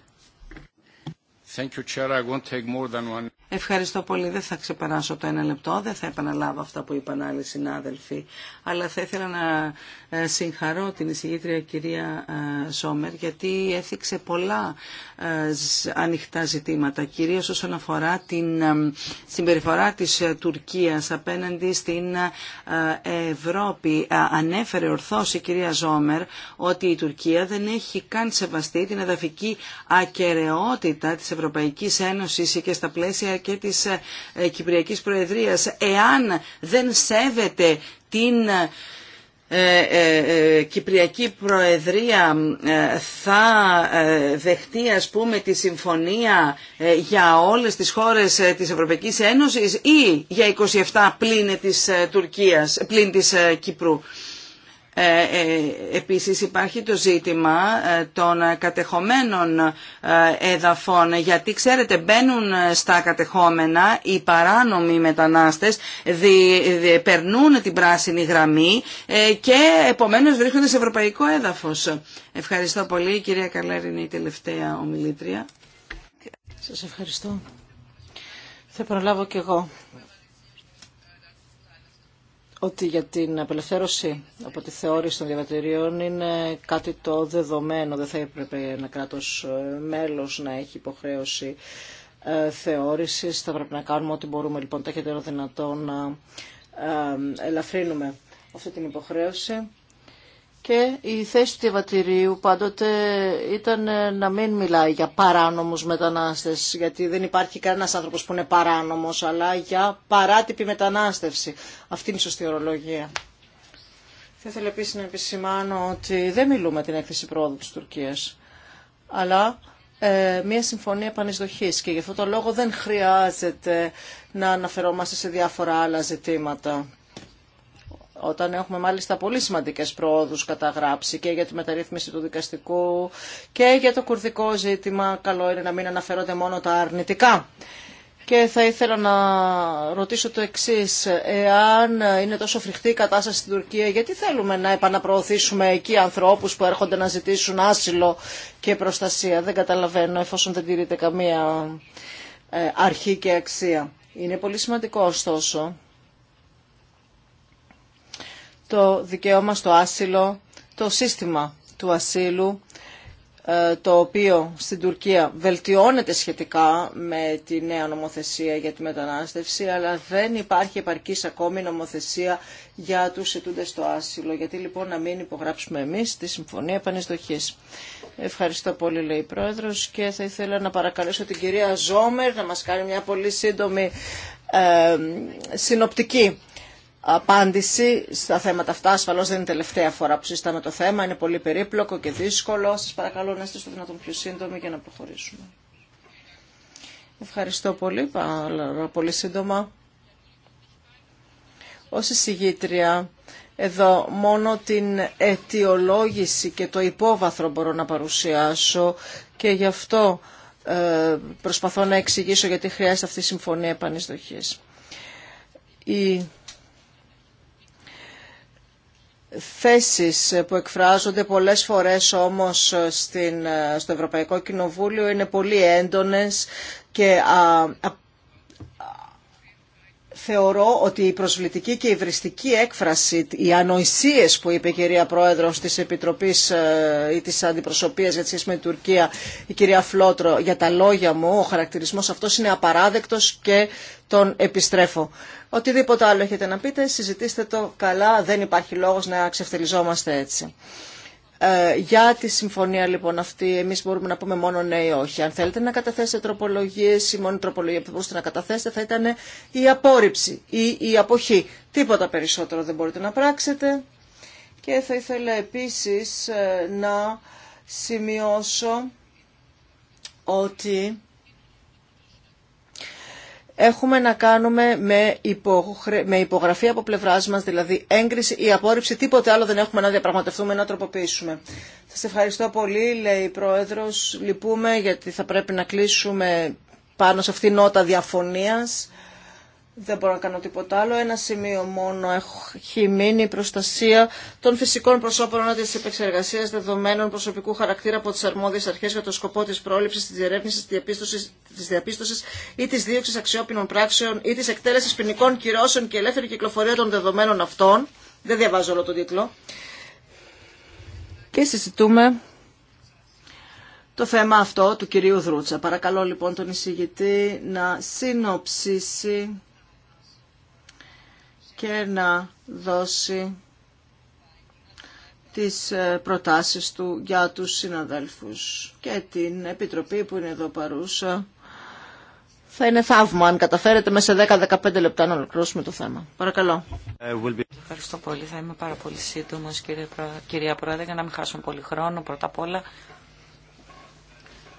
you, Chair. I won't take more than one... Ευχαριστώ πολύ. Δεν θα ξεπεράσω το ένα λεπτό, δεν θα επαναλάβω αυτά που είπαν άλλοι συνάδελφοι. Αλλά θα ήθελα να ε, συγχαρώ την εισηγήτρια κυρία ε, Σόμερ, γιατί έθιξε πολλά ε, ανοιχτά ζητήματα, κυρίως όσον αφορά την συμπεριφορά της Τουρκίας απέναντι στην Ευρώπη. Ανέφερε ορθώς η κυρία Ζόμερ ότι η Τουρκία δεν έχει καν σεβαστεί την εδαφική ακαιρεότητα της Ευρωπαϊκής Ένωσης και στα πλαίσια και της ε, Κυπριακής Προεδρίας εάν δεν σέβεται την ε, ε, Κυπριακή Προεδρία θα δεχτεί ας πούμε τη συμφωνία για όλες τις χώρες της Ευρωπαϊκής Ένωσης ή για 27 πλήν της Τουρκίας, πλήν της Κύπρου. Ε, ε, επίσης υπάρχει το ζήτημα ε, των κατεχομένων εδαφών γιατί ξέρετε μπαίνουν στα κατεχόμενα οι παράνομοι μετανάστες περνούν την πράσινη γραμμή και επομένως βρίσκονται σε ευρωπαϊκό έδαφος. Ευχαριστώ πολύ. κυρία Καλέρη είναι η τελευταία ομιλήτρια. Σας ευχαριστώ. Θα προλάβω κι εγώ ότι για την απελευθέρωση από τη θεώρηση των διαβατηρίων είναι κάτι το δεδομένο. Δεν θα έπρεπε ένα κράτος ε, μέλος να έχει υποχρέωση ε, θεώρησης. Θα πρέπει να κάνουμε ό,τι μπορούμε λοιπόν ταχύτερο δυνατό να ε, ελαφρύνουμε αυτή την υποχρέωση. Και η θέση του διαβατηρίου πάντοτε ήταν ε, να μην μιλάει για παράνομους μετανάστες, γιατί δεν υπάρχει κανένας άνθρωπος που είναι παράνομος, αλλά για παράτυπη μετανάστευση. Αυτή είναι η σωστή ορολογία. Θα ήθελα επίσης να επισημάνω ότι δεν μιλούμε την έκθεση πρόοδου της Τουρκίας, αλλά ε, μια συμφωνία επανεισδοχής και γι' αυτό το λόγο δεν χρειάζεται να αναφερόμαστε σε διάφορα άλλα ζητήματα όταν έχουμε μάλιστα πολύ σημαντικές προόδους καταγράψει και για τη μεταρρύθμιση του δικαστικού και για το κουρδικό ζήτημα, καλό είναι να μην αναφέρονται μόνο τα αρνητικά. Και θα ήθελα να ρωτήσω το εξή. Εάν είναι τόσο φρικτή η κατάσταση στην Τουρκία, γιατί θέλουμε να επαναπροωθήσουμε εκεί ανθρώπου που έρχονται να ζητήσουν άσυλο και προστασία. Δεν καταλαβαίνω, εφόσον δεν τηρείται καμία ε, αρχή και αξία. Είναι πολύ σημαντικό, ωστόσο, το δικαίωμα στο άσυλο, το σύστημα του ασύλου, ε, το οποίο στην Τουρκία βελτιώνεται σχετικά με τη νέα νομοθεσία για τη μετανάστευση, αλλά δεν υπάρχει επαρκής ακόμη νομοθεσία για τους ετούντε στο άσυλο. Γιατί λοιπόν να μην υπογράψουμε εμείς τη Συμφωνία Επανεισδοχής. Ευχαριστώ πολύ, λέει η Πρόεδρος, και θα ήθελα να παρακαλέσω την κυρία Ζόμερ να μας κάνει μια πολύ σύντομη ε, συνοπτική απάντηση στα θέματα αυτά. ασφαλώ δεν είναι τελευταία φορά που συζητάμε το θέμα. Είναι πολύ περίπλοκο και δύσκολο. Σας παρακαλώ να είστε στο δυνατόν πιο σύντομοι για να προχωρήσουμε. Ευχαριστώ πολύ. Πάρα πολύ σύντομα. Ως εισηγήτρια, εδώ μόνο την αιτιολόγηση και το υπόβαθρο μπορώ να παρουσιάσω και γι' αυτό ε, προσπαθώ να εξηγήσω γιατί χρειάζεται αυτή η συμφωνία επανεισδοχής. Η θέσεις που εκφράζονται πολλές φορές όμως στην, στο Ευρωπαϊκό Κοινοβούλιο είναι πολύ έντονες και θεωρώ ότι η προσβλητική και η βριστική έκφραση, οι ανοησίες που είπε η κυρία Πρόεδρος της Επιτροπής ε, ή της Αντιπροσωπείας για τη σχέση με την Τουρκία, η κυρία Φλότρο, για τα λόγια μου, ο χαρακτηρισμός αυτός είναι απαράδεκτος και τον επιστρέφω. Οτιδήποτε άλλο έχετε να πείτε, συζητήστε το καλά, δεν υπάρχει λόγος να ξεφτελιζόμαστε έτσι. Ε, για τη συμφωνία λοιπόν αυτή εμείς μπορούμε να πούμε μόνο ναι ή όχι. Αν θέλετε να καταθέσετε τροπολογίες, η μόνη τροπολογία που μπορούσατε να καταθέσετε θα ήταν η απόρριψη ή η αποχή. Τίποτα περισσότερο δεν μπορείτε να πράξετε. Και θα ήθελα επίσης ε, να σημειώσω ότι έχουμε να κάνουμε με, με υπογραφή από πλευρά μα, δηλαδή έγκριση ή απόρριψη. Τίποτε άλλο δεν έχουμε να διαπραγματευτούμε, να τροποποιήσουμε. Σα ευχαριστώ πολύ, λέει η Πρόεδρο. Λυπούμε γιατί θα πρέπει να κλείσουμε πάνω σε αυτήν νότα διαφωνίας δεν μπορώ να κάνω τίποτα άλλο. Ένα σημείο μόνο έχει μείνει η προστασία των φυσικών προσώπων ενάντια τη επεξεργασία δεδομένων προσωπικού χαρακτήρα από τι αρμόδιε αρχέ για το σκοπό τη πρόληψη, τη διερεύνηση, τη διαπίστωση ή τη δίωξη αξιόπινων πράξεων ή τη εκτέλεση ποινικών κυρώσεων και ελεύθερη κυκλοφορία των δεδομένων αυτών. Δεν διαβάζω όλο τον τίτλο. Και συζητούμε το θέμα αυτό του κυρίου Δρούτσα. Παρακαλώ λοιπόν τον εισηγητή να συνοψίσει και να δώσει τις ε, προτάσεις του για τους συναδέλφους και την Επιτροπή που είναι εδώ παρούσα. Θα είναι θαύμα αν καταφέρετε μέσα σε 10-15 λεπτά να ολοκληρώσουμε το θέμα. Παρακαλώ. Ε, Ευχαριστώ πολύ. Θα είμαι πάρα πολύ σύντομος κύριε, κυρία Πρόεδρε για να μην χάσουμε πολύ χρόνο. Πρώτα απ' όλα,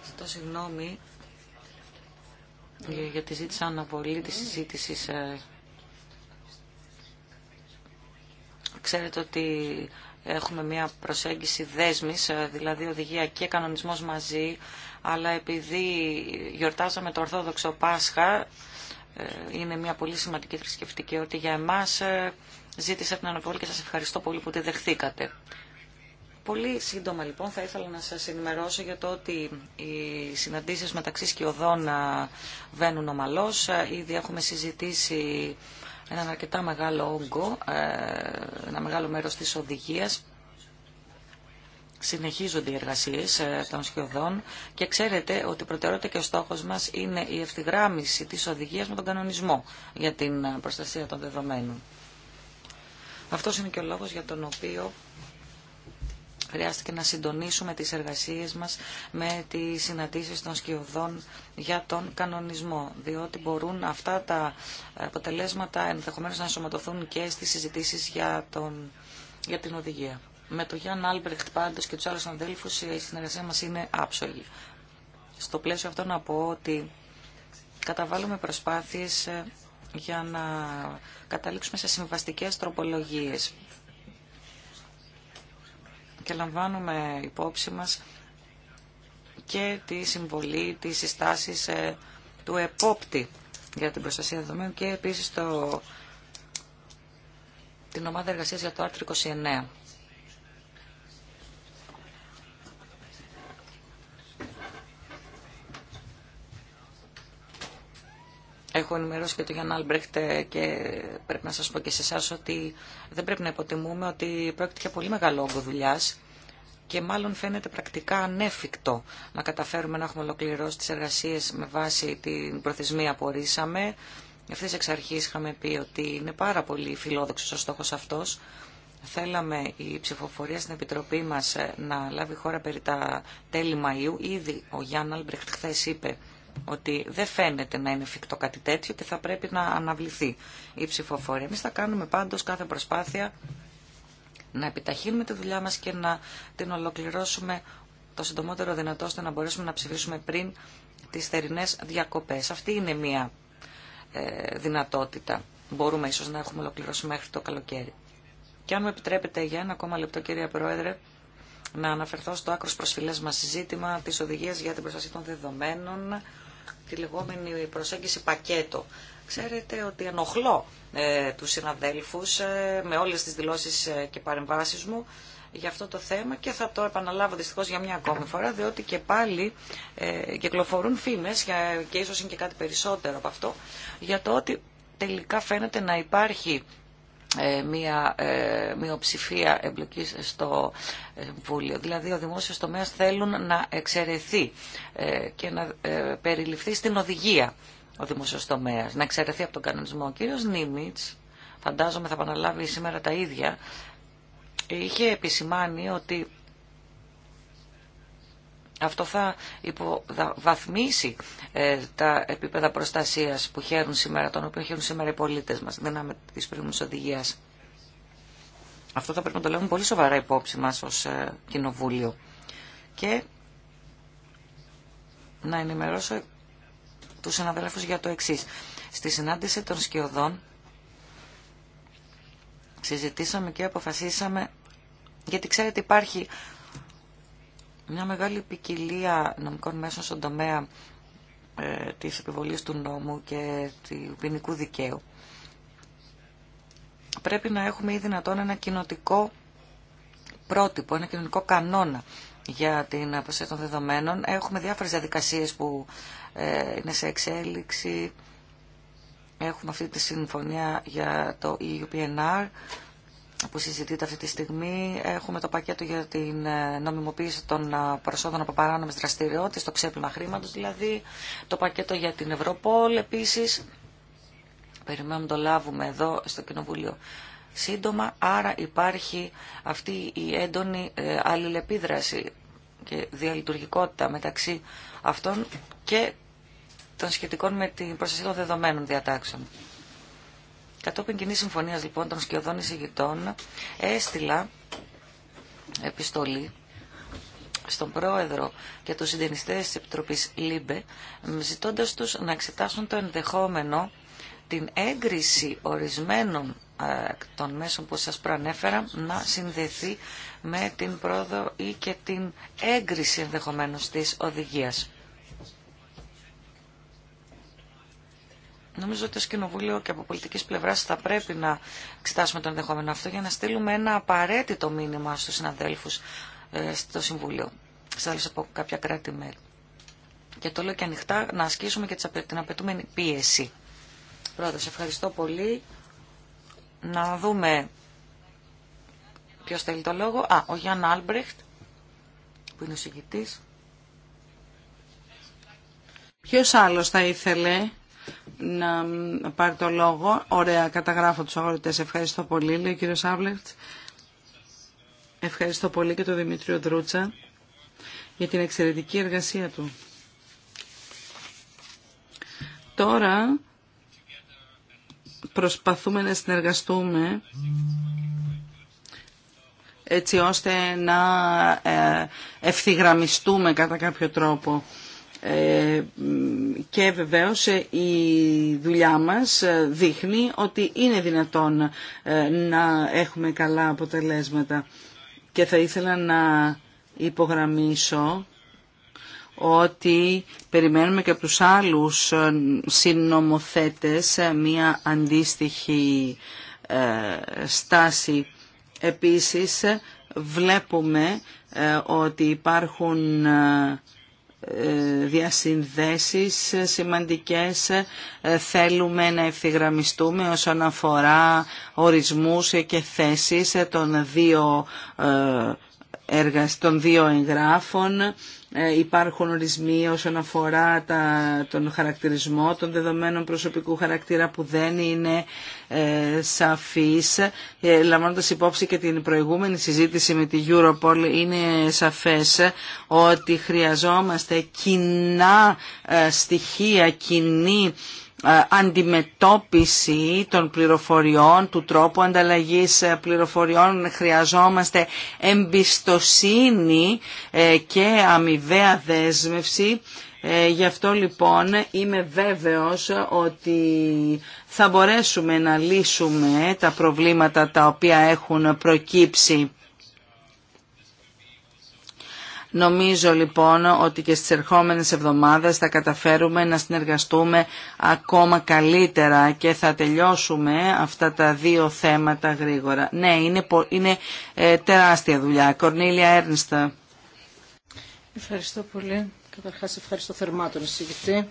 στο συγγνώμη τη ζήτησα αναβολή της συζήτησης ε, Ξέρετε ότι έχουμε μια προσέγγιση δέσμης, ε, δηλαδή οδηγία και κανονισμός μαζί, αλλά επειδή γιορτάζαμε το Ορθόδοξο Πάσχα, ε, είναι μια πολύ σημαντική θρησκευτική ότι για εμάς ε, ζήτησε την αναβολή και σας ευχαριστώ πολύ που τη δεχθήκατε. Πολύ σύντομα λοιπόν θα ήθελα να σας ενημερώσω για το ότι οι συναντήσεις μεταξύ σκιωδών βαίνουν ομαλώς. Ήδη έχουμε συζητήσει έναν αρκετά μεγάλο όγκο, ε, ένα μεγάλο μέρος της οδηγίας. Συνεχίζονται οι εργασίες ε, των σχεδόν και ξέρετε ότι η προτεραιότητα και ο στόχος μας είναι η ευθυγράμμιση της οδηγίας με τον κανονισμό για την προστασία των δεδομένων. Αυτός είναι και ο λόγος για τον οποίο χρειάστηκε να συντονίσουμε τις εργασίες μας με τις συναντήσεις των σκιωδών για τον κανονισμό, διότι μπορούν αυτά τα αποτελέσματα ενδεχομένως να ενσωματωθούν και στις συζητήσεις για, τον, για την οδηγία. Με τον Γιάνν Άλμπρεχτ πάντως και τους άλλους αδέλφους η συνεργασία μας είναι άψογη. Στο πλαίσιο αυτό να πω ότι καταβάλουμε προσπάθειες ε, για να καταλήξουμε σε συμβαστικές τροπολογίες και λαμβάνουμε υπόψη μας και τη συμβολή, τις συστάσεις ε, του επόπτη για την προστασία δεδομένων και επίσης το, την ομάδα εργασίας για το άρθρο 29. Έχω ενημερώσει και τον Γιάννα Αλμπρέχτ ε, και πρέπει να σας πω και σε εσά ότι δεν πρέπει να υποτιμούμε ότι πρόκειται για πολύ μεγάλο όγκο δουλειά και μάλλον φαίνεται πρακτικά ανέφικτο να καταφέρουμε να έχουμε ολοκληρώσει τις εργασίες με βάση την προθεσμία που ορίσαμε. Ευθύ εξ αρχή είχαμε πει ότι είναι πάρα πολύ φιλόδοξο ο στόχο αυτό. Θέλαμε η ψηφοφορία στην Επιτροπή μα ε, να λάβει χώρα περί τα τέλη Μαου, Ήδη ο Γιάννα Αλμπρεχτ χθε είπε ότι δεν φαίνεται να είναι εφικτό κάτι τέτοιο και θα πρέπει να αναβληθεί η ψηφοφορία. Εμεί θα κάνουμε πάντω κάθε προσπάθεια να επιταχύνουμε τη δουλειά μα και να την ολοκληρώσουμε το συντομότερο δυνατό ώστε να μπορέσουμε να ψηφίσουμε πριν τι θερινέ διακοπέ. Αυτή είναι μια ε, δυνατότητα. Μπορούμε ίσω να έχουμε ολοκληρώσει μέχρι το καλοκαίρι. Και αν μου επιτρέπετε για ένα ακόμα λεπτό κυρία Πρόεδρε, να αναφερθώ στο άκρο προσφυλές μα συζήτημα τη οδηγία για την προστασία των δεδομένων τη λεγόμενη προσέγγιση πακέτο. Ξέρετε ότι ενοχλώ ε, τους συναδέλφους ε, με όλες τις δηλώσεις ε, και παρεμβάσεις μου για αυτό το θέμα και θα το επαναλάβω δυστυχώς για μια ακόμη φορά διότι και πάλι ε, κυκλοφορούν φήμες και ίσως είναι και κάτι περισσότερο από αυτό για το ότι τελικά φαίνεται να υπάρχει ε, μία ε, μειοψηφία εμπλοκή στο ε, Βούλιο. Δηλαδή, ο δημόσιο τομέα θέλουν να εξαιρεθεί και να περιληφθεί στην οδηγία ο δημόσιο τομέα, να εξαιρεθεί από τον κανονισμό. Ο κύριο Νίμιτ, φαντάζομαι θα επαναλάβει σήμερα τα ίδια, είχε επισημάνει ότι αυτό θα υποβαθμίσει ε, τα επίπεδα προστασίας που χαίρουν σήμερα, των οποίων χαίρουν σήμερα οι πολίτες μας, δυνάμει της προηγούμενης οδηγίας. Αυτό θα πρέπει να το λέμε πολύ σοβαρά υπόψη μας ως ε, κοινοβούλιο. Και να ενημερώσω τους συναδέλφους για το εξής. Στη συνάντηση των σκιωδών συζητήσαμε και αποφασίσαμε, γιατί ξέρετε υπάρχει μια μεγάλη ποικιλία νομικών μέσων στον τομέα ε, της επιβολής του νόμου και του ποινικού δικαίου. Πρέπει να έχουμε ή δυνατόν ένα κοινοτικό πρότυπο, ένα κοινωνικό κανόνα για την προσέγγιση των δεδομένων. Έχουμε διάφορες διαδικασίες που ε, είναι σε εξέλιξη. Έχουμε αυτή τη συμφωνία για το EUPNR που συζητείται αυτή τη στιγμή. Έχουμε το πακέτο για την ε, νομιμοποίηση των ε, προσόδων από παράνομε δραστηριότητε, το ξέπλυμα χρήματο, δηλαδή, το πακέτο για την Ευρωπόλ επίσης. Περιμένουμε το λάβουμε εδώ στο Κοινοβούλιο σύντομα, άρα υπάρχει αυτή η έντονη ε, αλληλεπίδραση και διαλειτουργικότητα μεταξύ αυτών και των σχετικών με την προστασία των δεδομένων διατάξεων. Κατόπιν κοινή συμφωνία λοιπόν των σκιωδών εισηγητών έστειλα επιστολή στον πρόεδρο και τους συντενιστές της Επιτροπής ΛΥΜΠΕ ζητώντας τους να εξετάσουν το ενδεχόμενο την έγκριση ορισμένων ε, των μέσων που σας προανέφερα να συνδεθεί με την πρόοδο ή και την έγκριση ενδεχομένως της οδηγίας. Νομίζω ότι ως Κοινοβούλιο και από πολιτικής πλευράς θα πρέπει να εξετάσουμε τον ενδεχόμενο αυτό για να στείλουμε ένα απαραίτητο μήνυμα στους συναδέλφους ε, στο Συμβούλιο, συναδέλφους από κάποια κράτη-μέλη. Και το λέω και ανοιχτά να ασκήσουμε και την απαιτούμενη πίεση. Πρώτα, σε ευχαριστώ πολύ. Να δούμε ποιος θέλει το λόγο. Α, ο Γιάννα Άλμπρεχτ, που είναι ο συγκητής. Ποιος άλλος θα ήθελε να πάρει το λόγο. Ωραία, καταγράφω τους αγορητές. Ευχαριστώ πολύ, λέει ο κύριος Άβλερτ. Ευχαριστώ πολύ και τον Δημήτριο Δρούτσα για την εξαιρετική εργασία του. Τώρα προσπαθούμε να συνεργαστούμε έτσι ώστε να ε, ευθυγραμμιστούμε κατά κάποιο τρόπο. Ε, και βεβαίως ε, η δουλειά μας ε, δείχνει ότι είναι δυνατόν να έχουμε καλά αποτελέσματα. Και θα ήθελα να υπογραμμίσω ότι περιμένουμε και από τους άλλους συνομοθέτες μία αντίστοιχη στάση. Επίσης βλέπουμε ότι υπάρχουν ε, διασυνδέσεις σημαντικές ε, θέλουμε να ευθυγραμμιστούμε όσον αφορά ορισμούς και θέσεις των δύο ε, των δύο εγγράφων. Ε, υπάρχουν ορισμοί όσον αφορά τα, τον χαρακτηρισμό των δεδομένων προσωπικού χαρακτήρα που δεν είναι ε, σαφής. Ε, λαμβάνοντας υπόψη και την προηγούμενη συζήτηση με τη Europol είναι σαφές ότι χρειαζόμαστε κοινά ε, στοιχεία, κοινή ε, αντιμετώπιση των πληροφοριών, του τρόπου ανταλλαγής ε, πληροφοριών. Χρειαζόμαστε εμπιστοσύνη ε, και αμοιβαία δέσμευση. Γι' αυτό λοιπόν είμαι βέβαιος ότι θα μπορέσουμε να λύσουμε τα προβλήματα τα οποία έχουν προκύψει Νομίζω λοιπόν ότι και στις ερχόμενες εβδομάδες θα καταφέρουμε να συνεργαστούμε ακόμα καλύτερα και θα τελειώσουμε αυτά τα δύο θέματα γρήγορα. Ναι, είναι, είναι ε, τεράστια δουλειά. Κορνίλια Έρνστα. Ευχαριστώ πολύ. Καταρχάς ευχαριστώ θερμά τον εισηγητή.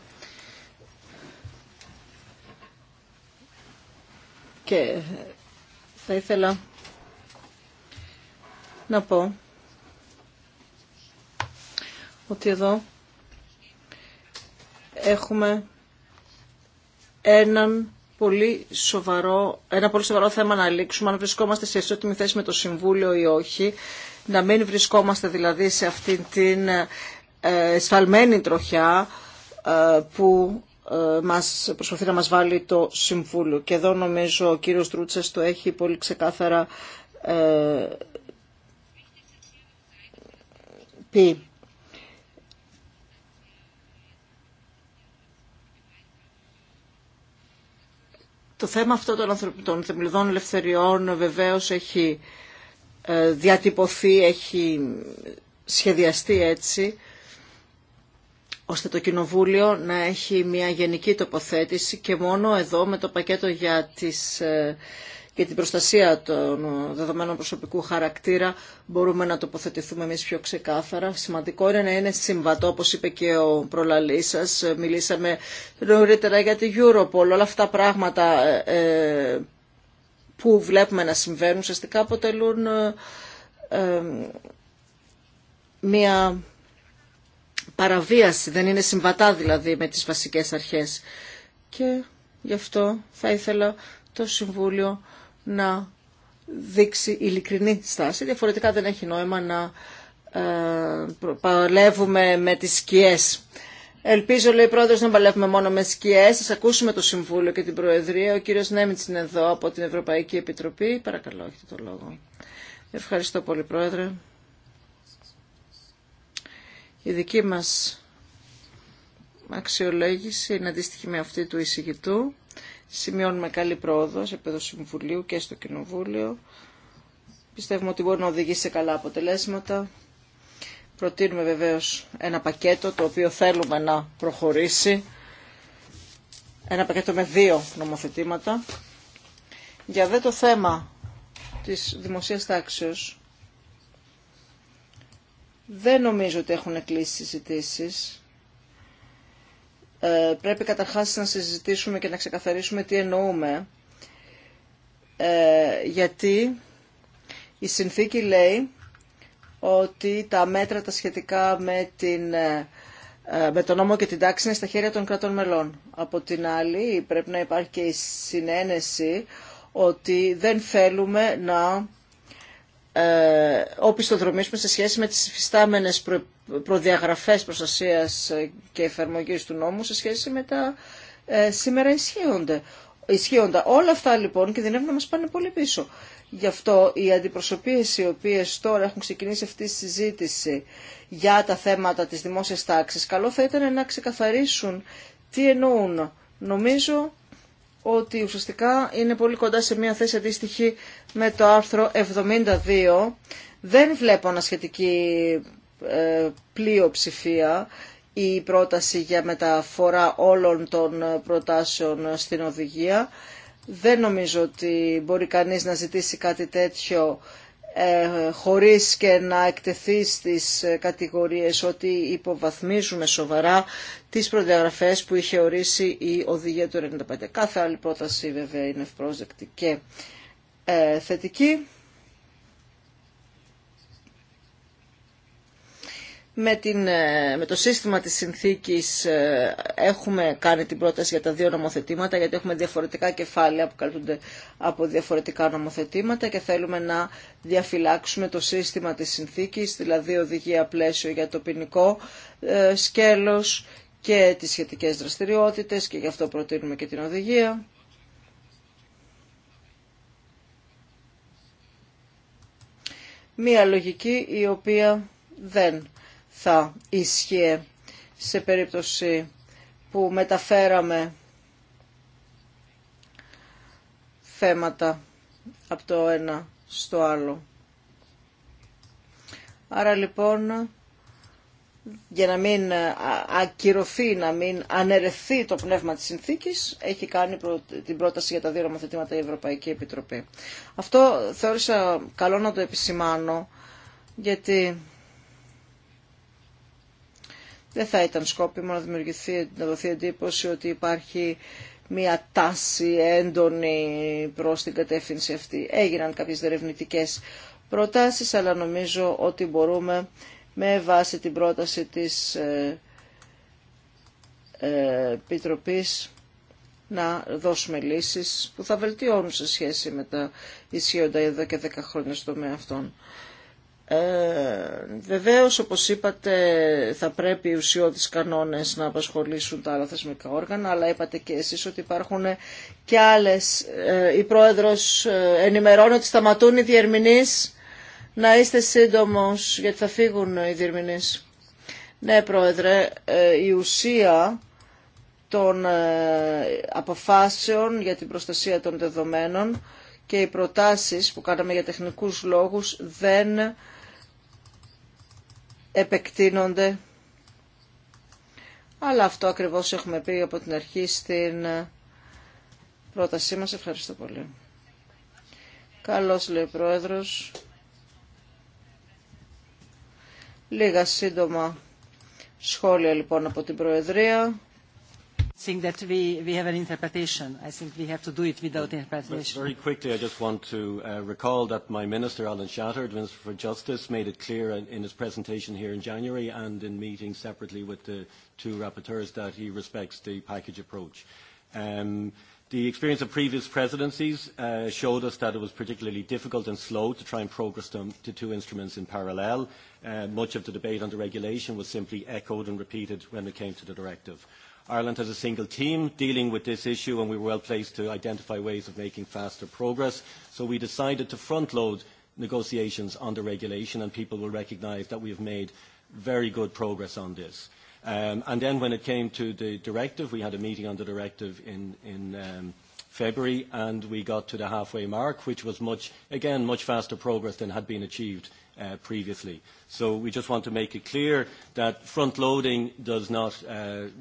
Και θα ήθελα να πω ότι εδώ έχουμε έναν πολύ σοβαρό, ένα πολύ σοβαρό θέμα να λήξουμε, αν βρισκόμαστε σε ισότιμη θέση με το Συμβούλιο ή όχι, να μην βρισκόμαστε δηλαδή σε αυτήν την ε, σφαλμένη τροχιά ε, που ε, μας προσπαθεί να μας βάλει το Συμβούλιο. Και εδώ νομίζω ο κύριος Τρούτσες το έχει πολύ ξεκάθαρα πει. Το θέμα αυτό των θεμελιδών ελευθεριών βεβαίως έχει ε, διατυπωθεί, έχει σχεδιαστεί έτσι ώστε το Κοινοβούλιο να έχει μια γενική τοποθέτηση και μόνο εδώ με το πακέτο για τις ε, και την προστασία των δεδομένων προσωπικού χαρακτήρα μπορούμε να τοποθετηθούμε εμείς πιο ξεκάθαρα. Σημαντικό είναι να είναι συμβατό, όπως είπε και ο προλαλής σας. Μιλήσαμε νωρίτερα για την Europol, όλα αυτά πράγματα ε, ε, που βλέπουμε να συμβαίνουν ουσιαστικά αποτελούν ε, μια παραβίαση, δεν είναι συμβατά δηλαδή με τις βασικές αρχές. Και γι' αυτό θα ήθελα το Συμβούλιο να δείξει ειλικρινή στάση. Διαφορετικά δεν έχει νόημα να ε, παλεύουμε με τις σκιές. Ελπίζω, λέει πρόεδρο, να παλεύουμε μόνο με σκιέ. Σα ακούσουμε το Συμβούλιο και την Προεδρία. Ο κύριο Νέμιτ είναι εδώ από την Ευρωπαϊκή Επιτροπή. Παρακαλώ, έχετε το λόγο. Ευχαριστώ πολύ, πρόεδρε. Η δική μα αξιολόγηση είναι αντίστοιχη με αυτή του εισηγητού. Σημειώνουμε καλή πρόοδο σε επίπεδο Συμβουλίου και στο Κοινοβούλιο. Πιστεύουμε ότι μπορεί να οδηγήσει σε καλά αποτελέσματα. Προτείνουμε βεβαίως ένα πακέτο το οποίο θέλουμε να προχωρήσει. Ένα πακέτο με δύο νομοθετήματα. Για δε το θέμα της δημοσίας τάξεως δεν νομίζω ότι έχουν κλείσει συζητήσει. Ε, πρέπει καταρχάς να συζητήσουμε και να ξεκαθαρίσουμε τι εννοούμε. Ε, γιατί η συνθήκη λέει ότι τα μέτρα τα σχετικά με, την, ε, με τον νόμο και την τάξη είναι στα χέρια των κρατών μελών. Από την άλλη πρέπει να υπάρχει και η συνένεση ότι δεν θέλουμε να ε, όπιστοδρομήσουμε σε σχέση με τις υφιστάμενες προδιαγραφές προστασίας και εφαρμογής του νόμου σε σχέση με τα ε, σήμερα ισχύονται. ισχύοντα. Όλα αυτά λοιπόν κινδυνεύουν να μας πάνε πολύ πίσω. Γι' αυτό οι αντιπροσωπείες οι οποίες τώρα έχουν ξεκινήσει αυτή τη συζήτηση για τα θέματα της δημόσιας τάξης, καλό θα ήταν να ξεκαθαρίσουν τι εννοούν. Νομίζω ότι ουσιαστικά είναι πολύ κοντά σε μια θέση αντίστοιχη με το άρθρο 72. Δεν βλέπω ανασχετική ε, πλειοψηφία η πρόταση για μεταφορά όλων των προτάσεων στην οδηγία. Δεν νομίζω ότι μπορεί κανείς να ζητήσει κάτι τέτοιο ε, χωρίς και να εκτεθεί στις κατηγορίες ότι υποβαθμίζουμε σοβαρά τις προδιαγραφές που είχε ορίσει η οδηγία του 95. Κάθε άλλη πρόταση βέβαια είναι ευπρόσδεκτη και ε, θετική. με, την, ε, με το σύστημα της συνθήκης ε, έχουμε κάνει την πρόταση για τα δύο νομοθετήματα γιατί έχουμε διαφορετικά κεφάλαια που καλούνται από διαφορετικά νομοθετήματα και θέλουμε να διαφυλάξουμε το σύστημα της συνθήκης, δηλαδή οδηγία πλαίσιο για το ποινικό ε, σκέλος και τις σχετικές δραστηριότητες και γι' αυτό προτείνουμε και την οδηγία. Μία λογική η οποία δεν θα ίσχυε σε περίπτωση που μεταφέραμε θέματα από το ένα στο άλλο. Άρα λοιπόν, για να μην ακυρωθεί, να μην αναιρεθεί το πνεύμα της συνθήκης, έχει κάνει την πρόταση για τα δύο νομοθετήματα η Ευρωπαϊκή Επιτροπή. Αυτό θεώρησα καλό να το επισημάνω, γιατί δεν θα ήταν σκόπιμο να δημιουργηθεί, να δοθεί εντύπωση ότι υπάρχει μια τάση έντονη προς την κατεύθυνση αυτή. Έγιναν κάποιες διερευνητικές προτάσεις, αλλά νομίζω ότι μπορούμε με βάση την πρόταση της ε, ε, επίτροπή να δώσουμε λύσεις που θα βελτιώνουν σε σχέση με τα ισχύοντα εδώ και 10 χρόνια στο τομέα αυτών. Ε, βεβαίως, όπως είπατε, θα πρέπει οι ουσιώδεις κανόνες να απασχολήσουν τα άλλα θεσμικά όργανα, αλλά είπατε και εσείς ότι υπάρχουν και άλλες. Ε, η Πρόεδρος ε, ενημερώνει ότι σταματούν οι διερμηνείς. Να είστε σύντομος, γιατί θα φύγουν οι διερμηνείς. Ναι, Πρόεδρε, ε, η ουσία των αποφάσεων για την προστασία των δεδομένων και οι προτάσεις που κάναμε για τεχνικούς λόγους δεν επεκτείνονται. Αλλά αυτό ακριβώς έχουμε πει από την αρχή στην πρότασή μας. Ευχαριστώ πολύ. Καλώς λέει ο Πρόεδρος. Λίγα σύντομα σχόλια λοιπόν από την Προεδρία think that we have an interpretation. I think we have to do it without interpretation. Very quickly, I just want to recall that my minister, Alan Shatter, Minister for Justice, made it clear in his presentation here in January and in meetings separately with the two rapporteurs that he respects the package approach. The experience of previous presidencies showed us that it was particularly difficult and slow to try and progress them the two instruments in parallel. Much of the debate on the regulation was simply echoed and repeated when it came to the directive. Ireland has a single team dealing with this issue, and we were well placed to identify ways of making faster progress. So we decided to front-load negotiations on the regulation, and people will recognise that we have made very good progress on this. And then when it came to the directive, we had a meeting on the directive in February, and we got to the halfway mark, which was much, again, much faster progress than had been achieved previously. So we just want to make it clear that front-loading does not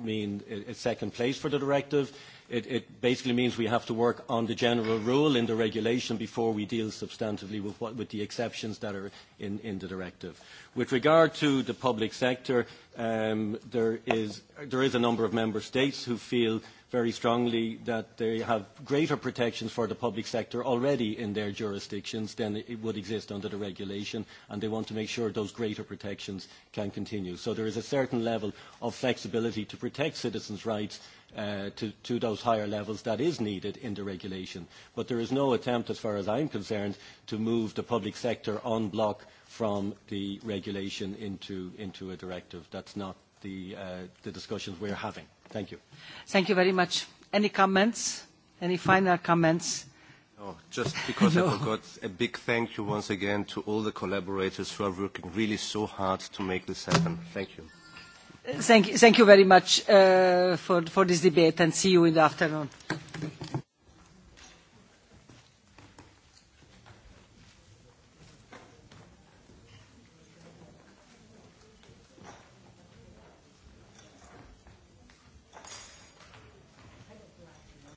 mean it's second place for the directive. It basically means we have to work on the general rule in the regulation before we deal substantively with the exceptions that are in the directive. With regard to the public sector, there is a number of member states who feel very strongly that they have greater protections for the public sector already in their jurisdictions than it would exist under the regulation, and they want to make sure those greater protections can continue. So there is a certain level of flexibility to protect citizens' rights to those higher levels that is needed in the regulation. But there is no attempt, as far as I'm concerned, to move the public sector on block from the regulation into a directive. That's not the discussions we're having. Thank you. Thank you very much. Any comments? Any final comments? Just because I forgot, a big thank you once again to all the collaborators who are working really so hard to make this happen. Thank you. Thank you very much for this debate and see you in the afternoon.